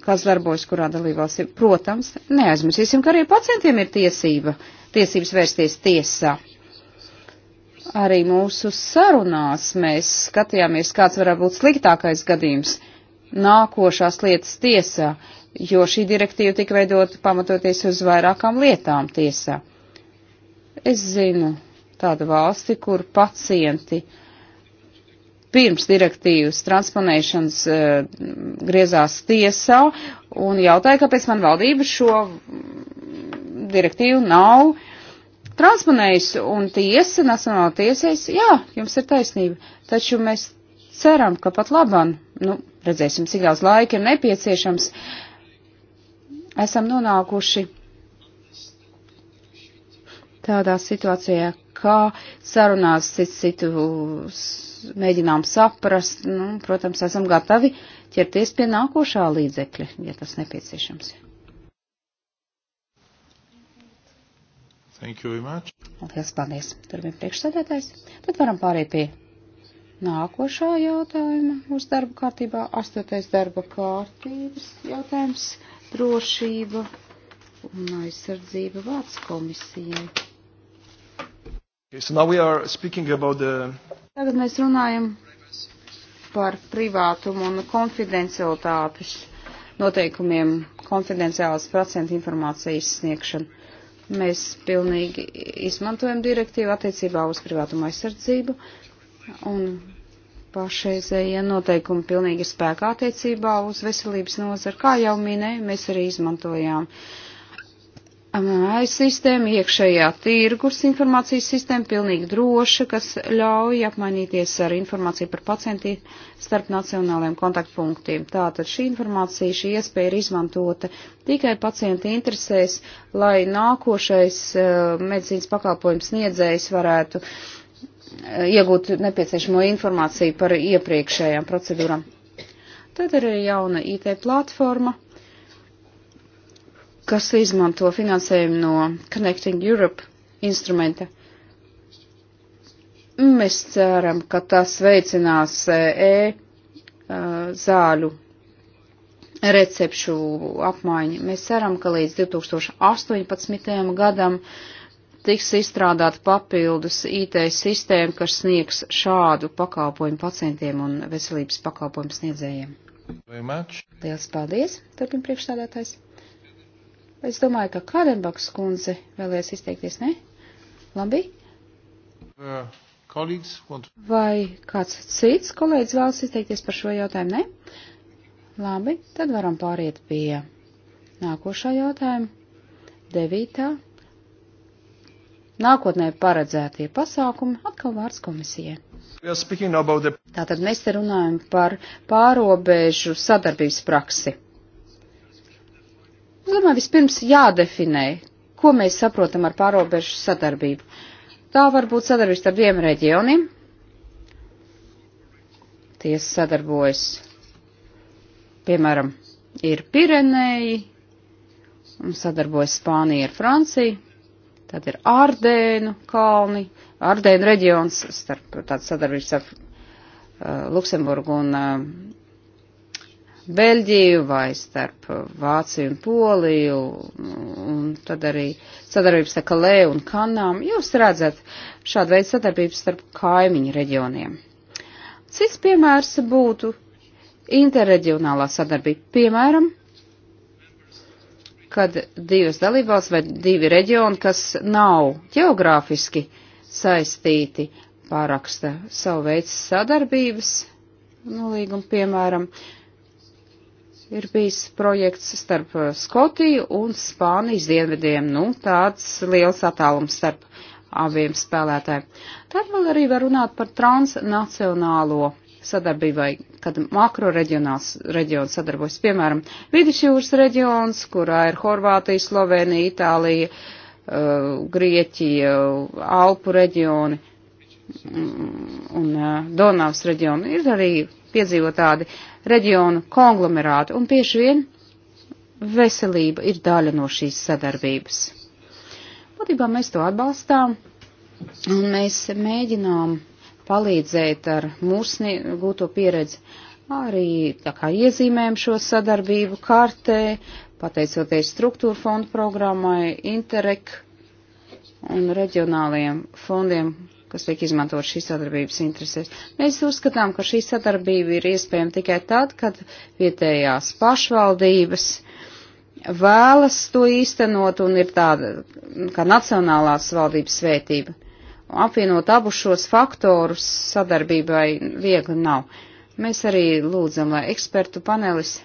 kas darbojas kurā dalībvalstī. Protams, neaizmirsīsim, ka arī pacientiem ir tiesība, tiesības vērsties tiesā arī mūsu sarunās mēs skatījāmies, kāds varētu būt sliktākais gadījums nākošās lietas tiesā jo šī direktīva tika veidot pamatoties uz vairākām lietām tiesā. Es zinu tādu valsti, kur pacienti pirms direktīvas transponēšanas uh, griezās tiesā un jautāja, kāpēc man valdība šo direktīvu nav transponējusi. Un tiesa, nacionāla tiesais, jā, jums ir taisnība, taču mēs ceram, ka pat labam, nu, redzēsim, cik daudz laika ir nepieciešams, uh, esam nonākuši tādā situācijā, kā sarunās citu, citu mēģinām saprast, nu, protams, esam gatavi ķerties pie nākošā līdzekļa, ja tas nepieciešams. Thank you very much. Lielas paldies. Turpin priekšsēdētājs. Tad varam pāriet pie nākošā jautājuma mūsu darba kārtībā. Astotais darba kārtības jautājums drošība un aizsardzība vārds komisijai. Okay, so the... Tagad mēs runājam par privātumu un konfidencialitātes noteikumiem, konfidenciālas procentu informācijas sniegšanu. Mēs pilnīgi izmantojam direktīvu attiecībā uz privātumu aizsardzību un pašreizējie noteikumi pilnīgi spēkā attiecībā uz veselības nozaru. Kā jau minēju, mēs arī izmantojām um, sistēmu, iekšējā tirgus informācijas sistēma, pilnīgi droša, kas ļauj apmainīties ar informāciju par pacientu starp nacionālajiem kontaktpunktiem. Tātad šī informācija, šī iespēja ir izmantota tikai pacienta interesēs, lai nākošais uh, medicīnas pakalpojums sniedzējs varētu uh, Eh, iegūt nepieciešamo informāciju par iepriekšējām procedūrām. Tad ir jauna IT platforma, kas izmanto finansējumu no Connecting Europe instrumenta. Mēs ceram, ka tas veicinās eh, e eh, zāļu recepšu apmaiņu. Mēs ceram, ka līdz 2018. gadam uh, tiks izstrādāta papildus IT sistēma, kas sniegs šādu pakalpojumu pacientiem un veselības pakalpojumu sniedzējiem. Lielas paldies, turpina priekšstādātājs. Es domāju, ka Kādenbaks kundze vēlēs izteikties, ne? Labi? Uh, Vai kāds cits kolēģis vēlas izteikties par šo jautājumu, ne? Labi, tad varam pāriet pie nākošā jautājuma. Devītā nākotnē paredzētie pasākumi atkal vārds komisijai. The... Tātad mēs te runājam par pārobežu sadarbības praksi. Es domāju, vispirms jādefinē, ko mēs saprotam ar pārobežu sadarbību. Tā var būt sadarbības starp diviem reģioniem. Tie sadarbojas, piemēram, ir Pirenei un sadarbojas Spānija ar Franciju Tad ir Ardēnu kalni, Ardēnu reģions, starp, tāds sadarbības ar uh, Luksemburgu un uh, Beļģiju vai starp Vāciju un Poliju, un tad arī sadarbības ar Kalē un Kanām. Jūs redzat šādu veidu sadarbības starp kaimiņu reģioniem. Cits piemērs būtu interreģionālā sadarbība. Piemēram, kad divas dalībvalsts vai divi reģioni, kas nav geogrāfiski saistīti, pāraksta savu veidu sadarbības nolīgumu, piemēram, ir bijis projekts starp Skotiju un Spānijas dienvidiem, nu, tāds liels attālums starp abiem spēlētājiem. Tad vēl arī var runāt par transnacionālo sadarbībai, kad makro reģionāls reģions sadarbojas, piemēram, Vidusjūras reģions, kurā ir Horvātija, Slovenija, Itālija, uh, Grieķija, Alpu reģioni mm, un uh, Donavas reģioni. Ir arī piedzīvo tādi reģionu konglomerāti, un bieži vien veselība ir daļa no šīs sadarbības. Būtībā mēs to atbalstām, un mēs mēģinām palīdzēt ar mūsu gūto pieredzi. Arī tā kā iezīmējam šo sadarbību kartē, pateicoties struktūra fondu programmai, Interreg un reģionālajiem fondiem, kas tiek izmantot šīs sadarbības interesēs. Mēs uzskatām, ka šī sadarbība ir iespējama tikai tad, kad vietējās pašvaldības vēlas to īstenot un ir tāda kā nacionālās valdības svētība apvienot abus šos faktorus sadarbībai viegli nav. Mēs arī lūdzam, lai ekspertu panelis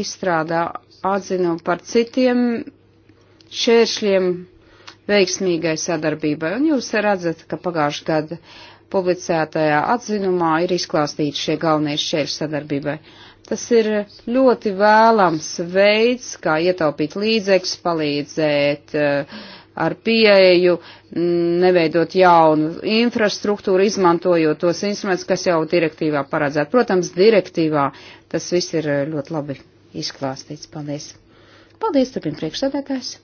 izstrādā atzinumu par citiem šēršļiem veiksmīgai sadarbībai. Un jūs redzat, ka pagājušajā gada publicētajā atzinumā ir izklāstīti šie galvenie šķēršļi sadarbībai. Tas ir ļoti vēlams veids, kā ietaupīt līdzekļus, palīdzēt uh, ar pieeju, neveidot jaunu infrastruktūru, izmantojot tos instrumentus, kas jau direktīvā paredzēt. Protams, direktīvā tas viss ir ļoti labi izklāstīts. Paldies! Paldies, turpin priekšsēdētājs!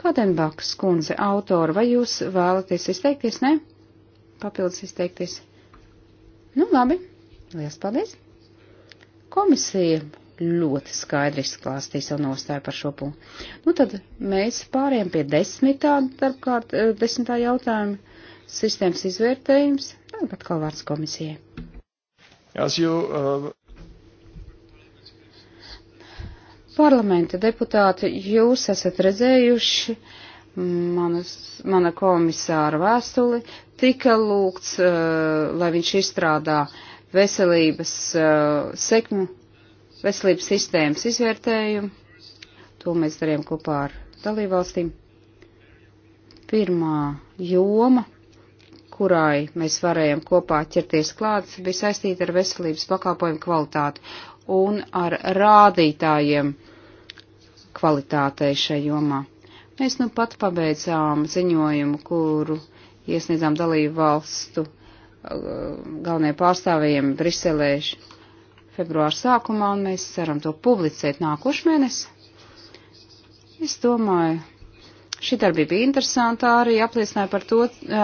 Kādenbaks kundze, autora, vai jūs vēlaties izteikties, ne? Papildus izteikties. Nu, labi. Lielas paldies. Komisija ļoti skaidri izklāstīja savu nostāju par šo punktu. Nu tad mēs pāriem pie desmitā, darbkārt, eh, desmitā jautājuma sistēmas izvērtējums, tagad atkal vārds komisijai. Yes, you, uh... Parlamenta deputāti, jūs esat redzējuši manas, mana komisāra vēstuli, tika lūgts, uh, lai viņš izstrādā veselības uh, sekmu veselības sistēmas izvērtējumu. To mēs darījām kopā ar dalībvalstīm. Pirmā joma, kurai mēs varējām kopā ķerties klāt, bija saistīta ar veselības pakāpojumu kvalitāti un ar rādītājiem kvalitātei šajā jomā. Mēs nu pat pabeidzām ziņojumu, kuru iesniedzām dalību valstu uh, galvenajiem pārstāvjiem Briselēši februāra sākumā, un mēs ceram to publicēt nākošmēnes. Es domāju, šī darbība bija interesanta arī apliecināja, par to,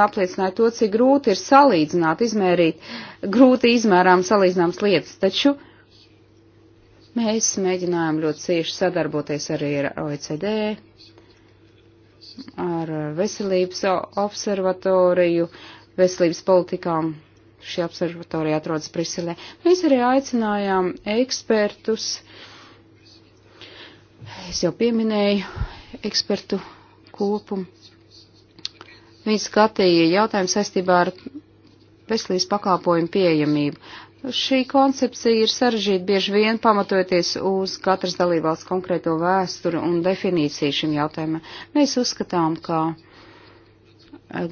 apliecināja to, cik grūti ir salīdzināt, izmērīt, grūti izmērām salīdzināmas lietas, taču mēs mēģinājām ļoti cieši sadarboties arī ar OECD, ar veselības observatoriju, veselības politikām Šī observatorija atrodas Briselē. Mēs arī aicinājām ekspertus. Es jau pieminēju ekspertu kopumu. Viņi skatīja jautājumu saistībā ar veselības pakāpojumu pieejamību. Šī koncepcija ir sarežģīta bieži vien pamatojoties uz katras dalībvalsts konkrēto vēsturi un definīciju šim jautājumam. Mēs uzskatām, ka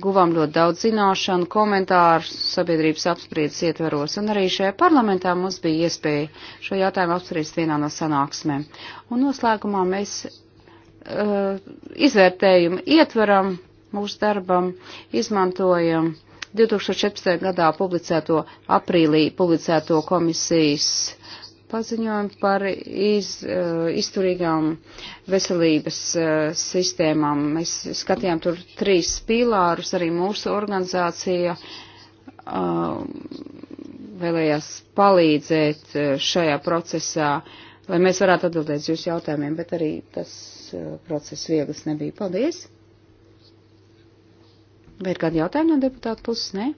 Guvām ļoti daudz zināšanu, komentāru sabiedrības apspriedzes ietveros, un arī šajā parlamentā mums bija iespēja šo jautājumu apspriest vienā no sanāksmēm. Un noslēgumā mēs uh, izvērtējumu ietveram mūsu darbam, izmantojam 2014. gadā publicēto aprīlī publicēto komisijas paziņojumu par iz, eh, izturīgām veselības eh, sistēmām. Mēs skatījām tur trīs pīlārus, arī mūsu organizācija eh, vēlējās palīdzēt šajā procesā, lai mēs varētu atbildēt uz jūsu jautājumiem, bet arī tas process viegls nebija. Paldies! Vai ir kādi jautājumi no deputāta puses? Nē?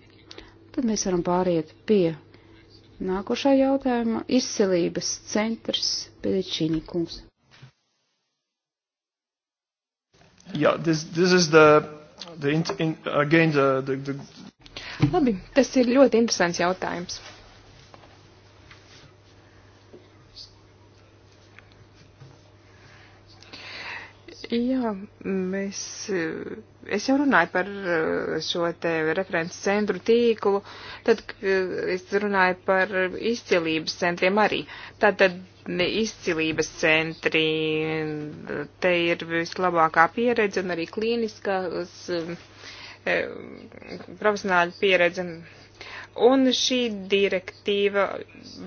Tad mēs varam pāriet pie Nākošā jautājuma - izcelības centrs Pēdečīnī kungs. Jā, yeah, this, this is the, the in, in, again the, the, the... Labi, tas ir ļoti interesants jautājums. Jā, mēs, es jau runāju par eh, šo te references centru tīklu, tad eh, es runāju par izcilības centriem arī. Tātad izcilības centri, te ir vislabākā pieredze un arī klīniskās eh, profesionāļu pieredze. Un šī direktīva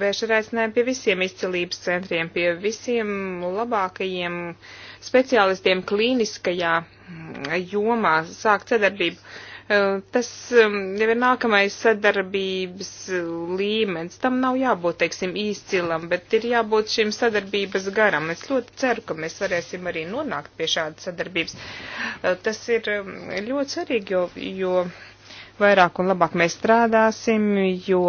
vērš ar aicinājumu pie visiem izcilības centriem, pie visiem labākajiem uh, speciālistiem klīniskajā mm, jomā sākt sadarbību. Tas mm, jau ir nākamais sadarbības līmenis. Tam nav jābūt, teiksim, izcilam, bet ir jābūt šim sadarbības garam. Es ļoti ceru, ka mēs varēsim arī nonākt pie šādas sadarbības. Tas ir mm, ļoti svarīgi, jo, jo vairāk un labāk mēs strādāsim, jo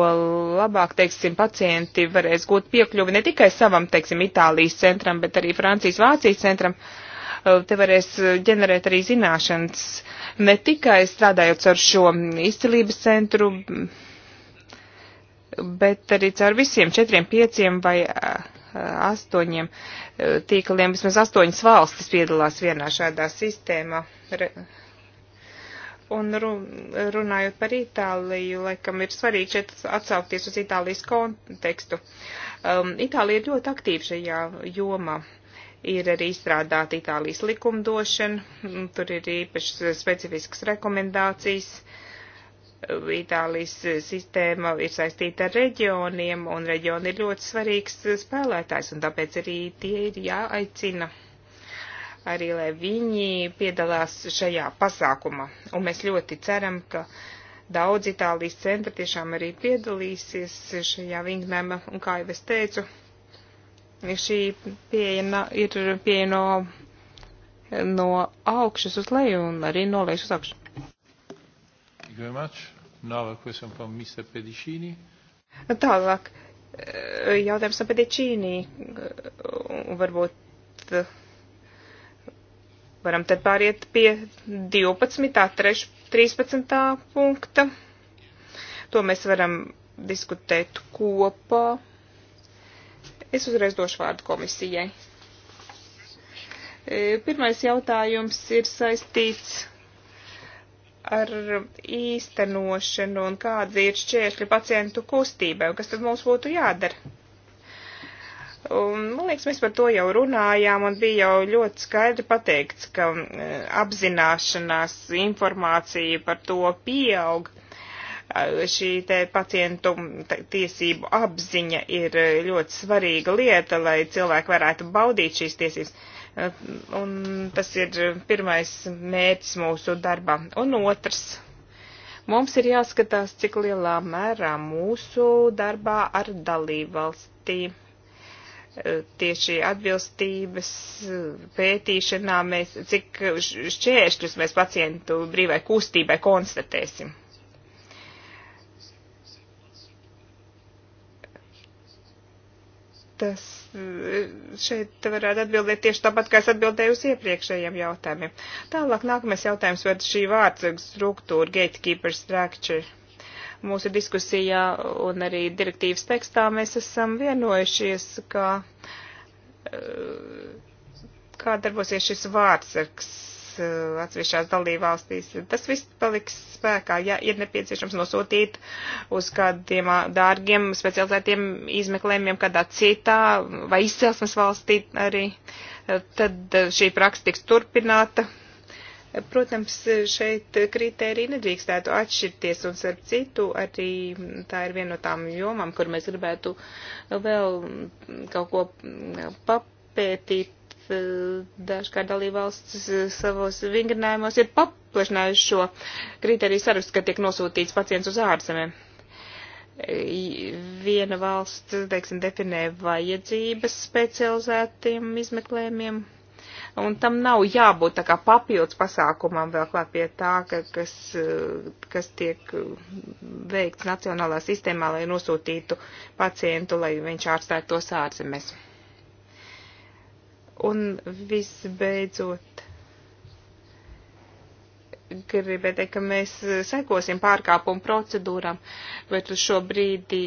labāk, teiksim, pacienti varēs gūt piekļuvi ne tikai savam, teiksim, Itālijas centram, bet arī Francijas, Vācijas centram. Te varēs ģenerēt arī zināšanas, ne tikai strādājot ar šo izcilības centru, bet arī caur visiem četriem, pieciem vai astoņiem tīkliem. Vismaz astoņas valstis piedalās vienā šādā sistēmā. Un runājot par Itāliju, laikam ir svarīgi šeit atsaukties uz Itālijas kontekstu. Um, Itālija ir ļoti aktīva šajā jomā. Ir arī izstrādāta Itālijas likumdošana, tur ir īpašas specifiskas rekomendācijas. Itālijas sistēma ir saistīta ar reģioniem, un reģioni ir ļoti svarīgs spēlētājs, un tāpēc arī tie ir jāaicina. Ja, arī, lai viņi piedalās šajā pasākumā. Un mēs ļoti ceram, ka daudz Itālijas centra tiešām arī piedalīsies šajā vingmēma. Un kā jau es teicu, šī pieeja ir pieeja no, no augšas uz leju un arī no lejas uz augšu. Tālāk, e, jautājums par Pedicīnī, e, varbūt Varam tad pāriet pie 12. 3, 13. punkta. To mēs varam diskutēt kopā. Es uzreiz došu vārdu komisijai. E, pirmais jautājums ir saistīts ar īstenošanu un kāda ir šķēršļi pacientu kustībai, un kas tad mums būtu jādara? Un, man liekas, mēs par to jau runājām un bija jau ļoti skaidri pateikts, ka e, apzināšanās informācija par to pieaug. E, šī te pacientu tiesību apziņa ir e, ļoti svarīga lieta, lai cilvēki varētu baudīt šīs tiesības. Un tas ir pirmais mērķis mūsu darbā. Un otrs, mums ir jāskatās, cik lielā mērā mūsu darbā ar dalībvalstīm tieši atbilstības pētīšanā mēs, cik šķēršļus mēs pacientu brīvai kustībai konstatēsim. tas šeit varētu atbildēt tieši tāpat, kā es atbildēju uz iepriekšējiem jautājumiem. Tālāk nākamais jautājums, vai šī vārds struktūra, gatekeeper structure, mūsu diskusijā un arī direktīvas tekstā mēs esam vienojušies, ka eh, kā darbosies šis vārdsargs eh, atsevišķās dalībvalstīs. Tas viss paliks spēkā, ja ir nepieciešams nosūtīt uz kādiem dārgiem specializētiem izmeklējumiem kādā citā vai izcelsmes valstī arī. Eh, tad šī praksa tiks turpināta Protams, šeit kriteriji nedrīkstētu atšķirties, un starp citu, arī tā ir viena no tām jomām, kur mēs gribētu vēl kaut ko papētīt. Dažkārt dalībvalsts savos vingrinājumos ir paplašinājuši šo kriteriju sarakstu, kad tiek nosūtīts pacients uz ārzemēm. Viena valsts, teiksim, definē vajadzības specializētiem izmeklējumiem un tam nav jābūt tā kā papildus pasākumam vēl klāt pie tā, ka, kas, eh, kas tiek eh, veikts nacionālā sistēmā, lai nosūtītu pacientu, lai viņš ārstētu tos ārzemēs. Un visbeidzot, gribēju teikt, ka mēs sekosim pārkāpumu procedūram, bet uz šo brīdi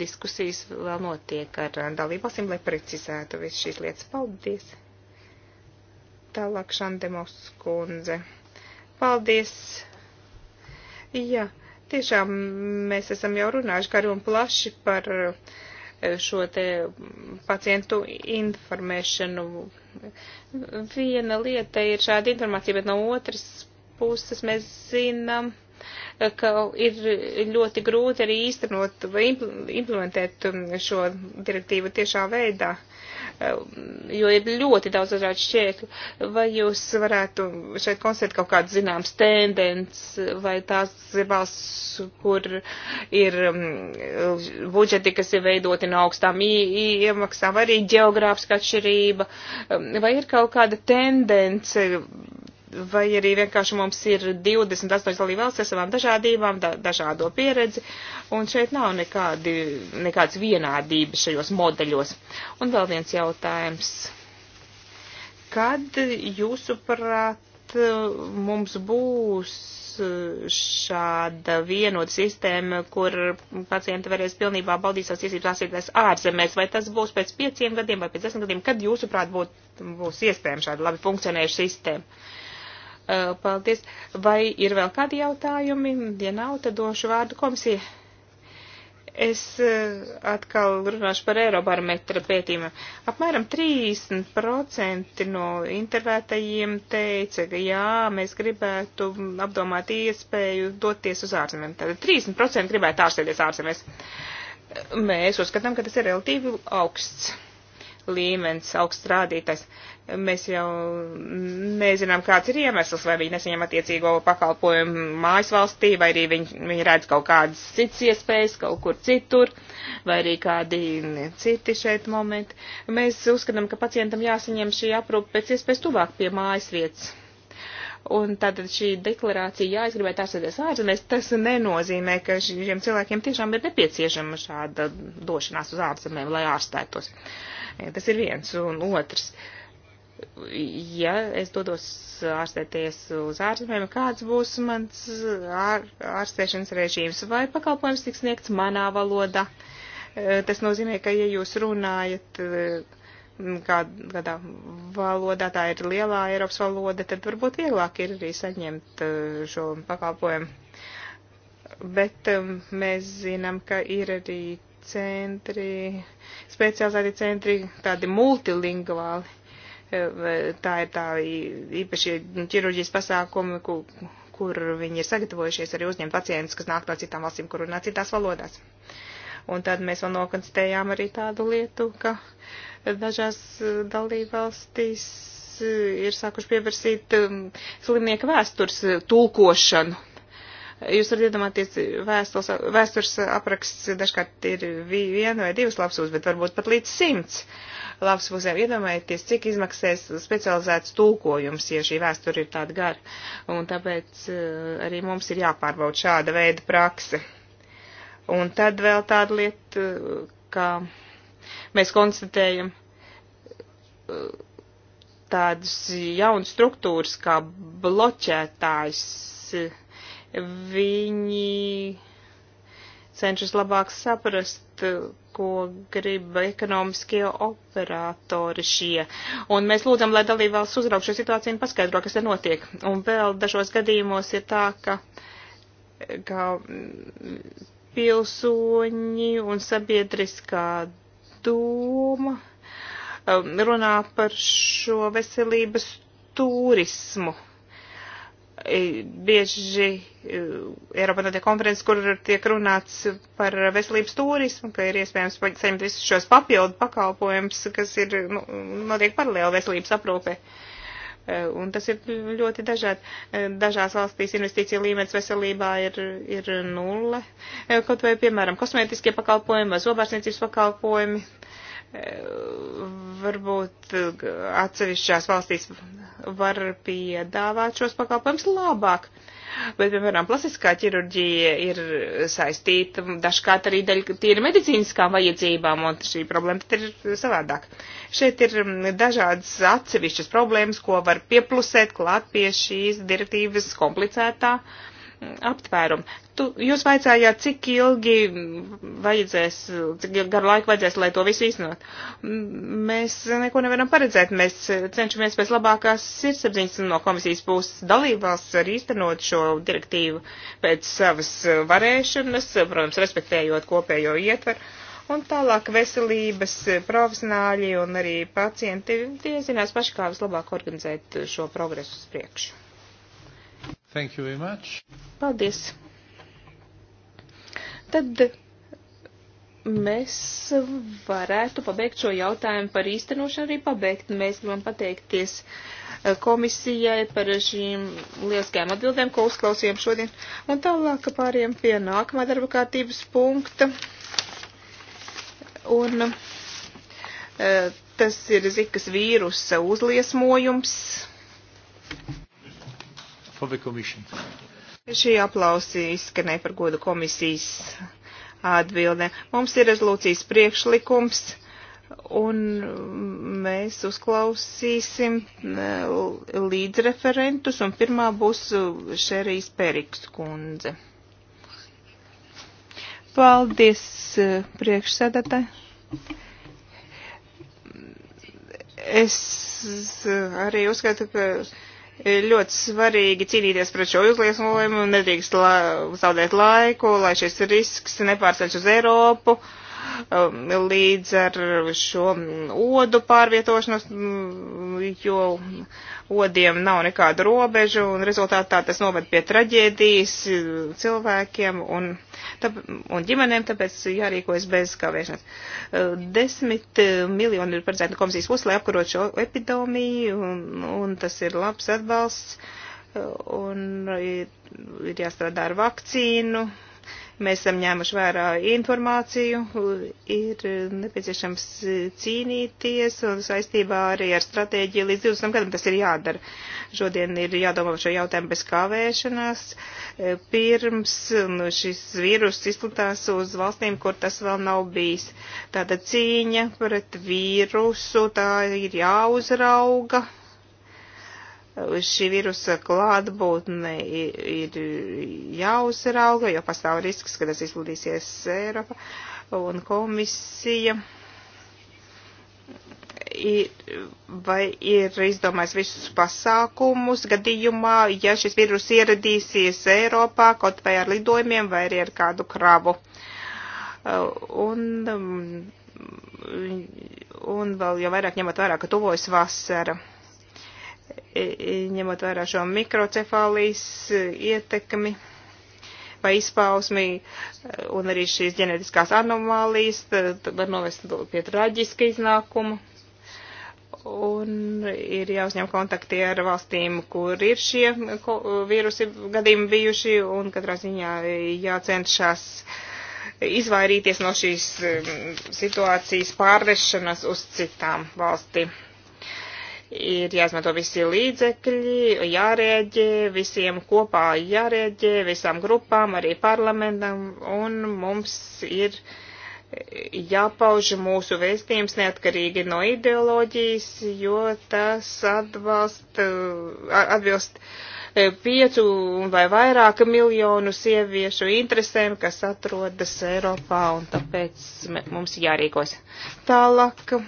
diskusijas vēl notiek ar dalībvalstīm, lai precizētu visu šīs lietas. Paldies! Tālāk Šandemos kundze. Paldies! Jā, tiešām mēs esam jau runājuši garu un plaši par eh, šo te pacientu informēšanu. Viena lieta ir šāda informācija, bet no otras puses mēs zinām, eh, ka ir ļoti grūti arī īstenot vai implementēt mm, šo direktīvu tiešā veidā. Uh, Eh, jo ir ļoti daudz dažādu šķērkļu. Vai jūs varētu šeit konstatēt kaut kādas zināmas tendences, vai tās ir valsts, kur ir mm, budžeti, kas ir veidoti no augstām iemaksām, vai arī ģeogrāfiska atšķirība, mm, vai ir kaut kāda tendence vai arī vienkārši mums ir 28 dalībvalsts ar savām dažādībām, da, dažādo pieredzi, un šeit nav nekādi, nekāds vienādības šajos modeļos. Un vēl viens jautājums. Kad jūsuprāt mums būs šāda vienota sistēma, kur pacienti varēs pilnībā baudīt savas tiesības ārstēties ārzemēs, vai tas būs pēc pieciem gadiem vai pēc desmit gadiem, kad jūsuprāt būt, būs iespējama šāda labi funkcionējuša sistēma? Eh, paldies. Vai ir vēl kādi jautājumi? Ja nav, tad došu vārdu komisijai. Es eh, atkal runāšu par Eirobarometra pētījumiem. Apmēram 30% no intervētajiem teica, ka jā, mēs gribētu apdomāt iespēju doties uz ārzemēm. Tātad 30% gribētu ārsēties ārzemēs. Mēs uzskatām, ka tas ir relatīvi augsts līmenis, augsts rādītājs. Mēs jau nezinām, kāds ir iemesls, vai viņi nesaņem attiecīgo pakalpojumu mājas valstī, vai arī viņi, viņi redz kaut kādas citas iespējas kaut kur citur, vai arī kādi citi šeit momenti. Mēs uzskatām, ka pacientam jāsaņem šī aprūpe pēc iespējas tuvāk pie mājas vietas. Un tātad šī deklarācija, ja es gribētu ārstēties ārzemēs, tas nenozīmē, ka šiem cilvēkiem tiešām ir nepieciešama šāda došanās uz ārzemēm, lai ārstētos. Tas ir viens un otrs. Uh, ja es dodos ārstēties uz ārzemēm, kāds būs mans ār, ārstēšanas režīms vai pakalpojums tiks sniegts manā valodā. E, tas nozīmē, ka ja jūs runājat e, kādā valodā, tā ir lielā Eiropas valoda, tad varbūt vieglāk ir arī saņemt e, šo pakalpojumu. Bet mēs zinām, ka ir arī centri, specializēti centri, tādi multilingvāli Tā ir tā īpaši ķirurģijas pasākumi, kur viņi ir sagatavojušies arī uzņemt pacientus, kas nāk no citām valstīm, kur runā citās valodās. Un tad mēs vēl nokonstatējām arī tādu lietu, ka dažās dalībvalstīs ir sākuši pieprasīt um, slimnieka vēstures tulkošanu Jūs varat iedomāties, vēstules, vēstures apraksts dažkārt ir viena vai divas lapsūs, bet varbūt pat līdz simts lapsūsēm. Iedomājieties, cik izmaksēs specializēts tulkojums, ja šī vēsture ir tāda gara. Un tāpēc eh, arī mums ir jāpārbaud šāda veida prakse. Un tad vēl tāda lieta, eh, kā mēs konstatējam eh, tādas jaunas struktūras kā bloķētājs Viņi cenšas labāk saprast, ko grib ekonomiskie operatori šie. Un mēs lūdzam, lai dalībvalsts uzrauk šo situāciju un paskaidro, kas te notiek. Un vēl dažos gadījumos ir tā, ka, ka pilsoņi un sabiedriskā doma um, runā par šo veselības turismu bieži e, Eiropā notiek konferences, kur tiek runāts par veselības turismu, ka ir iespējams saņemt visus šos papildu pakalpojumus, kas ir, nu, notiek paralēli veselības aprūpē. E, un tas ir ļoti dažādi. E, dažās valstīs investīcija līmenis veselībā ir, ir nulle. Kaut vai, piemēram, kosmētiskie pakalpojumi vai zobārsniecības pakalpojumi varbūt eh, atsevišķās valstīs var piedāvāt šos pakalpojumus labāk. Bet, piemēram, plastiskā ķirurģija ir saistīta dažkārt arī tīri medicīniskām vajadzībām, un šī problēma tad ir savādāk. Šeit ir mm, dažādas atsevišķas problēmas, ko var pieplusēt klāt pie šīs direktīvas komplicētā mm, aptvērumu tu, jūs vaicājāt, cik ilgi vajadzēs, cik garu laiku vajadzēs, lai to visu iznot. Mēs neko nevaram paredzēt. Mēs cenšamies pēc labākās sirdsapziņas no komisijas puses dalībvalsts arī īstenot šo direktīvu pēc savas varēšanas, protams, respektējot kopējo ietveru. Un tālāk veselības profesionāļi un arī pacienti, tie zinās paši, kā vislabāk organizēt šo progresu uz priekšu. Thank you very much. Paldies tad mēs varētu pabeigt šo jautājumu par īstenošanu arī pabeigt. Mēs gribam pateikties eh, komisijai par šīm lieliskajām atbildēm, ko uzklausījām šodien. Un tālāk pāriem pie nākamā darba kārtības punkta. Un eh, tas ir zikas vīrusa uzliesmojums. For the commission. Šī aplausa izskanēja par godu komisijas atbildē. Mums ir rezolūcijas priekšlikums, un mēs uzklausīsim eh, līdzreferentus, un pirmā būs Šerijas Periks kundze. Paldies, priekšsēdētāji. Es arī uzskatu, ka ir ļoti svarīgi cīnīties pret šo uzliesmojumu, nedrīkst la zaudēt laiku, lai šis risks nepārceļš uz Eiropu. Uh, Um, līdz ar šo odu pārvietošanos, mm, jo odiem nav nekādu robežu, un rezultātā tas noved pie traģēdijas cilvēkiem un, tāp, un ģimenēm, tāpēc jārīkojas bez kavēšanas. Uh, desmit miljoni ir paredzēti komisijas puslē apkarot šo epidēmiju, un, un tas ir labs atbalsts un ir, ir jāstrādā ar vakcīnu Mēs esam ņēmuši vērā informāciju, ir nepieciešams cīnīties un saistībā arī ar stratēģiju līdz 20 gadam tas ir jādara. Šodien ir jādomā par šo jautājumu bez kavēšanās. Pirms šis vīrus izplatās uz valstīm, kur tas vēl nav bijis. Tāda cīņa pret vīrusu, tā ir jāuzrauga šī virusa klātbūtne ir jāuzrauga, jo pastāv risks, ka tas izplatīsies Eiropā, un komisija ir, vai ir izdomājis visus pasākumus gadījumā, ja šis vīrus ieradīsies Eiropā, kaut vai ar lidojumiem, vai arī ar kādu kravu. Uh, un, um, un vēl jau vairāk ņemot vērā, ka tuvojas vasara ņemot vērā šo mikrocefālijas e, ietekmi vai izpausmi, e, un arī šīs ģenetiskās anomālijas var novest pie traģiska iznākuma. Un ir jāuzņem kontakti ar valstīm, kur ir šie vīrusi gadījumi bijuši, un katrā ziņā jācenšas izvairīties no šīs situācijas pārvešanas uz citām valstīm ir jāizmanto visi līdzekļi, jārēģē, visiem kopā jārēģē, visām grupām, arī parlamentam, un mums ir jāpauž mūsu vēstījums neatkarīgi no ideoloģijas, jo tas atbalst, atbilst e, piecu vai vairāk miljonu sieviešu interesēm, kas atrodas Eiropā, un tāpēc mums jārīkos. Tālāk,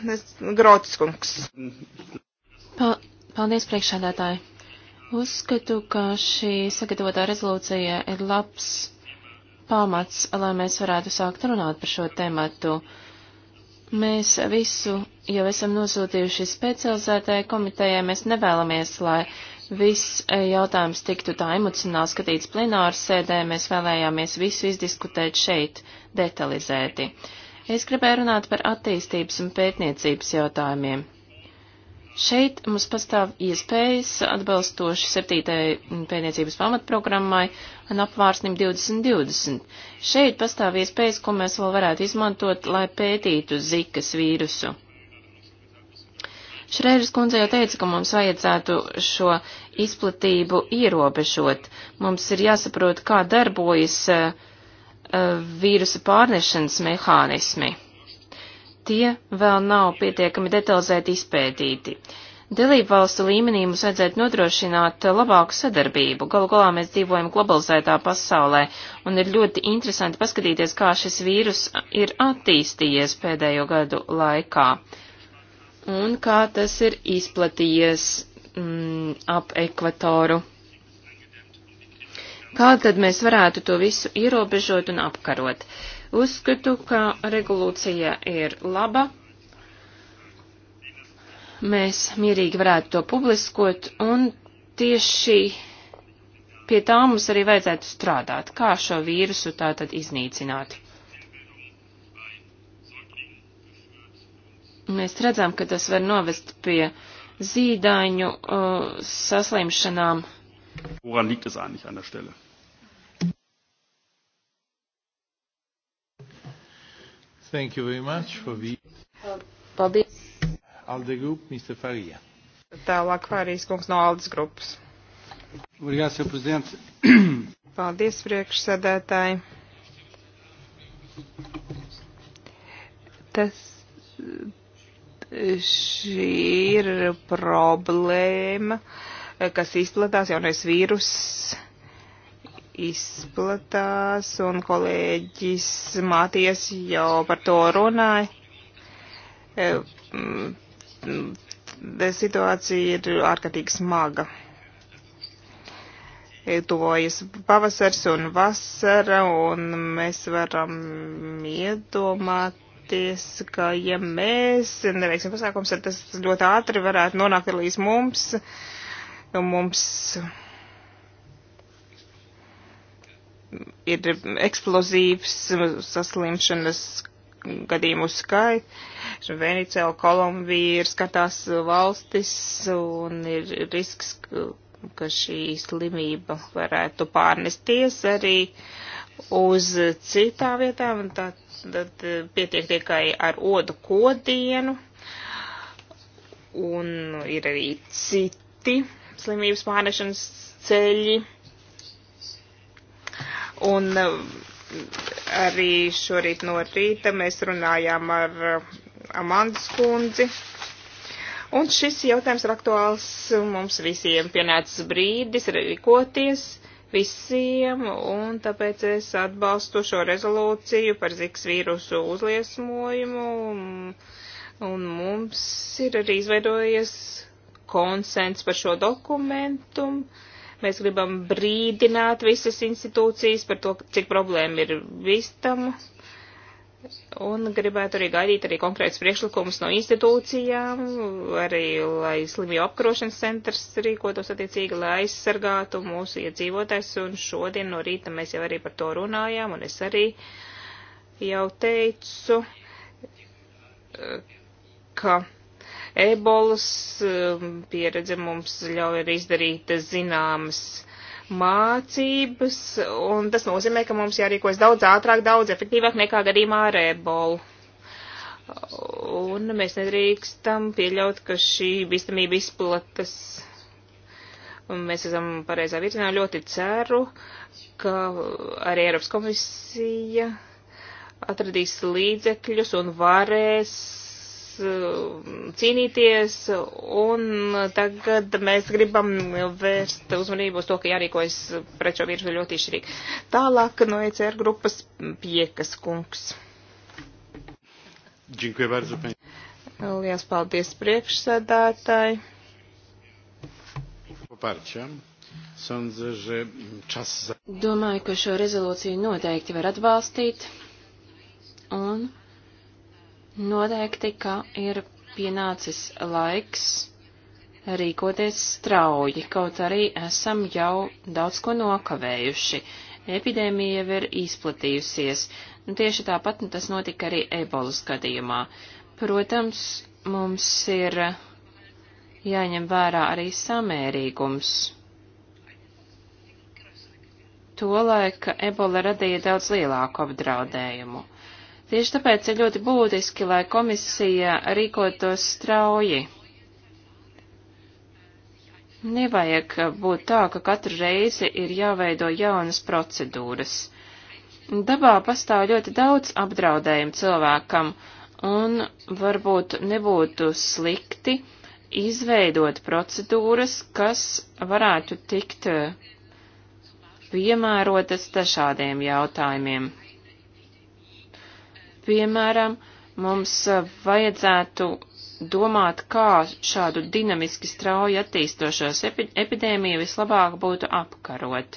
Grotskungs. Pa paldies, priekšsēdētāji. Uzskatu, ka šī sagatavotā rezolūcija ir labs pamats, lai mēs varētu sākt runāt par šo tematu. Mēs visu jau esam nosūtījuši specializētajai komitejai, mēs nevēlamies, lai viss jautājums tiktu tā emocionāli skatīts plenāru sēdē, mēs vēlējāmies visu izdiskutēt šeit detalizēti. Es gribēju runāt par attīstības un pētniecības jautājumiem. Šeit mums pastāv iespējas atbalstoši septītajai pētniecības pamatprogrammai un apvārsnim 2020. Šeit pastāv iespējas, ko mēs vēl varētu izmantot, lai pētītu zikas vīrusu. Šrēžas kundze jau teica, ka mums vajadzētu šo izplatību ierobežot. Mums ir jāsaprot, kā darbojas uh, vīrusa pārnešanas mehānismi tie vēl nav pietiekami detalizēti izpētīti. Dalību valstu līmenī mums vajadzētu nodrošināt labāku sadarbību. Galu galā mēs dzīvojam globalizētā pasaulē, un ir ļoti interesanti paskatīties, kā šis vīrus ir attīstījies pēdējo gadu laikā, un kā tas ir izplatījies mm, ap ekvatoru. Kā tad mēs varētu to visu ierobežot un apkarot? Uh, Uzskatu, ka regulācija ir laba. Mēs mierīgi varētu to publiskot, un tieši pie tā mums arī vajadzētu strādāt, kā šo vīrusu tātad iznīcināt. Mēs redzam, ka tas var novest pie zīdaiņu uh, saslimšanām. Woran liegt es eigentlich an der Stelle? Thank you very much for the... Paldies. Alde Group, Mr. Faria. Tālāk Fārijas kungs no Aldes grupas. Obrigāt, Sr. Prezidents. Paldies, priekšsēdētāji. Tas šī ir problēma, kas izplatās jaunais vīruss izplatās, un kolēģis Māties jau par to runāja. E, situācija ir ārkārtīgi smaga. E, tuvojas pavasars un vasara, un mēs varam iedomāties, ka ja mēs neveiksim pasākums, tad tas ļoti ātri varētu nonākt līdz mums. Mums ir eksplozīvs saslimšanas gadījumu skaits. Venecijā, Kolumbija ir skatās valstis un ir risks, ka šī slimība varētu pārnesties arī uz citām vietām. Tad, tad pietiek tikai ar odu kodienu un ir arī citi slimības pārnešanas ceļi Un eh, arī šorīt no rīta mēs runājām ar eh, Amandas kundzi. Un šis jautājums ir aktuāls mums visiem. Pienācis brīdis rīkoties visiem, un tāpēc es atbalstu šo rezolūciju par ziks vīrusu uzliesmojumu. Un mums ir arī izveidojies konsens par šo dokumentu. Uh, Mēs gribam brīdināt visas institūcijas par to, cik problēma ir vistam. Un gribētu arī gaidīt arī konkrēts priekšlikums no institūcijām, arī lai slimību apkarošanas centrs rīkotos attiecīgi, lai aizsargātu mūsu iedzīvotājs. Un šodien no rīta mēs jau arī par to runājām, un es arī jau teicu, ka ebolas um, pieredze mums ļauj arī izdarīt zināmas mācības, un tas nozīmē, ka mums jārīkojas daudz ātrāk, daudz efektīvāk nekā gadījumā ar ebolu. Un mēs nedrīkstam pieļaut, ka šī bīstamība izplatas. Un mēs esam pareizā virzienā ļoti ceru, ka arī Eiropas komisija atradīs līdzekļus un varēs cīnīties, un tagad mēs gribam vērst uzmanību uz to, ka jārīkojas pret šo vīrusu ļoti izšķirīgi. Tālāk no ECR grupas piekas kungs. Lielas paldies priekšsēdētāji. Domāju, ka šo rezolūciju noteikti var atbalstīt. Un Noteikti, ka ir pienācis laiks rīkoties strauji, kaut arī esam jau daudz ko nokavējuši. Epidēmija jau ir izplatījusies, un tieši tāpat nu, tas notika arī ebolas gadījumā. Protams, mums ir jāņem vērā arī samērīgums. Tolaik ebola radīja daudz lielāku apdraudējumu. Tieši tāpēc ir ļoti būtiski, lai komisija rīkotos strauji. Nevajag būt tā, ka katru reizi ir jāveido jaunas procedūras. Dabā pastāv ļoti daudz apdraudējumu cilvēkam, un varbūt nebūtu slikti izveidot procedūras, kas varētu tikt piemērotas dažādiem jautājumiem. Piemēram, mums vajadzētu domāt, kā šādu dinamiski strauji attīstošos epi epidēmiju vislabāk būtu apkarot.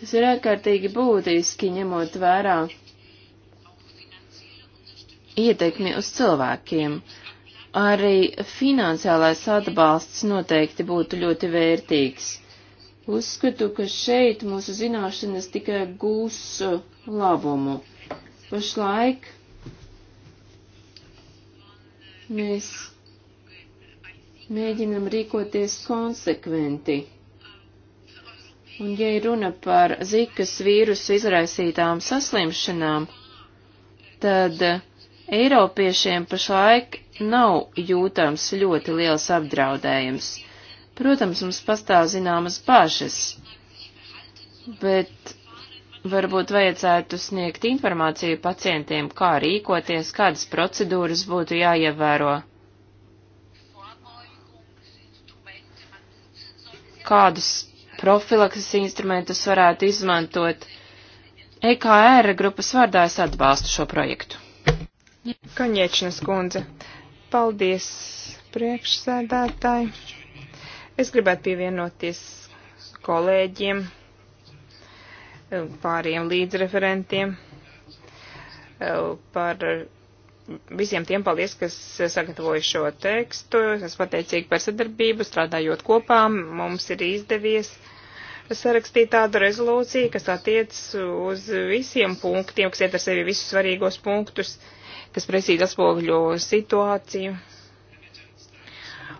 Tas ir ārkārtīgi būtiski, ņemot vērā ietekmi uz cilvēkiem. Arī finansiālais atbalsts noteikti būtu ļoti vērtīgs. Uzskatu, ka šeit mūsu zināšanas tikai gūs uh, labumu. Pašlaik mēs mēģinam rīkoties konsekventi. Un, ja runa par zikas vīrusu izraisītām saslimšanām, tad uh, Eiropiešiem pašlaik nav jūtams ļoti liels apdraudējums. Protams, mums pastāv zināmas bažas, bet varbūt vajadzētu sniegt informāciju pacientiem, kā rīkoties, kādas procedūras būtu jāievēro. Kādus profilakses instrumentus varētu izmantot. EKR grupas vārdā es atbalstu šo projektu. Kaņiečnes kundze. Paldies priekšsēdētāji. Es gribētu pievienoties kolēģiem, pāriem līdzreferentiem par visiem tiem paldies, kas sagatavoja šo tekstu. Es pateicīgi par sadarbību, strādājot kopā. Mums ir izdevies sarakstīt tādu rezolūciju, kas attiec uz visiem punktiem, kas iet ar sevi visus svarīgos punktus, kas precīzi atspoguļo situāciju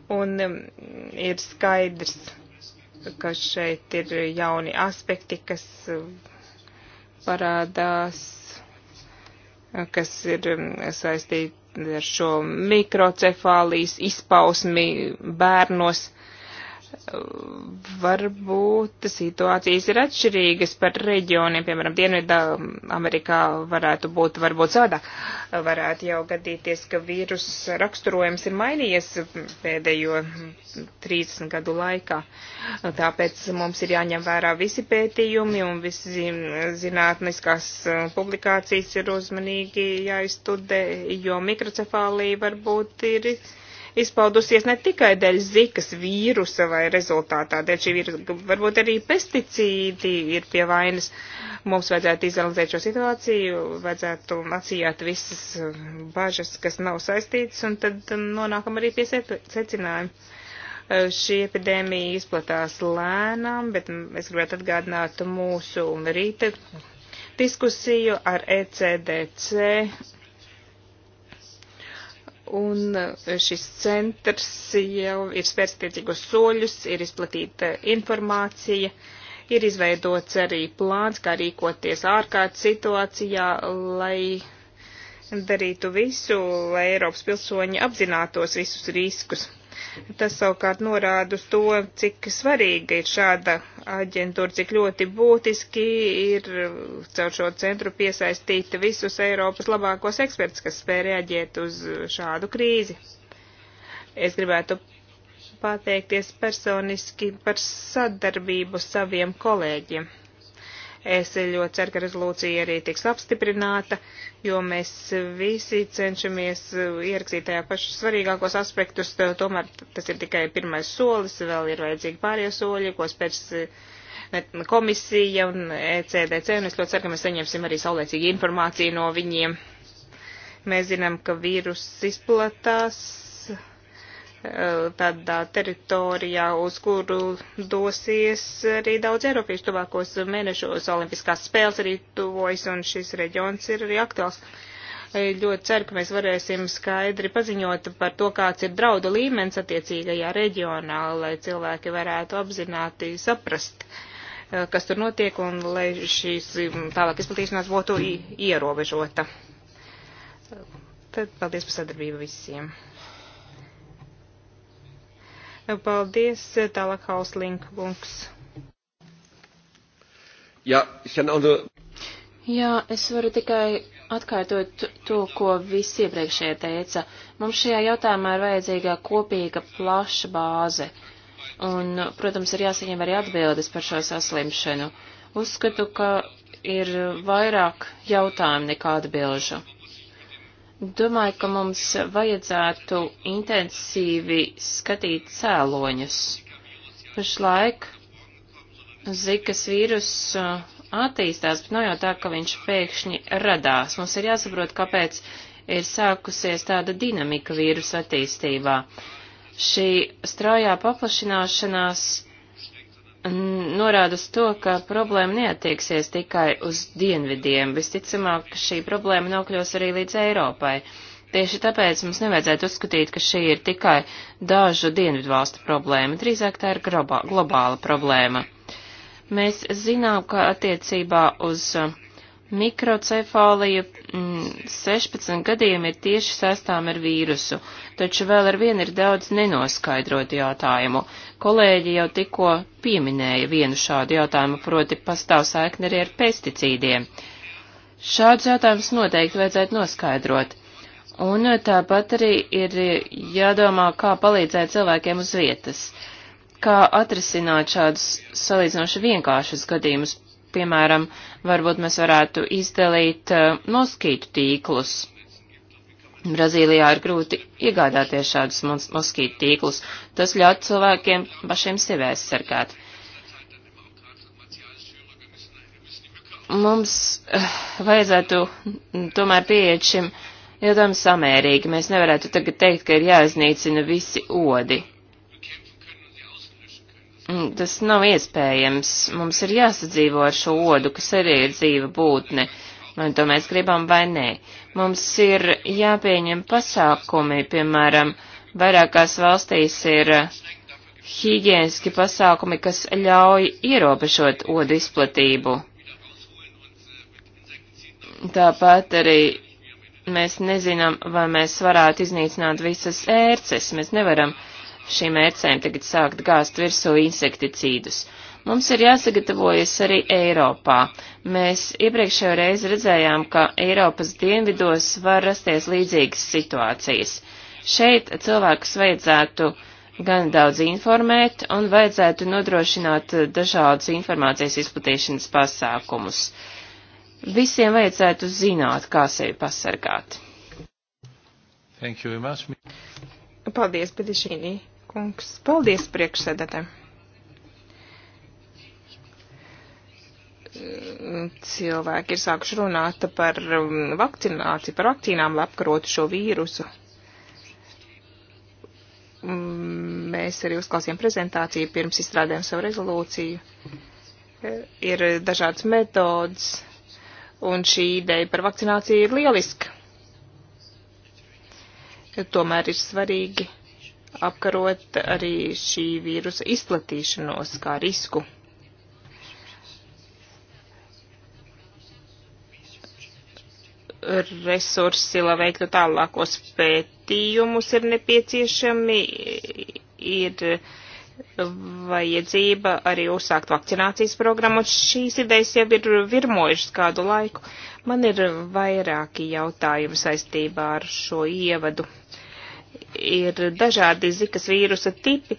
Un um, ir skaidrs, ka šeit ir jauni aspekti, kas uh, parādās, kas ir um, saistīti ar šo mikrocefālijas izpausmi bērnos varbūt situācijas ir atšķirīgas par reģioniem, piemēram, Dienvidā Amerikā varētu būt varbūt savādāk. Varētu jau gadīties, ka vīrus raksturojums ir mainījies pēdējo 30 gadu laikā. Tāpēc mums ir jāņem vērā visi pētījumi un visi zinātniskās publikācijas ir uzmanīgi jāizstudē, jo mikrocefālija varbūt ir izpaudusies ne tikai dēļ zikas vīrusa vai rezultātā dēļ šī vīrusa, varbūt arī pesticīdi ir pie vainas. Mums vajadzētu izanalizēt šo situāciju, vajadzētu acījāt visas eh, bažas, kas nav saistītas, un tad nonākam arī pie secinājuma eh, šī epidēmija izplatās lēnām, bet es gribētu atgādināt mūsu rīta diskusiju ar ECDC Un šis centrs jau ir spērts tiecīgos soļus, ir izplatīta informācija, ir izveidots arī plāns, kā rīkoties ārkārtas situācijā, lai darītu visu, lai Eiropas pilsoņi apzinātos visus riskus. Tas savukārt norāda uz to, cik svarīga ir šāda aģentūra, cik ļoti būtiski ir caur šo centru piesaistīt visus Eiropas labākos ekspertus, kas spēj reaģēt uz šādu krīzi. Es gribētu pateikties personiski par sadarbību saviem kolēģiem. Es ļoti ceru, ka rezolūcija arī tiks apstiprināta, jo mēs visi cenšamies uh, ierakstīt tajā pašus svarīgākos aspektus, tomēr tas ir tikai pirmais solis, vēl ir vajadzīgi pārējie soļi, ko spērs uh, komisija un ECDC, un es ļoti ceru, ka mēs saņemsim arī saulēcīgu informāciju no viņiem. Mēs zinām, ka vīrus izplatās Eh, tādā teritorijā, uz kuru dosies arī daudz Eiropiešu tuvākos mēnešos. Olimpiskās spēles arī tuvojas un šis reģions ir arī aktuāls. Eh, ļoti ceru, ka mēs varēsim skaidri paziņot par to, kāds ir draudu līmenis attiecīgajā reģionā, lai cilvēki varētu apzināti saprast, eh, kas tur notiek un lai šīs mm, tālāk izplatīšanās būtu ierobežota. Tad paldies par sadarbību visiem. Paldies, tālāk Hauslink, kungs. Jā, Jā, es varu tikai atkārtot to, ko visi iepriekšēji teica. Mums šajā jautājumā ir vajadzīga kopīga plaša bāze. Un, protams, ir jāsaņem arī atbildes par šo saslimšanu. Uzskatu, ka ir vairāk jautājumu nekā atbilžu. Domāju, ka mums vajadzētu intensīvi skatīt cēloņus. Pašlaik zikas vīrus uh, attīstās, bet nav jau tā, ka viņš pēkšņi radās. Mums ir jāsaprot, kāpēc ir sākusies tāda dinamika vīrusu attīstībā. Šī straujā paplašināšanās norāda uz to, ka problēma neatieksies tikai uz dienvidiem. Visticamāk, šī problēma nokļūs arī līdz Eiropai. Tieši tāpēc mums nevajadzētu uzskatīt, ka šī ir tikai dažu dienvidu valstu problēma, drīzāk tā ir globāla problēma. Mēs zinām, ka attiecībā uz uh, Mikrocefālija 16 mm, gadiem ir tieši saistām ar vīrusu, taču vēl ar vienu ir daudz nenoskaidrotu jautājumu. Kolēģi jau tikko pieminēja vienu šādu jautājumu, proti pastāv saikni arī ar pesticīdiem. Šāds jautājums noteikti vajadzētu noskaidrot. Un tāpat arī ir jādomā, kā palīdzēt cilvēkiem uz vietas, kā atrisināt šādus salīdzinoši vienkāršus gadījumus, piemēram, varbūt mēs varētu izdalīt uh, moskītu tīklus. Brazīlijā ir grūti iegādāties šādus mos moskītu tīklus. Tas ļaut cilvēkiem pašiem sevi aizsargāt. Mums uh, vajadzētu tomēr pieiet šim jautājumam samērīgi. Mēs nevarētu tagad teikt, ka ir jāiznīcina visi odi. Mm, tas nav iespējams. Mums ir jāsadzīvo ar šo odu, kas arī ir dzīva būtne. Vai to mēs gribam vai nē. Mums ir jāpieņem pasākumi, piemēram, vairākās valstīs ir hīgieniski pasākumi, kas ļauj ierobežot odu izplatību. Tāpat arī mēs nezinām, vai mēs varētu iznīcināt visas ērces. Mēs nevaram uh, šīm ērcēm tagad sākt gāzt virsū insekticīdus. Mums ir jāsagatavojas arī Eiropā. Mēs iepriekšējo reizi redzējām, ka Eiropas dienvidos var rasties līdzīgas situācijas. Šeit cilvēkus vajadzētu gan daudz informēt un vajadzētu nodrošināt dažādus informācijas izplatīšanas pasākumus. Visiem vajadzētu zināt, kā sevi pasargāt. Paldies, Pedišīnī kungs. Paldies priekšsēdētājiem. Cilvēki ir sākuši runāt par um, vakcināciju, par vakcīnām, lai apkarotu šo vīrusu. Um, mēs arī uzklausījām prezentāciju, pirms izstrādājām savu rezolūciju. E, ir dažādas metodas, un šī ideja par vakcināciju ir lieliska. Tomēr ir svarīgi apkarot arī šī vīrusa izplatīšanos kā risku. Resursi, lai veiktu tālākos pētījumus, ir nepieciešami, ir vajadzība arī uzsākt vakcinācijas programmu. Šīs idejas jau ir virmojušas kādu laiku. Man ir vairāki jautājumi saistībā ar šo ievadu. Uh, ir dažādi zikas vīrusa tipi,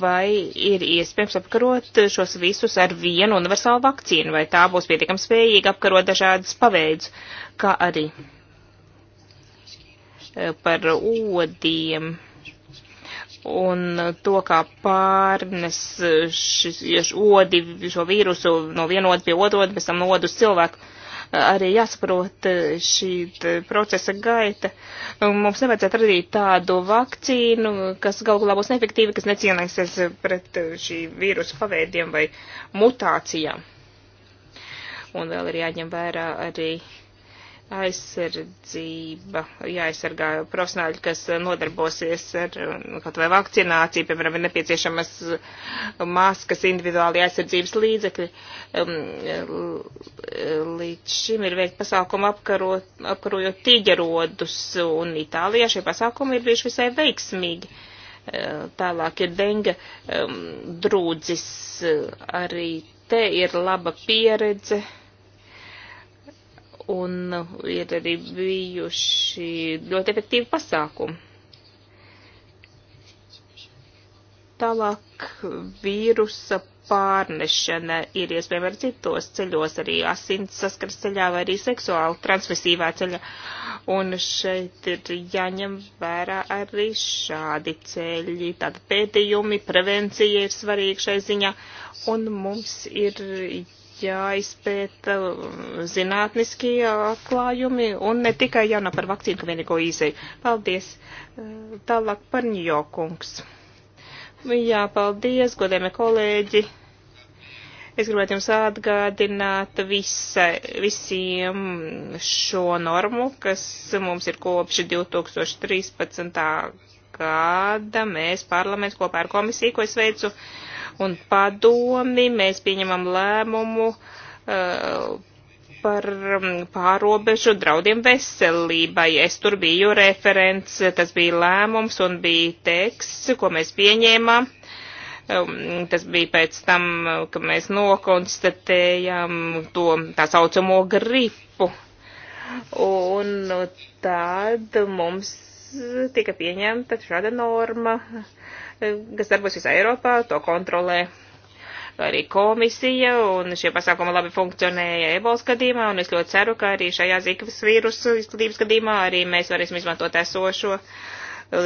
vai ir iespējams apkarot šos visus ar vienu universālu vakcīnu, vai tā būs pietiekami spējīga apkarot dažādas paveidus, kā arī e, par odiem un to, kā pārnes šis, odi, šo vīrusu no viena oda pie otra, pēc tam no odu uz cilvēku arī jāsaprot e, šī e, procesa gaita. Mums nevajadzētu radīt tādu vakcīnu, kas galu galā būs neefektīva, kas necienīsies pret e, šī vīrusu paveidiem vai mutācijām. Un vēl ir jāņem vērā arī aizsardzība, jāaizsargā profesionāļi, kas nodarbosies ar um, kaut vai vakcināciju, piemēram, ir nepieciešamas maskas, individuāli aizsardzības līdzekļi. Um, līdz šim ir veikt pasākumu apkarot, apkarojot tīģerodus, un Itālijā šie pasākumi ir bijuši visai veiksmīgi uh, tālāk ir denga um, drūdzis, arī te ir laba pieredze un ir arī bijuši ļoti efektīvi pasākumi. Tālāk vīrusa pārnešana ir iespējama ar citos ceļos, arī asins saskars ceļā vai arī seksuāli transmisīvā ceļā. Un šeit ir jāņem vērā arī šādi ceļi. Tātad pētījumi, prevencija ir svarīga šai ziņā. Un mums ir jāizpēta um, zinātniskie atklājumi un ne tikai jāna par vakcīnu, ka vienīgo izēju. Paldies. Uh, tālāk par ņokungs. Jā, paldies, godējami kolēģi. Es gribētu jums atgādināt visa, visiem šo normu, kas mums ir kopš 2013. gada. Mēs parlaments kopā ar komisiju, ko es veicu, uh, un padomi mēs pieņemam lēmumu uh, par mm, pārobežu draudiem veselībai. Es tur biju referents, tas bija lēmums un bija teksts, ko mēs pieņēmām. Um, tas bija pēc tam, ka mēs nokonstatējām to tā saucamo gripu. Un tad mums tika pieņemta šāda norma. Uh, kas darbojas visā Eiropā, to kontrolē arī komisija, un šie pasākumi labi funkcionēja ebolas gadījumā, un es ļoti ceru, ka arī šajā zikas vīrusu izskatības gadījumā arī mēs varēsim izmantot esošo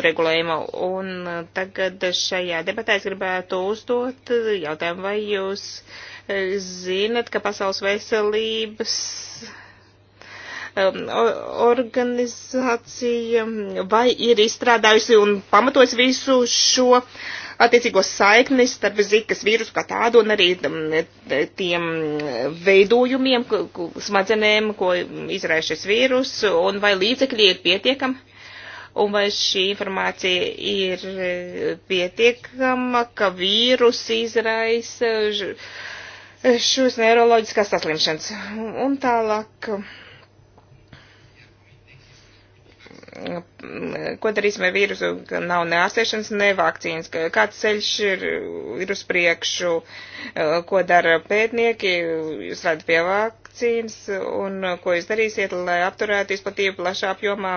regulējumu. Un tagad šajā debatē es gribētu uzdot jautājumu, vai jūs zinat, ka Pasaules veselības Um, organizācija vai ir izstrādājusi un pamatojis visu šo attiecīgo saikni starp zikas vīrusu kā tādu un arī um, tiem veidojumiem, smadzenēm, ko izraisa šis vīrus, un vai līdzekļi ir pietiekami? un vai šī informācija ir eh, pietiekama, ka vīrus izraisa šos neiroloģiskās saslimšanas. Un tālāk ko darīsim ar vīrusu, ka nav ne ārstēšanas, ne vakcīnas, kāds ceļš ir, ir uz priekšu, ko dara pētnieki, jūs redzat pie vakcīnas, un ko jūs darīsiet, lai apturētu izplatību plašā apjomā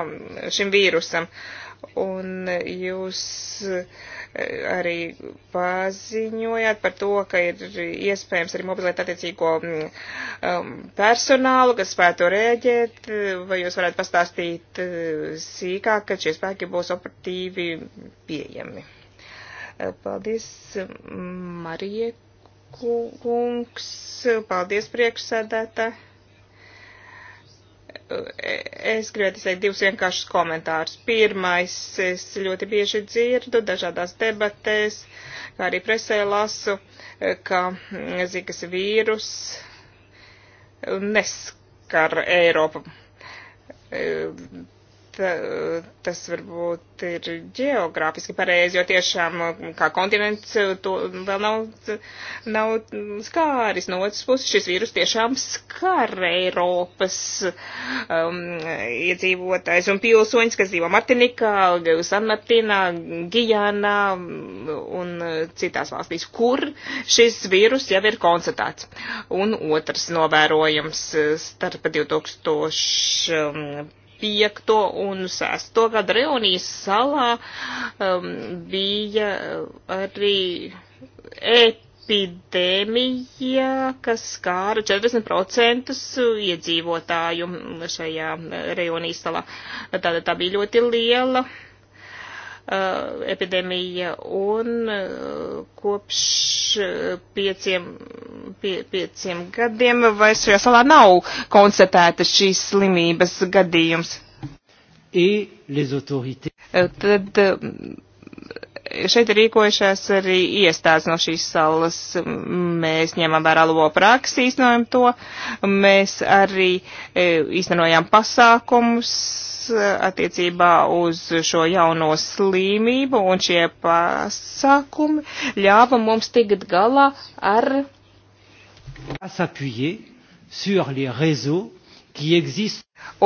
šim vīrusam. Uh, un jūs eh, arī paziņojāt par to, ka ir iespējams arī mobilēt attiecīgo mm, um, personālu, kas spētu rēģēt, vai jūs varētu pastāstīt eh, sīkāk, kad šie spēki būs operatīvi pieejami. Eh, paldies, Marija Kungs, paldies priekšsēdētāji es gribētu izteikt divus vienkāršus komentārus. Pirmais, es ļoti bieži dzirdu dažādās debatēs, kā arī presē lasu, ka zikas vīrus neskar Eiropu. Eh, tas varbūt ir geogrāfiski pareizi, jo tiešām eh, kā kontinents eh, to vēl nav, nav skāris. No otras puses, šis vīrus tiešām skar Eiropas um, iedzīvotājs un pilsoņus, kas dzīvo Martinikā, San Martinā, Gijānā un citās valstīs, kur šis vīrus jau ir konstatēts. Un otrs novērojums starp 2000. 5. un 6. gadu Reunijas salā um, bija uh, arī epidēmija, kas skāra 40% iedzīvotāju šajā Reunijas salā. Tātad tā bija ļoti liela Uh, epidēmija un uh, kopš uh, pieciem, pie, pieciem gadiem vairs šajā salā nav konstatēta šīs slimības gadījums. Tad šeit ir rīkojušās arī iestādes no šīs salas. Mēs ņemam vērā labo praksi, īstenojam to. Mēs arī īstenojām pasākumus attiecībā uz šo jauno slimību, un šie pasākumi ļāva mums tikt galā ar.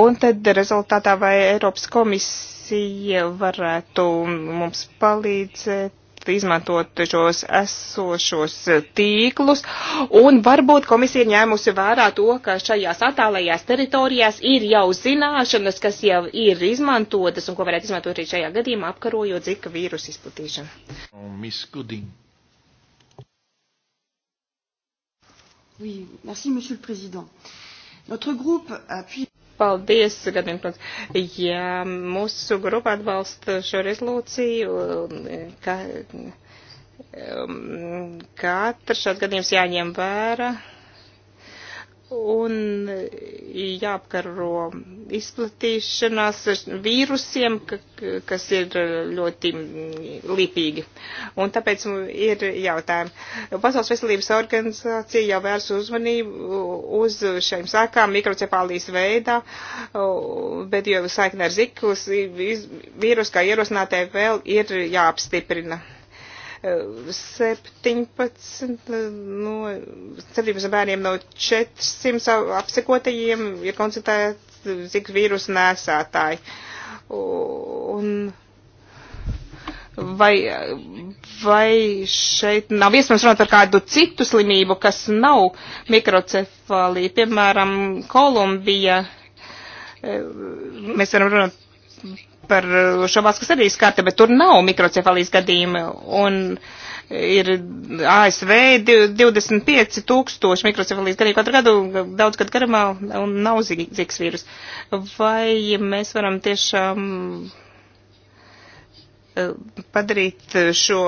Un tad rezultātā vai Eiropas komisija varētu mums palīdzēt izmantot šos esošos tīklus, un varbūt komisija ir ņēmusi vērā to, ka šajās attālajās teritorijās ir jau zināšanas, kas jau ir izmantotas, un ko varētu izmantot arī šajā gadījumā, apkarojot zika vīrusu izplatīšanu. Oh, oui, merci, Monsieur le Président. Notre groupe appuie. Paldies, Gadien, protams. Jā, mūsu grupa atbalsta šo rezolūciju. Ka, um, katrs šāds gadījums jāņem vērā un jāapkaro izplatīšanās vīrusiem, kas ir ļoti lipīgi. Un tāpēc ir jautājumi. Pasaules veselības organizācija jau vērs uzmanību uz šiem sākām mikrocepālijas veidā, bet jo saikne ar ziklus vīrus kā ierosinātē vēl ir jāapstiprina. 17 no 17 bērniem no 400 apsekotajiem ir koncentrēts zikas vīrusu nēsātāji. Un vai, vai šeit nav iespējams runāt par kādu citu slimību, kas nav mikrocefālija, piemēram, Kolumbija. E, mēs varam runāt par uh, šo valsts, kas arī skarta, bet tur nav mikrocefalijas gadījumi. Un ir ASV 25 tūkstoši mikrocefalijas gadījumu katru gadu, daudz gadu garumā, un nav ziks vīrus. Vai mēs varam tiešām uh, padarīt šo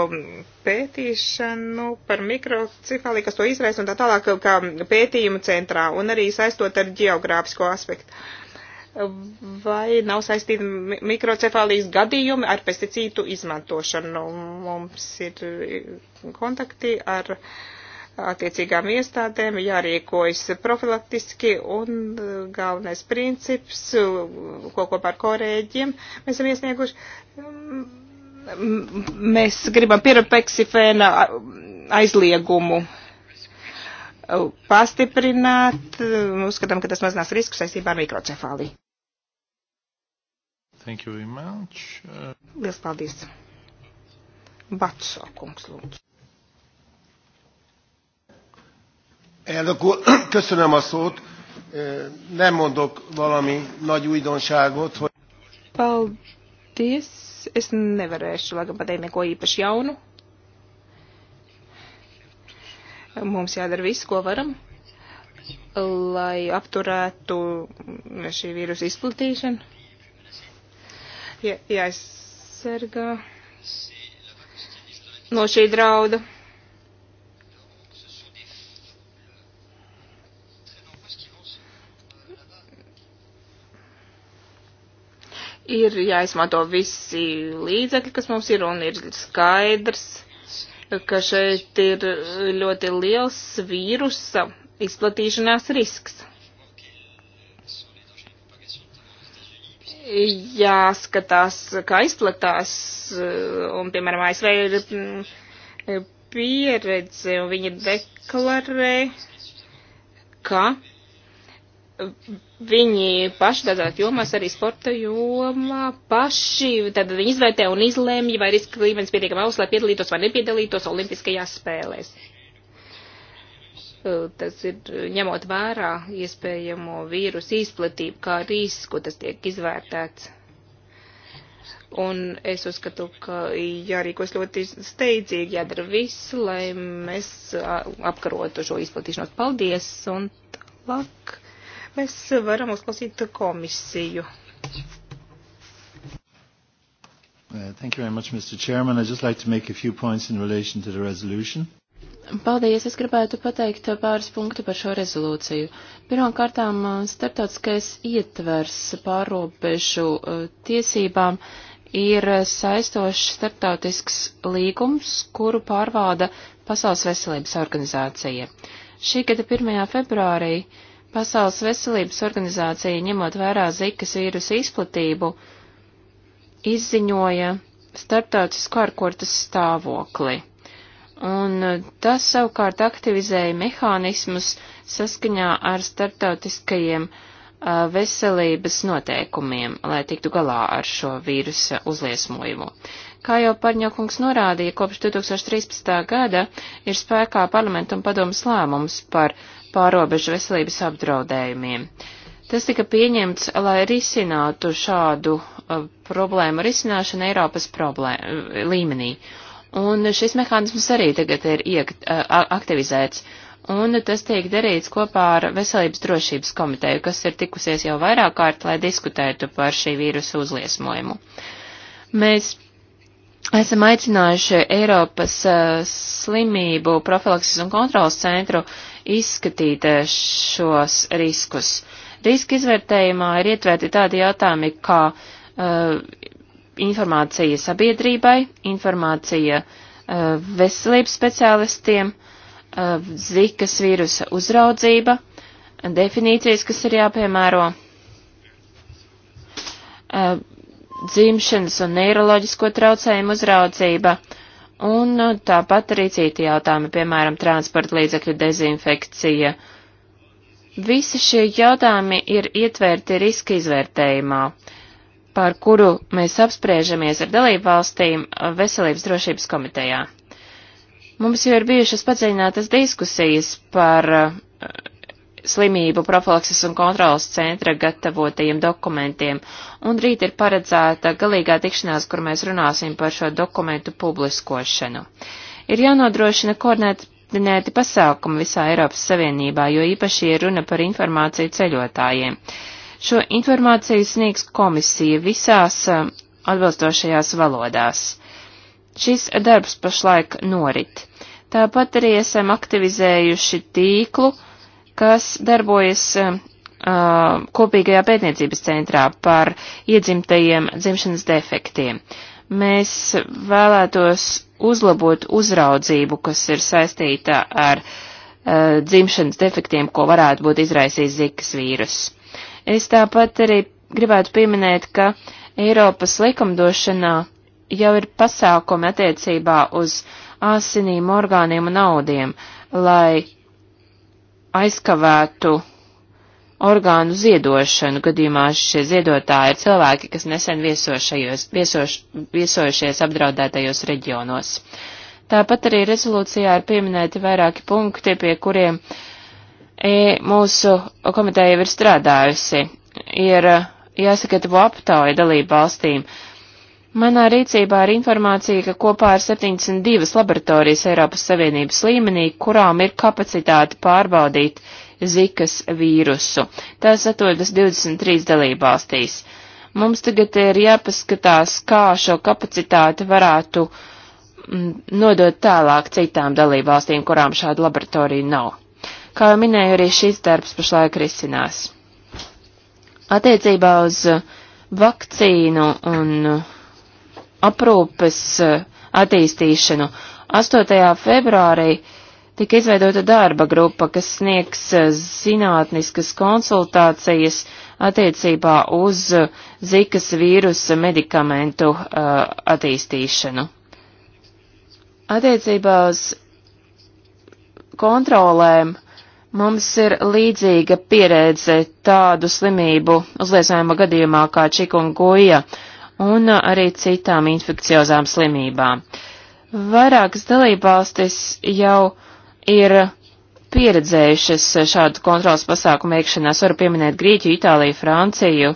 pētīšanu par mikrocefaliju, kas to izraisa un tā tālāk, kā pētījumu centrā, un arī saistot ar geogrāfisko aspektu. Uh, vai nav saistīti mikrocefālijas gadījumi ar pesticītu izmantošanu. Mums ir kontakti ar attiecīgām iestādēm, jārīkojas profilaktiski un eh, galvenais princips, ko kopā ar korēģiem mēs esam iesnieguši. Mm, mēs gribam piropeksifēna aizliegumu pastiprināt, uzskatām, ka tas mazinās risku saistībā ar mikrocefāliju. Thank you very much. Uh... Liels paldies. Batso kungs, lūdzu. Elnök úr, köszönöm a szót. Nem mondok valami nagy újdonságot, hogy... Paldies. Es nevarēšu laikam pateikt neko īpaši jaunu. Mums jādara viss, ko varam, lai apturētu šī vīrusa izplatīšanu jā, jāaizsargā no šī drauda. Ir jāizmanto visi līdzekļi, kas mums ir, un ir skaidrs, ka šeit ir ļoti liels vīrusa izplatīšanās risks. jāskatās, kā izplatās, eh, un, piemēram, ASV ir mm, pieredze, un viņi deklarē, ka viņi paši dažādās jomās, arī sporta jomā, paši, tad viņi izvērtē un izlēmja, vai riska līmenis pietiekami augsts, lai piedalītos vai nepiedalītos olimpiskajās spēlēs tas ir ņemot vērā iespējamo vīrusu izplatību kā risku, tas tiek izvērtēts. Un es uzskatu, ka jārīkos ļoti steidzīgi, jādara viss, lai mēs apkarotu šo izplatīšanos. Paldies! Un tālāk mēs varam uzklausīt komisiju. Uh, thank you very much, Mr. Chairman. I'd just like to make a few points in relation to the resolution. Paldies, es gribētu pateikt pāris punktu par šo rezolūciju. Pirmkārtām, starptautiskais ietvers pārobežu tiesībām ir saistošs starptautisks līgums, kuru pārvalda Pasaules veselības organizācija. Šī gada 1. februārī Pasaules veselības organizācija, ņemot vērā zikas vīrusu izplatību, izziņoja starptautisku ārkortas stāvokli un e, tas savukārt aktivizēja mehānismus saskaņā ar starptautiskajiem e, veselības noteikumiem, lai tiktu galā ar šo vīrusa uzliesmojumu. Kā jau Parņokungs norādīja, kopš 2013. gada ir spēkā parlamentu un padomas lēmums par pārobežu veselības apdraudējumiem. Tas tika pieņemts, lai risinātu šādu uh, problēmu risināšanu Eiropas problēma, līmenī. Uh, Un šis mehānisms arī tagad ir iekt, aktivizēts. Un tas tiek darīts kopā ar Veselības drošības komiteju, kas ir tikusies jau vairāk kārt, lai diskutētu par šī vīrusu uzliesmojumu. Mēs esam aicinājuši Eiropas slimību profilakses un kontrolas centru izskatīt šos riskus. Riska izvērtējumā ir ietverti tādi jautājumi, kā uh, informācija sabiedrībai, informācija uh, veselības speciālistiem, uh, zikas vīrusa uzraudzība, definīcijas, kas ir jāpiemēro, uh, dzimšanas un neiroloģisko traucējumu uzraudzība, un tāpat arī citi jautājumi, piemēram, transporta līdzekļu dezinfekcija. Visi šie jautājumi ir ietverti riska izvērtējumā. Uh, par kuru mēs apspriežamies ar dalību valstīm uh, Veselības drošības komitejā. Mums jau ir bijušas padziļinātas diskusijas par uh, slimību profilakses un kontrolas centra gatavotajiem dokumentiem, un rīt ir paredzēta galīgā tikšanās, kur mēs runāsim par šo dokumentu publiskošanu. Ir jānodrošina koordinēti pasākumi visā Eiropas Savienībā, jo īpaši ir runa par informāciju ceļotājiem. Šo informāciju sniegs komisija visās um, atbilstošajās valodās. Šis darbs pašlaik norit. Tāpat arī esam aktivizējuši tīklu, kas darbojas um, Uh, kopīgajā pētniecības centrā par iedzimtajiem dzimšanas defektiem. Mēs vēlētos uzlabot uzraudzību, kas ir saistīta ar uh, dzimšanas defektiem, ko varētu būt izraisījis zikas vīrus. Es tāpat arī gribētu pieminēt, ka Eiropas likumdošanā jau ir pasākumi attiecībā uz asinīm, orgāniem un naudiem, lai aizkavētu orgānu ziedošanu, gadījumā šie ziedotāji ir cilvēki, kas nesen viesošajos, viesoš, viesojušies apdraudētajos reģionos. Tāpat arī rezolūcijā ir pieminēti vairāki punkti, pie kuriem uh, E, mūsu komiteja jau ir strādājusi, ir e, jāsagatavo aptauja dalību valstīm. Manā rīcībā ir informācija, ka kopā ir 72 laboratorijas Eiropas Savienības līmenī, kurām ir kapacitāte pārbaudīt zikas vīrusu. Tās atrodas 23 dalību valstīs. Mums tagad ir jāpaskatās, kā šo kapacitāti varētu mm, nodot tālāk citām dalību valstīm, kurām šāda laboratorija nav. Kā jau minēju, arī šis darbs pašlaik risinās. Attiecībā uz vakcīnu un aprūpes attīstīšanu 8. februārī tika izveidota darba grupa, kas sniegs zinātniskas konsultācijas attiecībā uz zikas vīrusa medikamentu uh, attīstīšanu. Attiecībā uz kontrolēm Mums ir līdzīga pieredze tādu slimību uzliesājuma gadījumā kā čikunguja un arī citām infekciozām slimībām. Vairākas dalībvalstis jau ir pieredzējušas šādu kontrolas pasākumu veikšanās. Varu pieminēt Grieķiju, Itāliju, Franciju,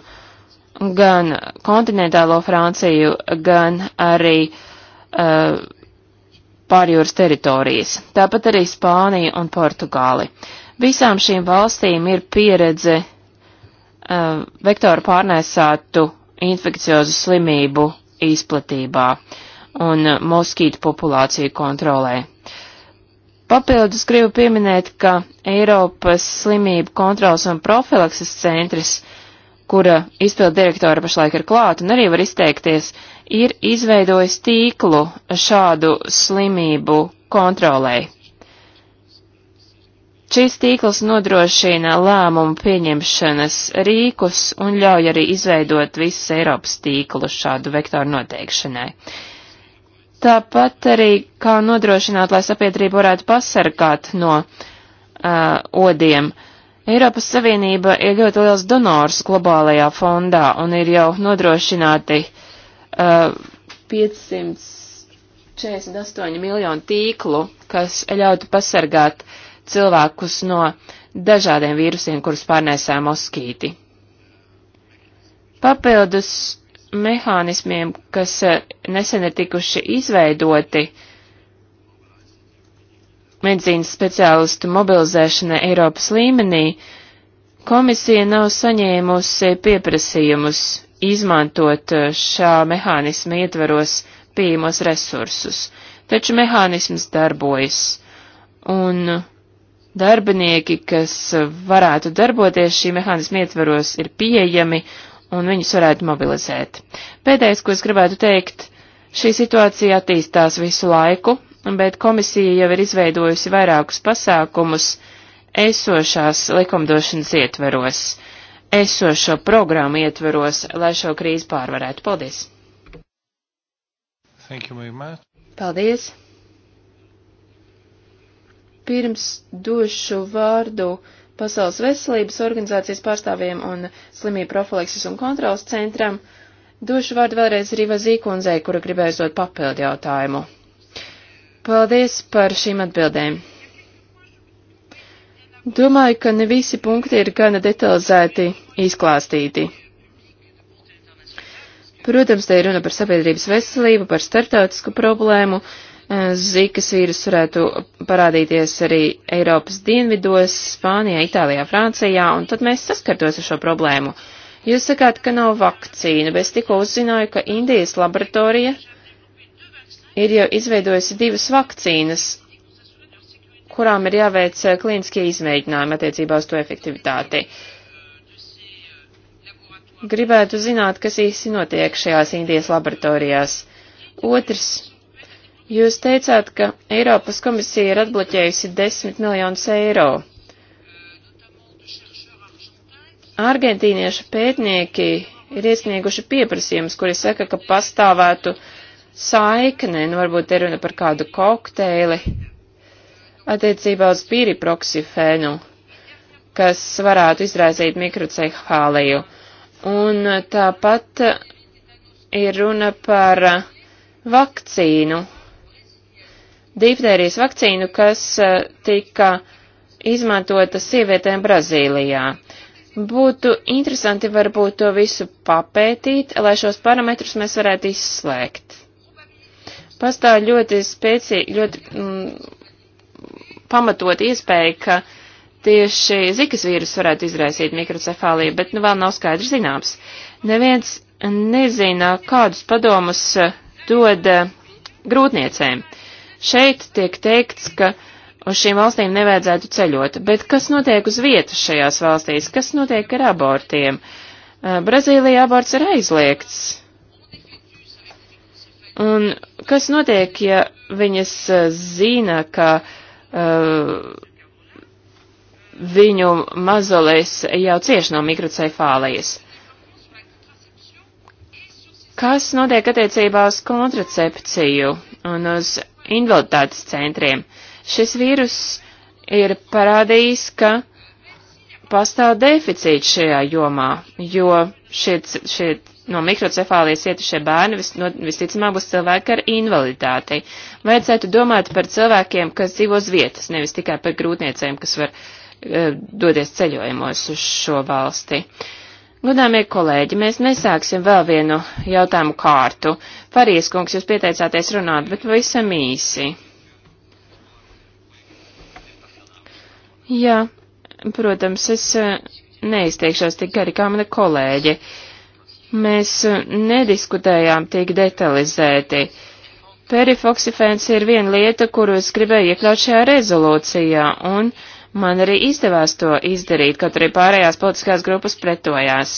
gan kontinentālo Franciju, gan arī uh, pārjūras teritorijas. Tāpat arī Spāniju un Portugāli. Uh, Visām šīm valstīm ir pieredze uh, vektoru pārnēsātu infekciozu slimību izplatībā un moskītu populāciju kontrolē. Papildus gribu pieminēt, ka Eiropas slimību kontrols un profilakses centrs, kura izpildu direktora pašlaik ir klāta un arī var izteikties, ir izveidojis tīklu šādu slimību kontrolē. Šīs tīkls nodrošina lēmumu pieņemšanas rīkus un ļauj arī izveidot visas Eiropas tīklu šādu vektoru noteikšanai. Tāpat arī kā nodrošināt, lai sabiedrība varētu pasargāt no uh, odiem. Eiropas Savienība ir ļoti liels donors globālajā fondā un ir jau nodrošināti uh, 548 miljonu tīklu, kas ļautu pasargāt uh, cilvēkus no dažādiem vīrusiem, kurus pārnēsā moskīti. Papildus mehānismiem, kas eh, nesen ir tikuši izveidoti medicīnas speciālistu mobilizēšana Eiropas līmenī, komisija nav saņēmusi pieprasījumus izmantot eh, šā mehānisma ietveros pieejamos resursus, taču mehānisms darbojas, un darbinieki, kas varētu darboties šī mehānisma ietveros, ir pieejami un viņus varētu mobilizēt. Pēdējais, ko es gribētu teikt, šī situācija attīstās visu laiku, bet komisija jau ir izveidojusi vairākus pasākumus esošās likumdošanas ietveros, esošo programmu ietveros, lai šo krīzi pārvarētu. Paldies! Paldies! Pirms došu vārdu Pasaules veselības organizācijas pārstāvjiem un slimību profilakses un kontrolas centram, došu vārdu vēlreiz Riva Zīkundzei, kura gribēja uzdot papildu jautājumu. Paldies par šīm atbildēm. Domāju, ka ne visi punkti ir gana detalizēti izklāstīti. Protams, te ir runa par sabiedrības veselību, par startautisku problēmu, uh, Eh, Zikas vīrus varētu parādīties arī Eiropas dienvidos, Spānijā, Itālijā, Francijā, un tad mēs saskartos ar šo problēmu. Jūs sakāt, ka nav vakcīna, bet es tikko uzzināju, ka Indijas laboratorija ir jau izveidojusi divas vakcīnas, kurām ir jāveic eh, klīniskie izmēģinājumi attiecībā uz to efektivitāti. Gribētu zināt, kas īsti notiek šajās Indijas laboratorijās. Otrs Jūs teicāt, ka Eiropas komisija ir atbloķējusi 10 miljonus eiro. Argentīniešu pētnieki ir iesnieguši pieprasījumus, kuri saka, ka pastāvētu saikne, nu varbūt ir runa par kādu kokteili, attiecībā uz pīriproksifēnu, kas varētu izraisīt mikrocehāliju. Un tāpat ir runa par vakcīnu, difterijas vakcīnu, kas e, tika izmantota sievietēm Brazīlijā. Būtu interesanti varbūt to visu papētīt, lai šos parametrus mēs varētu izslēgt. Pastāv ļoti spēcīgi, ļoti mm, pamatot iespēja, ka tieši zikas vīrus varētu izraisīt mikrocefāliju, bet nu vēl nav skaidrs zināms. Neviens nezina, kādus padomus e, dod e, grūtniecēm. Šeit tiek teikts, ka uz šīm valstīm nevajadzētu ceļot, bet kas notiek uz vietas šajās valstīs, kas notiek ar abortiem? Eh, Brazīlijā aborts ir aizliegts. Un kas notiek, ja viņas eh, zina, ka uh, viņu mazulis jau cieši no mikrocefālijas? Kas notiek attiecībā uz kontracepciju? un uz invaliditātes centriem. Šis vīrus ir parādījis, ka pastāv deficīts šajā jomā, jo šie, šie no mikrocefālijas cietušie bērni vis, no, visticamāk būs cilvēki ar invaliditāti. Vajadzētu domāt par cilvēkiem, kas dzīvo uz vietas, nevis tikai par grūtniecēm, kas var e, doties ceļojumos uz šo valsti. Godāmie kolēģi, mēs nesāksim vēl vienu jautājumu kārtu. Parīs kungs, jūs pieteicāties runāt, bet visam īsi. Jā, protams, es eh, neizteikšos tik gari kā mana kolēģe. Mēs eh, nediskutējām tik detalizēti. Perifoksifēns ir viena lieta, kuru es gribēju iekļaut šajā rezolūcijā, un man arī izdevās to izdarīt, kaut arī pārējās politiskās grupas pretojās.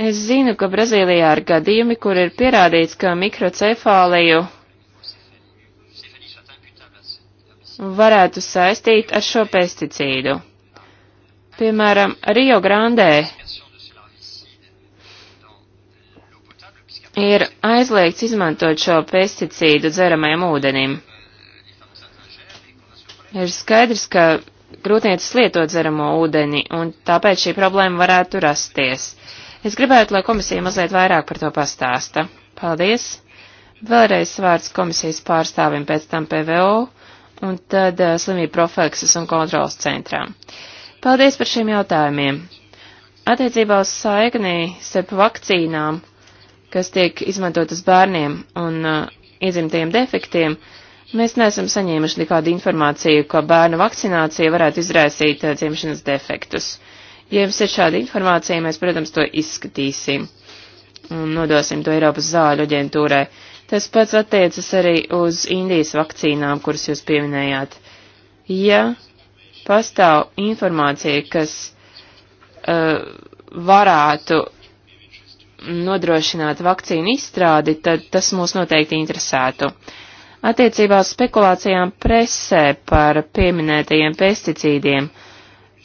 Es zinu, ka Brazīlijā ir gadījumi, kur ir pierādīts, ka mikrocefāliju varētu saistīt ar šo pesticīdu. Piemēram, Rio Grandē ir aizliegts izmantot šo pesticīdu dzeramajam ūdenim. Ir skaidrs, ka grūtniecis lieto dzeramo ūdeni, un tāpēc šī problēma varētu rasties. Uh, Es gribētu, lai komisija mazliet vairāk par to pastāsta. Paldies! Vēlreiz vārds komisijas pārstāvim pēc tam PVO un tad uh, slimību profilakses un kontrolas centrām. Paldies par šiem jautājumiem. Attiecībā uz saiknī starp vakcīnām, kas tiek izmantotas bērniem un uh, iedzimtajiem defektiem, mēs neesam saņēmuši nekādu informāciju, ka bērnu vakcinācija varētu izraisīt uh, dzimšanas defektus. Uh, Ja jums ir šāda informācija, mēs, protams, to izskatīsim un nodosim to Eiropas zāļu aģentūrai. Tas pats attiecas arī uz Indijas vakcīnām, kuras jūs pieminējāt. Ja pastāv informācija, kas uh, varētu nodrošināt vakcīnu izstrādi, tad tas mūs noteikti interesētu. Attiecībā uz spekulācijām presē par pieminētajiem pesticīdiem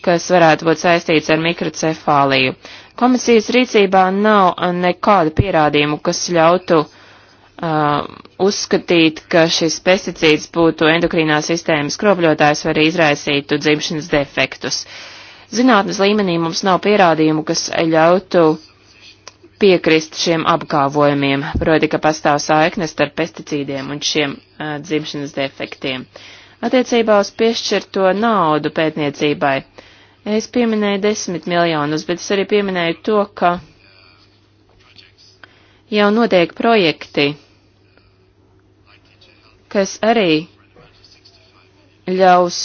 kas varētu būt saistīts ar mikrocefāliju. Komisijas rīcībā nav nekādu pierādījumu, kas ļautu uh, uzskatīt, ka šis pesticīds būtu endokrīnās sistēmas kropļotājs vai arī izraisītu dzimšanas defektus. Zinātnes līmenī mums nav pierādījumu, kas ļautu piekrist šiem apgāvojumiem, proti, ka pastāv saiknes starp pesticīdiem un šiem uh, dzimšanas defektiem. Attiecībā uz piešķirto naudu pētniecībai Es pieminēju desmit miljonus, bet es arī pieminēju to, ka jau notiek projekti, kas arī ļaus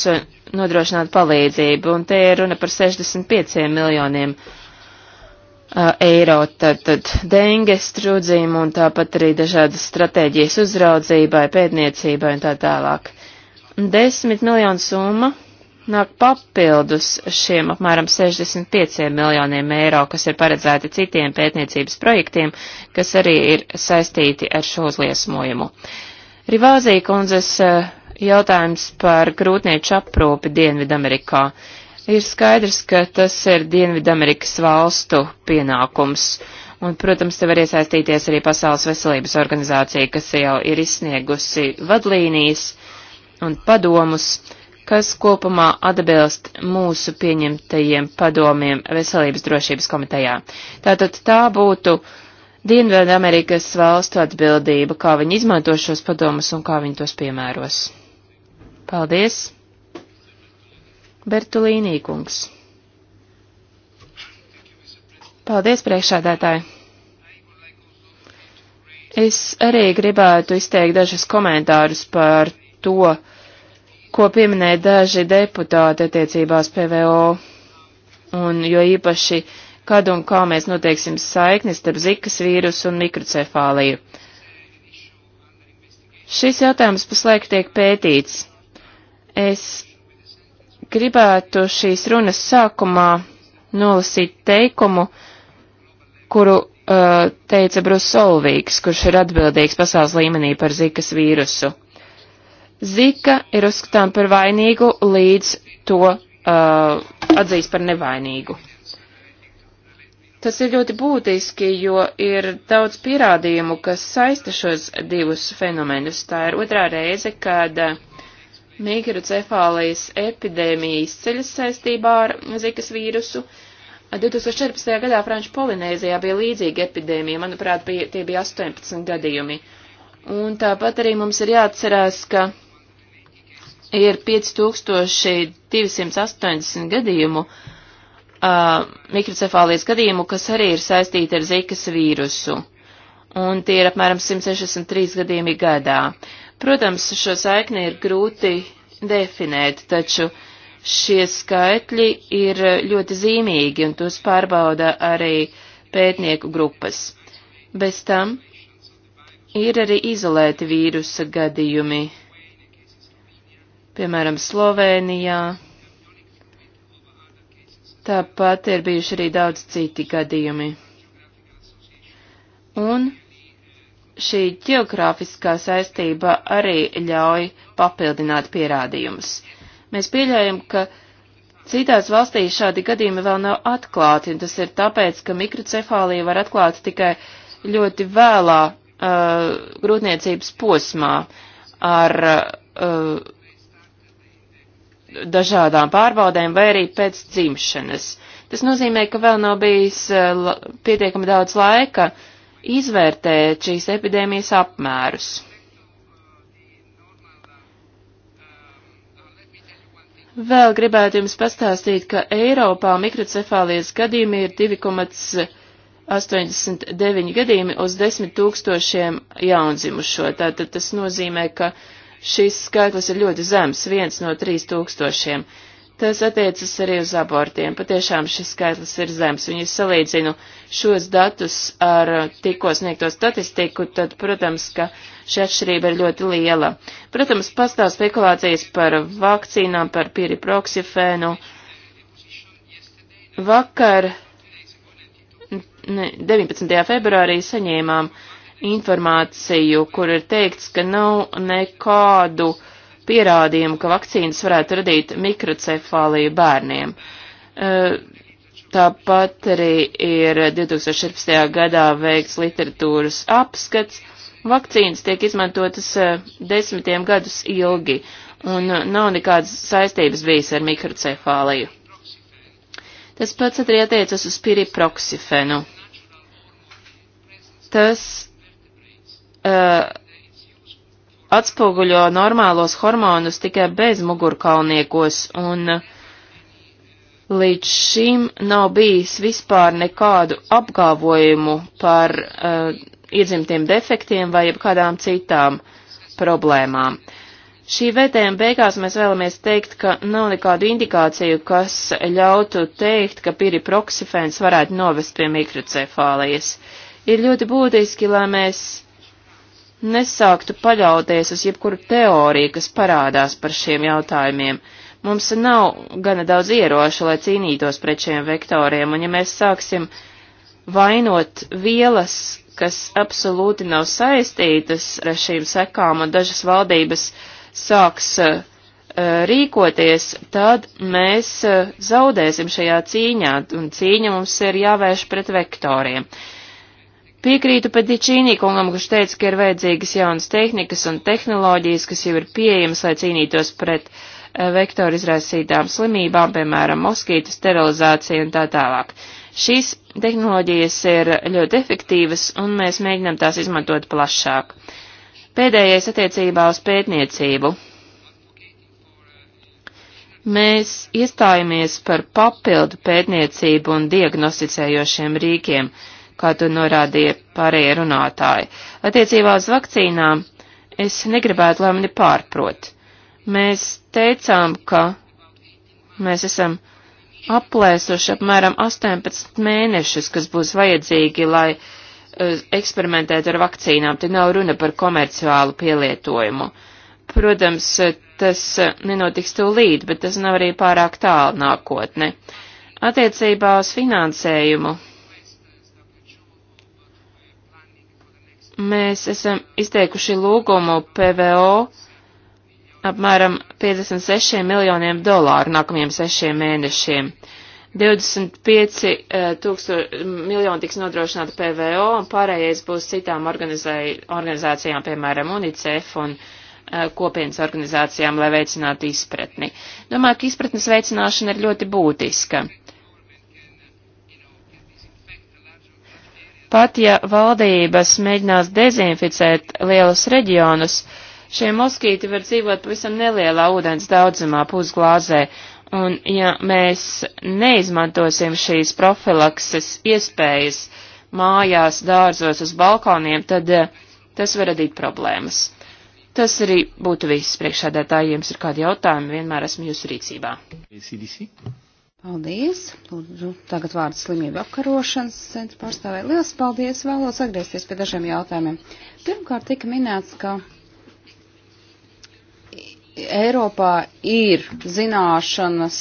nodrošināt palīdzību, un te ir runa par 65 miljoniem uh, eiro, tad, tad denges trūdzīm un tāpat arī dažādas stratēģijas uzraudzībai, pētniecībai un tā tālāk. Desmit miljonu summa nāk papildus šiem apmēram 65 miljoniem eiro, kas ir paredzēti citiem pētniecības projektiem, kas arī ir saistīti ar šo uzliesmojumu. Rivāzī kundzes eh, jautājums par grūtnieču aprūpi Dienvidamerikā. Ir skaidrs, ka tas ir Dienvidamerikas valstu pienākums. Un, protams, te var iesaistīties arī Pasaules veselības organizācija, kas jau ir izsniegusi vadlīnijas un padomus. Uh, kas kopumā atbilst mūsu pieņemtajiem padomiem Veselības drošības komitejā. Tātad tā būtu Dienvidu Amerikas valstu atbildība, kā viņi izmanto šos padomus un kā viņi tos piemēros. Paldies! Bertulīnī kungs. Paldies, priekšādātāji! Es arī gribētu izteikt dažus komentārus par to, uh, ko pieminēja daži deputāti attiecībās PVO, un jo īpaši, kad un kā mēs noteiksim saiknis starp zikas vīrusu un mikrocefāliju. Šis jautājums pašlaik tiek pētīts. Es gribētu šīs runas sākumā nolasīt teikumu, kuru uh, teica Brusolvīgs, kurš ir atbildīgs pasaules līmenī par zikas vīrusu. Zika ir uzskatām par vainīgu, līdz to uh, atzīst par nevainīgu. Tas ir ļoti būtiski, jo ir daudz pierādījumu, kas saista šos divus fenomenus. Tā ir otrā reize, kad uh, mikrocefālijas epidēmija izceļas saistībā ar zikas vīrusu. 2014. gadā Franču Polinēzijā bija līdzīga epidēmija, manuprāt, bija, tie bija 18 gadījumi. Un tāpat arī mums ir jāatcerās, ka ir 5280 gadījumu, uh, mikrocefālijas gadījumu, kas arī ir saistīti ar zikas vīrusu. Un tie ir apmēram 163 gadījumi gadā. Protams, šo saikni ir grūti definēt, taču šie skaitļi ir ļoti zīmīgi un tos pārbauda arī pētnieku grupas. Bez tam ir arī izolēti vīrusa gadījumi, piemēram, Slovēnijā. Tāpat ir bijuši arī daudz citi gadījumi. Un šī ģeogrāfiskā saistība arī ļauj papildināt pierādījumus. Mēs pieļaujam, ka citās valstīs šādi gadījumi vēl nav atklāti, un tas ir tāpēc, ka mikrocefālija var atklāt tikai ļoti vēlā uh, grūtniecības posmā ar uh, dažādām pārbaudēm vai arī pēc dzimšanas. Tas nozīmē, ka vēl nav bijis e, pietiekami daudz laika izvērtēt šīs epidēmijas apmērus. Vēl gribētu jums pastāstīt, ka Eiropā mikrocefālijas gadījumi ir 2,89 gadījumi uz 10 tūkstošiem jaundzimušo. Tātad tas nozīmē, ka uh, Šis skaitlis ir ļoti zems, viens no trīs tūkstošiem. Tas attiecas arī uz abortiem. Patiešām šis skaitlis ir zems. Un, ja salīdzinu šos datus ar tikko sniegto statistiku, tad, protams, ka šī atšķirība ir ļoti liela. Protams, pastāv spekulācijas par vakcīnām, par piriproksifēnu. Vakar, 19. februārī, saņēmām uh, informāciju, kur ir teikts, ka nav nekādu pierādījumu, ka vakcīnas varētu radīt mikrocefāliju bērniem. E, tāpat arī ir 2014. gadā veikts literatūras apskats. Vakcīnas tiek izmantotas e, desmitiem gadus ilgi, un nav nekādas saistības bijis ar mikrocefāliju. Tas pats arī attiecas uz piriproksifenu. Tas uh, atspoguļo normālos hormonus tikai bez mugurkaulniekos, un uh, līdz šim nav bijis vispār nekādu apgāvojumu par uh, iedzimtiem defektiem vai jebkādām citām problēmām. Šī vērtējuma beigās mēs vēlamies teikt, ka nav nekādu indikāciju, kas ļautu teikt, ka piriproksifēns varētu novest pie mikrocefālijas. Ir ļoti būtiski, lai mēs nesāktu paļauties uz jebkuru teoriju, kas parādās par šiem jautājumiem. Mums nav gana daudz ieroču, lai cīnītos pret šiem vektoriem, un ja mēs sāksim vainot vielas, kas absolūti nav saistītas ar šīm sekām, un dažas valdības sāks uh, rīkoties, tad mēs uh, zaudēsim šajā cīņā, un cīņa mums ir jāvērš pret vektoriem. Uh, Piekrītu Pedičīnī kungam, kurš teica, ka ir vajadzīgas jaunas tehnikas un tehnoloģijas, kas jau ir pieejamas, lai cīnītos pret eh, vektoru izraisītām slimībām, piemēram, moskītu sterilizāciju un tā tālāk. Šīs tehnoloģijas ir ļoti efektīvas, un mēs mēģinām tās izmantot plašāk. Pēdējais attiecībā uz pētniecību. Mēs iestājamies par papildu pētniecību un diagnosticējošiem rīkiem kā tu norādīji pārējie runātāji. Attiecībā uz vakcīnām es negribētu, lai mani pārprot. Mēs teicām, ka mēs esam aplēsuši apmēram 18 mēnešus, kas būs vajadzīgi, lai uh, eksperimentētu ar vakcīnām. Te nav runa par komerciālu pielietojumu. Protams, tas nenotiks tūlīt, bet tas nav arī pārāk tālu nākotne. Attiecībā uz finansējumu Mēs esam izteikuši lūgumu PVO apmēram 56 miljoniem dolāru nākamajiem sešiem mēnešiem. 25 eh, tūkstu, miljoni tiks nodrošināta PVO un pārējais būs citām organizācijām, piemēram, UNICEF un eh, kopienas organizācijām, lai veicinātu izpratni. Domāju, ka izpratnes veicināšana ir ļoti būtiska. Pat ja valdības mēģinās dezinficēt lielus reģionus, šie moskīti var dzīvot pavisam nelielā ūdens daudzumā pusglāzē, un ja mēs neizmantosim šīs profilakses iespējas mājās, dārzos, uz balkoniem, tad eh, tas var radīt problēmas. Tas arī būtu viss priekšādētāji, jums ir kādi jautājumi, vienmēr esmu jūsu rīcībā. CDC. Paldies! Lūdzu, tagad vārds slimību apkarošanas centra pārstāvē. Lielas paldies! Vēlos atgriezties pie dažiem jautājumiem. Pirmkārt, tika minēts, ka Eiropā ir zināšanas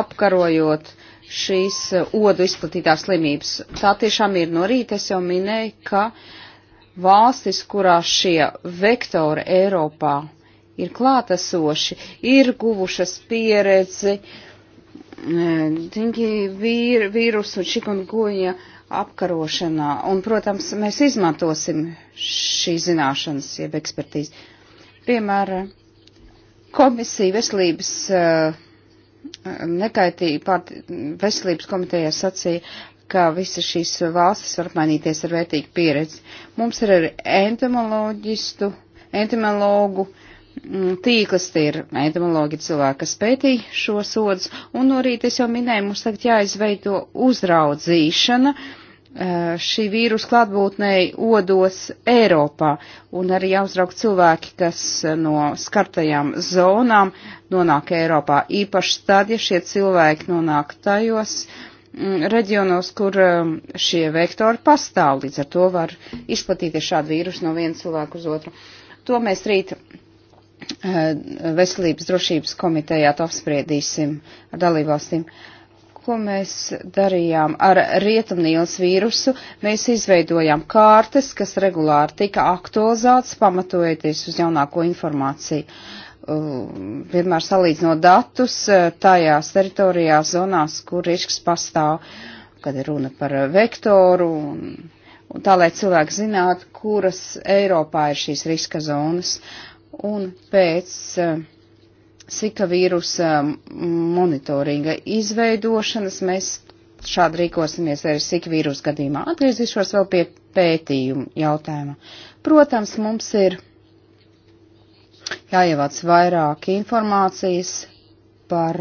apkarojot šīs odu izplatītās slimības. Tā tiešām ir no rīta, es jau minēju, ka valstis, kurā šie vektori Eiropā ir klātesoši, ir guvušas pieredzi, uh, dingi vīr, vīrusu un šikunguja apkarošanā. Un, protams, mēs izmantosim šīs zināšanas, jeb ekspertīzi. Piemēram, komisija veselības eh, nekaitīja, veselības komitejā sacīja, ka visas šīs valstis var mainīties ar vērtīgu pieredzi. Mums ir arī entomoloģistu, entomologu, uh, Mm, tīkls, tie ir etimologi cilvēki, kas pētīja šo sodus, un no rīta es jau minēju, mums tagad jāizveido uzraudzīšana eh, šī vīrusu klātbūtnei odos Eiropā, un arī jāuzraug cilvēki, kas eh, no skartajām zonām nonāk Eiropā, īpaši tad, ja šie cilvēki nonāk tajos mm, reģionos, kur eh, šie vektori pastāv, līdz ar to var izplatīties šādi vīrusi no viena cilvēka uz otru. To mēs rīt Eh, veselības drošības komitejā to apspriedīsim ar dalībvalstīm. Ko mēs darījām ar rietumnīlas vīrusu? Mēs izveidojām kārtas, kas regulāri tika aktualizētas, pamatojoties uz jaunāko informāciju. Eh, vienmēr salīdzinot datus eh, tajās teritorijās, zonās, kur risks pastāv, kad ir runa par vektoru, un, un tā, lai cilvēki zinātu, kuras Eiropā ir šīs riska zonas. Uh, un pēc eh, sika vīrusa monitoringa izveidošanas mēs šādi rīkosimies arī sika vīrusa gadījumā. Atgriezīšos vēl pie pētījumu jautājuma. Protams, mums ir jāievāc vairāk informācijas par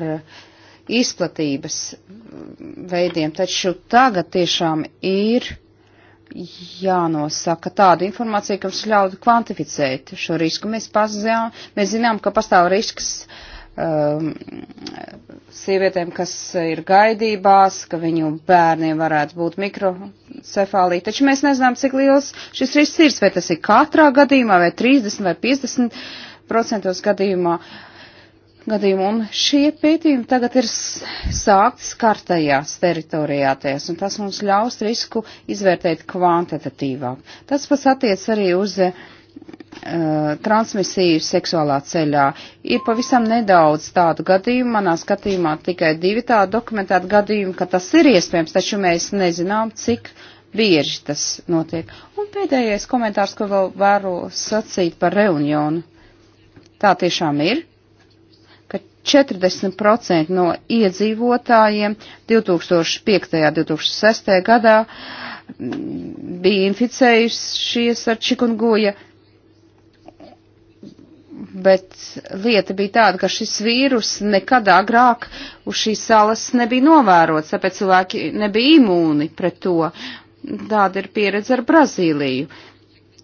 izplatības veidiem, taču tagad tiešām ir jānosaka tāda informācija, kas ļautu kvantificēt šo risku. Mēs, pazījām, mēs zinām, ka pastāv risks um, sievietēm, kas ir gaidībās, ka viņu bērniem varētu būt mikrocefālija, taču mēs nezinām, cik liels šis risks ir, vai tas ir katrā gadījumā, vai 30 vai 50 procentos gadījumā. Uh, gadījumu, un šie pētījumi tagad ir sākts kartajās teritorijāties, un tas mums ļaus risku izvērtēt kvantitatīvāk. Tas pats attiec arī uz uh, transmisiju seksuālā ceļā. Ir pavisam nedaudz tādu gadījumu, manā skatījumā tikai divi tādi dokumentēti gadījumi, ka tas ir iespējams, taču mēs nezinām, cik bieži tas notiek. Un pēdējais komentārs, ko vēl varu sacīt par reunionu. Tā tiešām ir 40% no iedzīvotājiem 2005. un 2006. gadā mm, bija inficējušies ar čikungoja, bet lieta bija tāda, ka šis vīrus nekad agrāk uz šīs salas nebija novērots, tāpēc cilvēki nebija imūni pret to. Tāda ir pieredze ar Brazīliju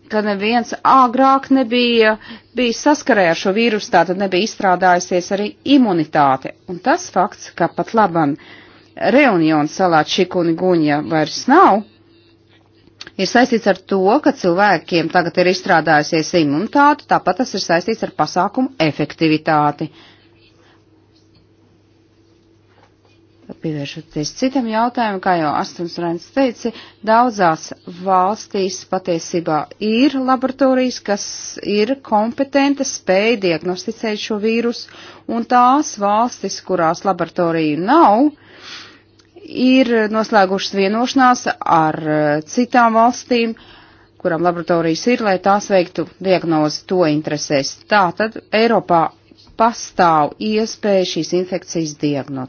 ka neviens agrāk nebija bijis saskarē ar šo vīrusu, tātad nebija izstrādājusies arī imunitāte. Un tas fakts, ka pat laban Reunionu salā čikuni guņa vairs nav, ir saistīts ar to, ka cilvēkiem tagad ir izstrādājusies imunitāte, tāpat tas ir saistīts ar pasākumu efektivitāti. Uh, Pievēršoties citam jautājumam, kā jau Astuns Rēns teica, daudzās valstīs patiesībā ir laboratorijas, kas ir kompetenta, spēja diagnosticēt šo vīrusu, un tās valstis, kurās laboratoriju nav, ir noslēgušas vienošanās ar eh, citām valstīm, kurām laboratorijas ir, lai tās veiktu diagnozi to interesēs. Tātad Eiropā pastāv iespēja šīs infekcijas diagno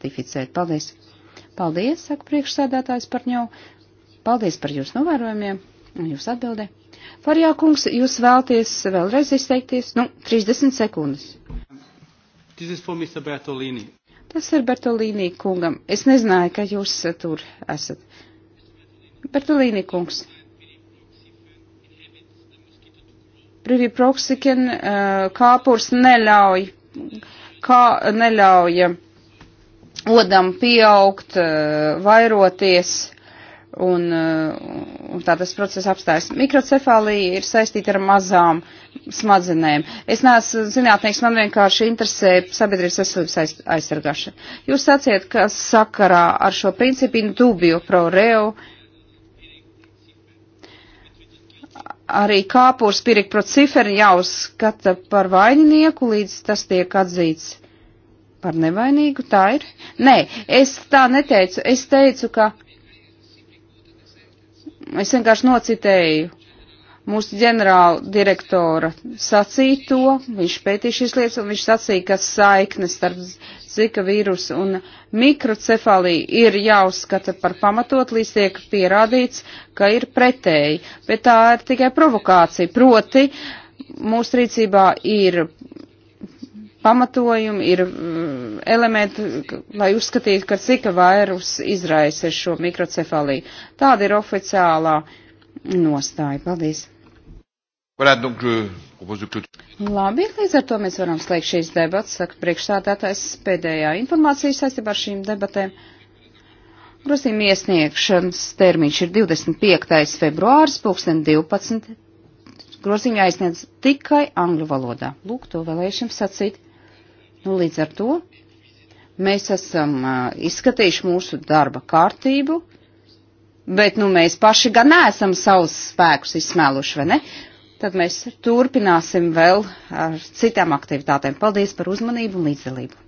ratificēt. Paldies! Paldies, saka priekšsēdētājs par ņau. Paldies par jūsu novērojumiem un jūsu atbildē. Farjā kungs, jūs vēlties vēlreiz izteikties? Nu, 30 sekundes. Tas ir Bertolīnī kungam. Es nezināju, ka jūs tur esat. Bertolīnī kungs. Brīvī proksiken eh, kāpurs neļauj, kā neļauj odam pieaugt, eh, vairoties, un, eh, un tā tas process apstājas. Mikrocefālija ir saistīta ar mazām smadzenēm. Es neesmu zinātnieks, man vienkārši interesē sabiedrības veselības aiz, aizsargāšana. Jūs sacījat, ka sakarā ar šo principu indubio pro reo arī kāpurs pirikprociferi jāuzskata par vaininieku, līdz tas tiek atzīts par nevainīgu, tā ir? Nē, es tā neteicu, es teicu, ka es vienkārši nocitēju mūsu ģenerāla direktora sacīto, viņš pētīja šīs lietas, un viņš sacīja, ka saiknes starp zika vīrusu un mikrocefaliju ir jāuzskata par pamatot, līdz tiek pierādīts, ka ir pretēji, bet tā ir tikai provokācija, proti mūsu rīcībā ir pamatojumi, ir mm, elementi, lai uzskatītu, ka cika vairus izraisa šo mikrocefaliju. Tāda ir oficiālā nostāja. Paldies! Voilà, donc je propose que... Labi, līdz ar to mēs varam slēgt šīs debatas, saka priekšstādātais pēdējā informācija saistībā ar šīm debatēm. Grozījuma iesniegšanas termiņš ir 25. februāris, 2012. Groziņā aizniedz tikai angļu valodā. Lūk, to vēlēju jums sacīt. Nu, līdz ar to mēs esam uh, izskatījuši mūsu darba kārtību, bet nu, mēs paši gan neesam savus spēkus izsmēluši, vai ne? Tad mēs turpināsim vēl ar citām aktivitātēm. Paldies par uzmanību un līdzdalību!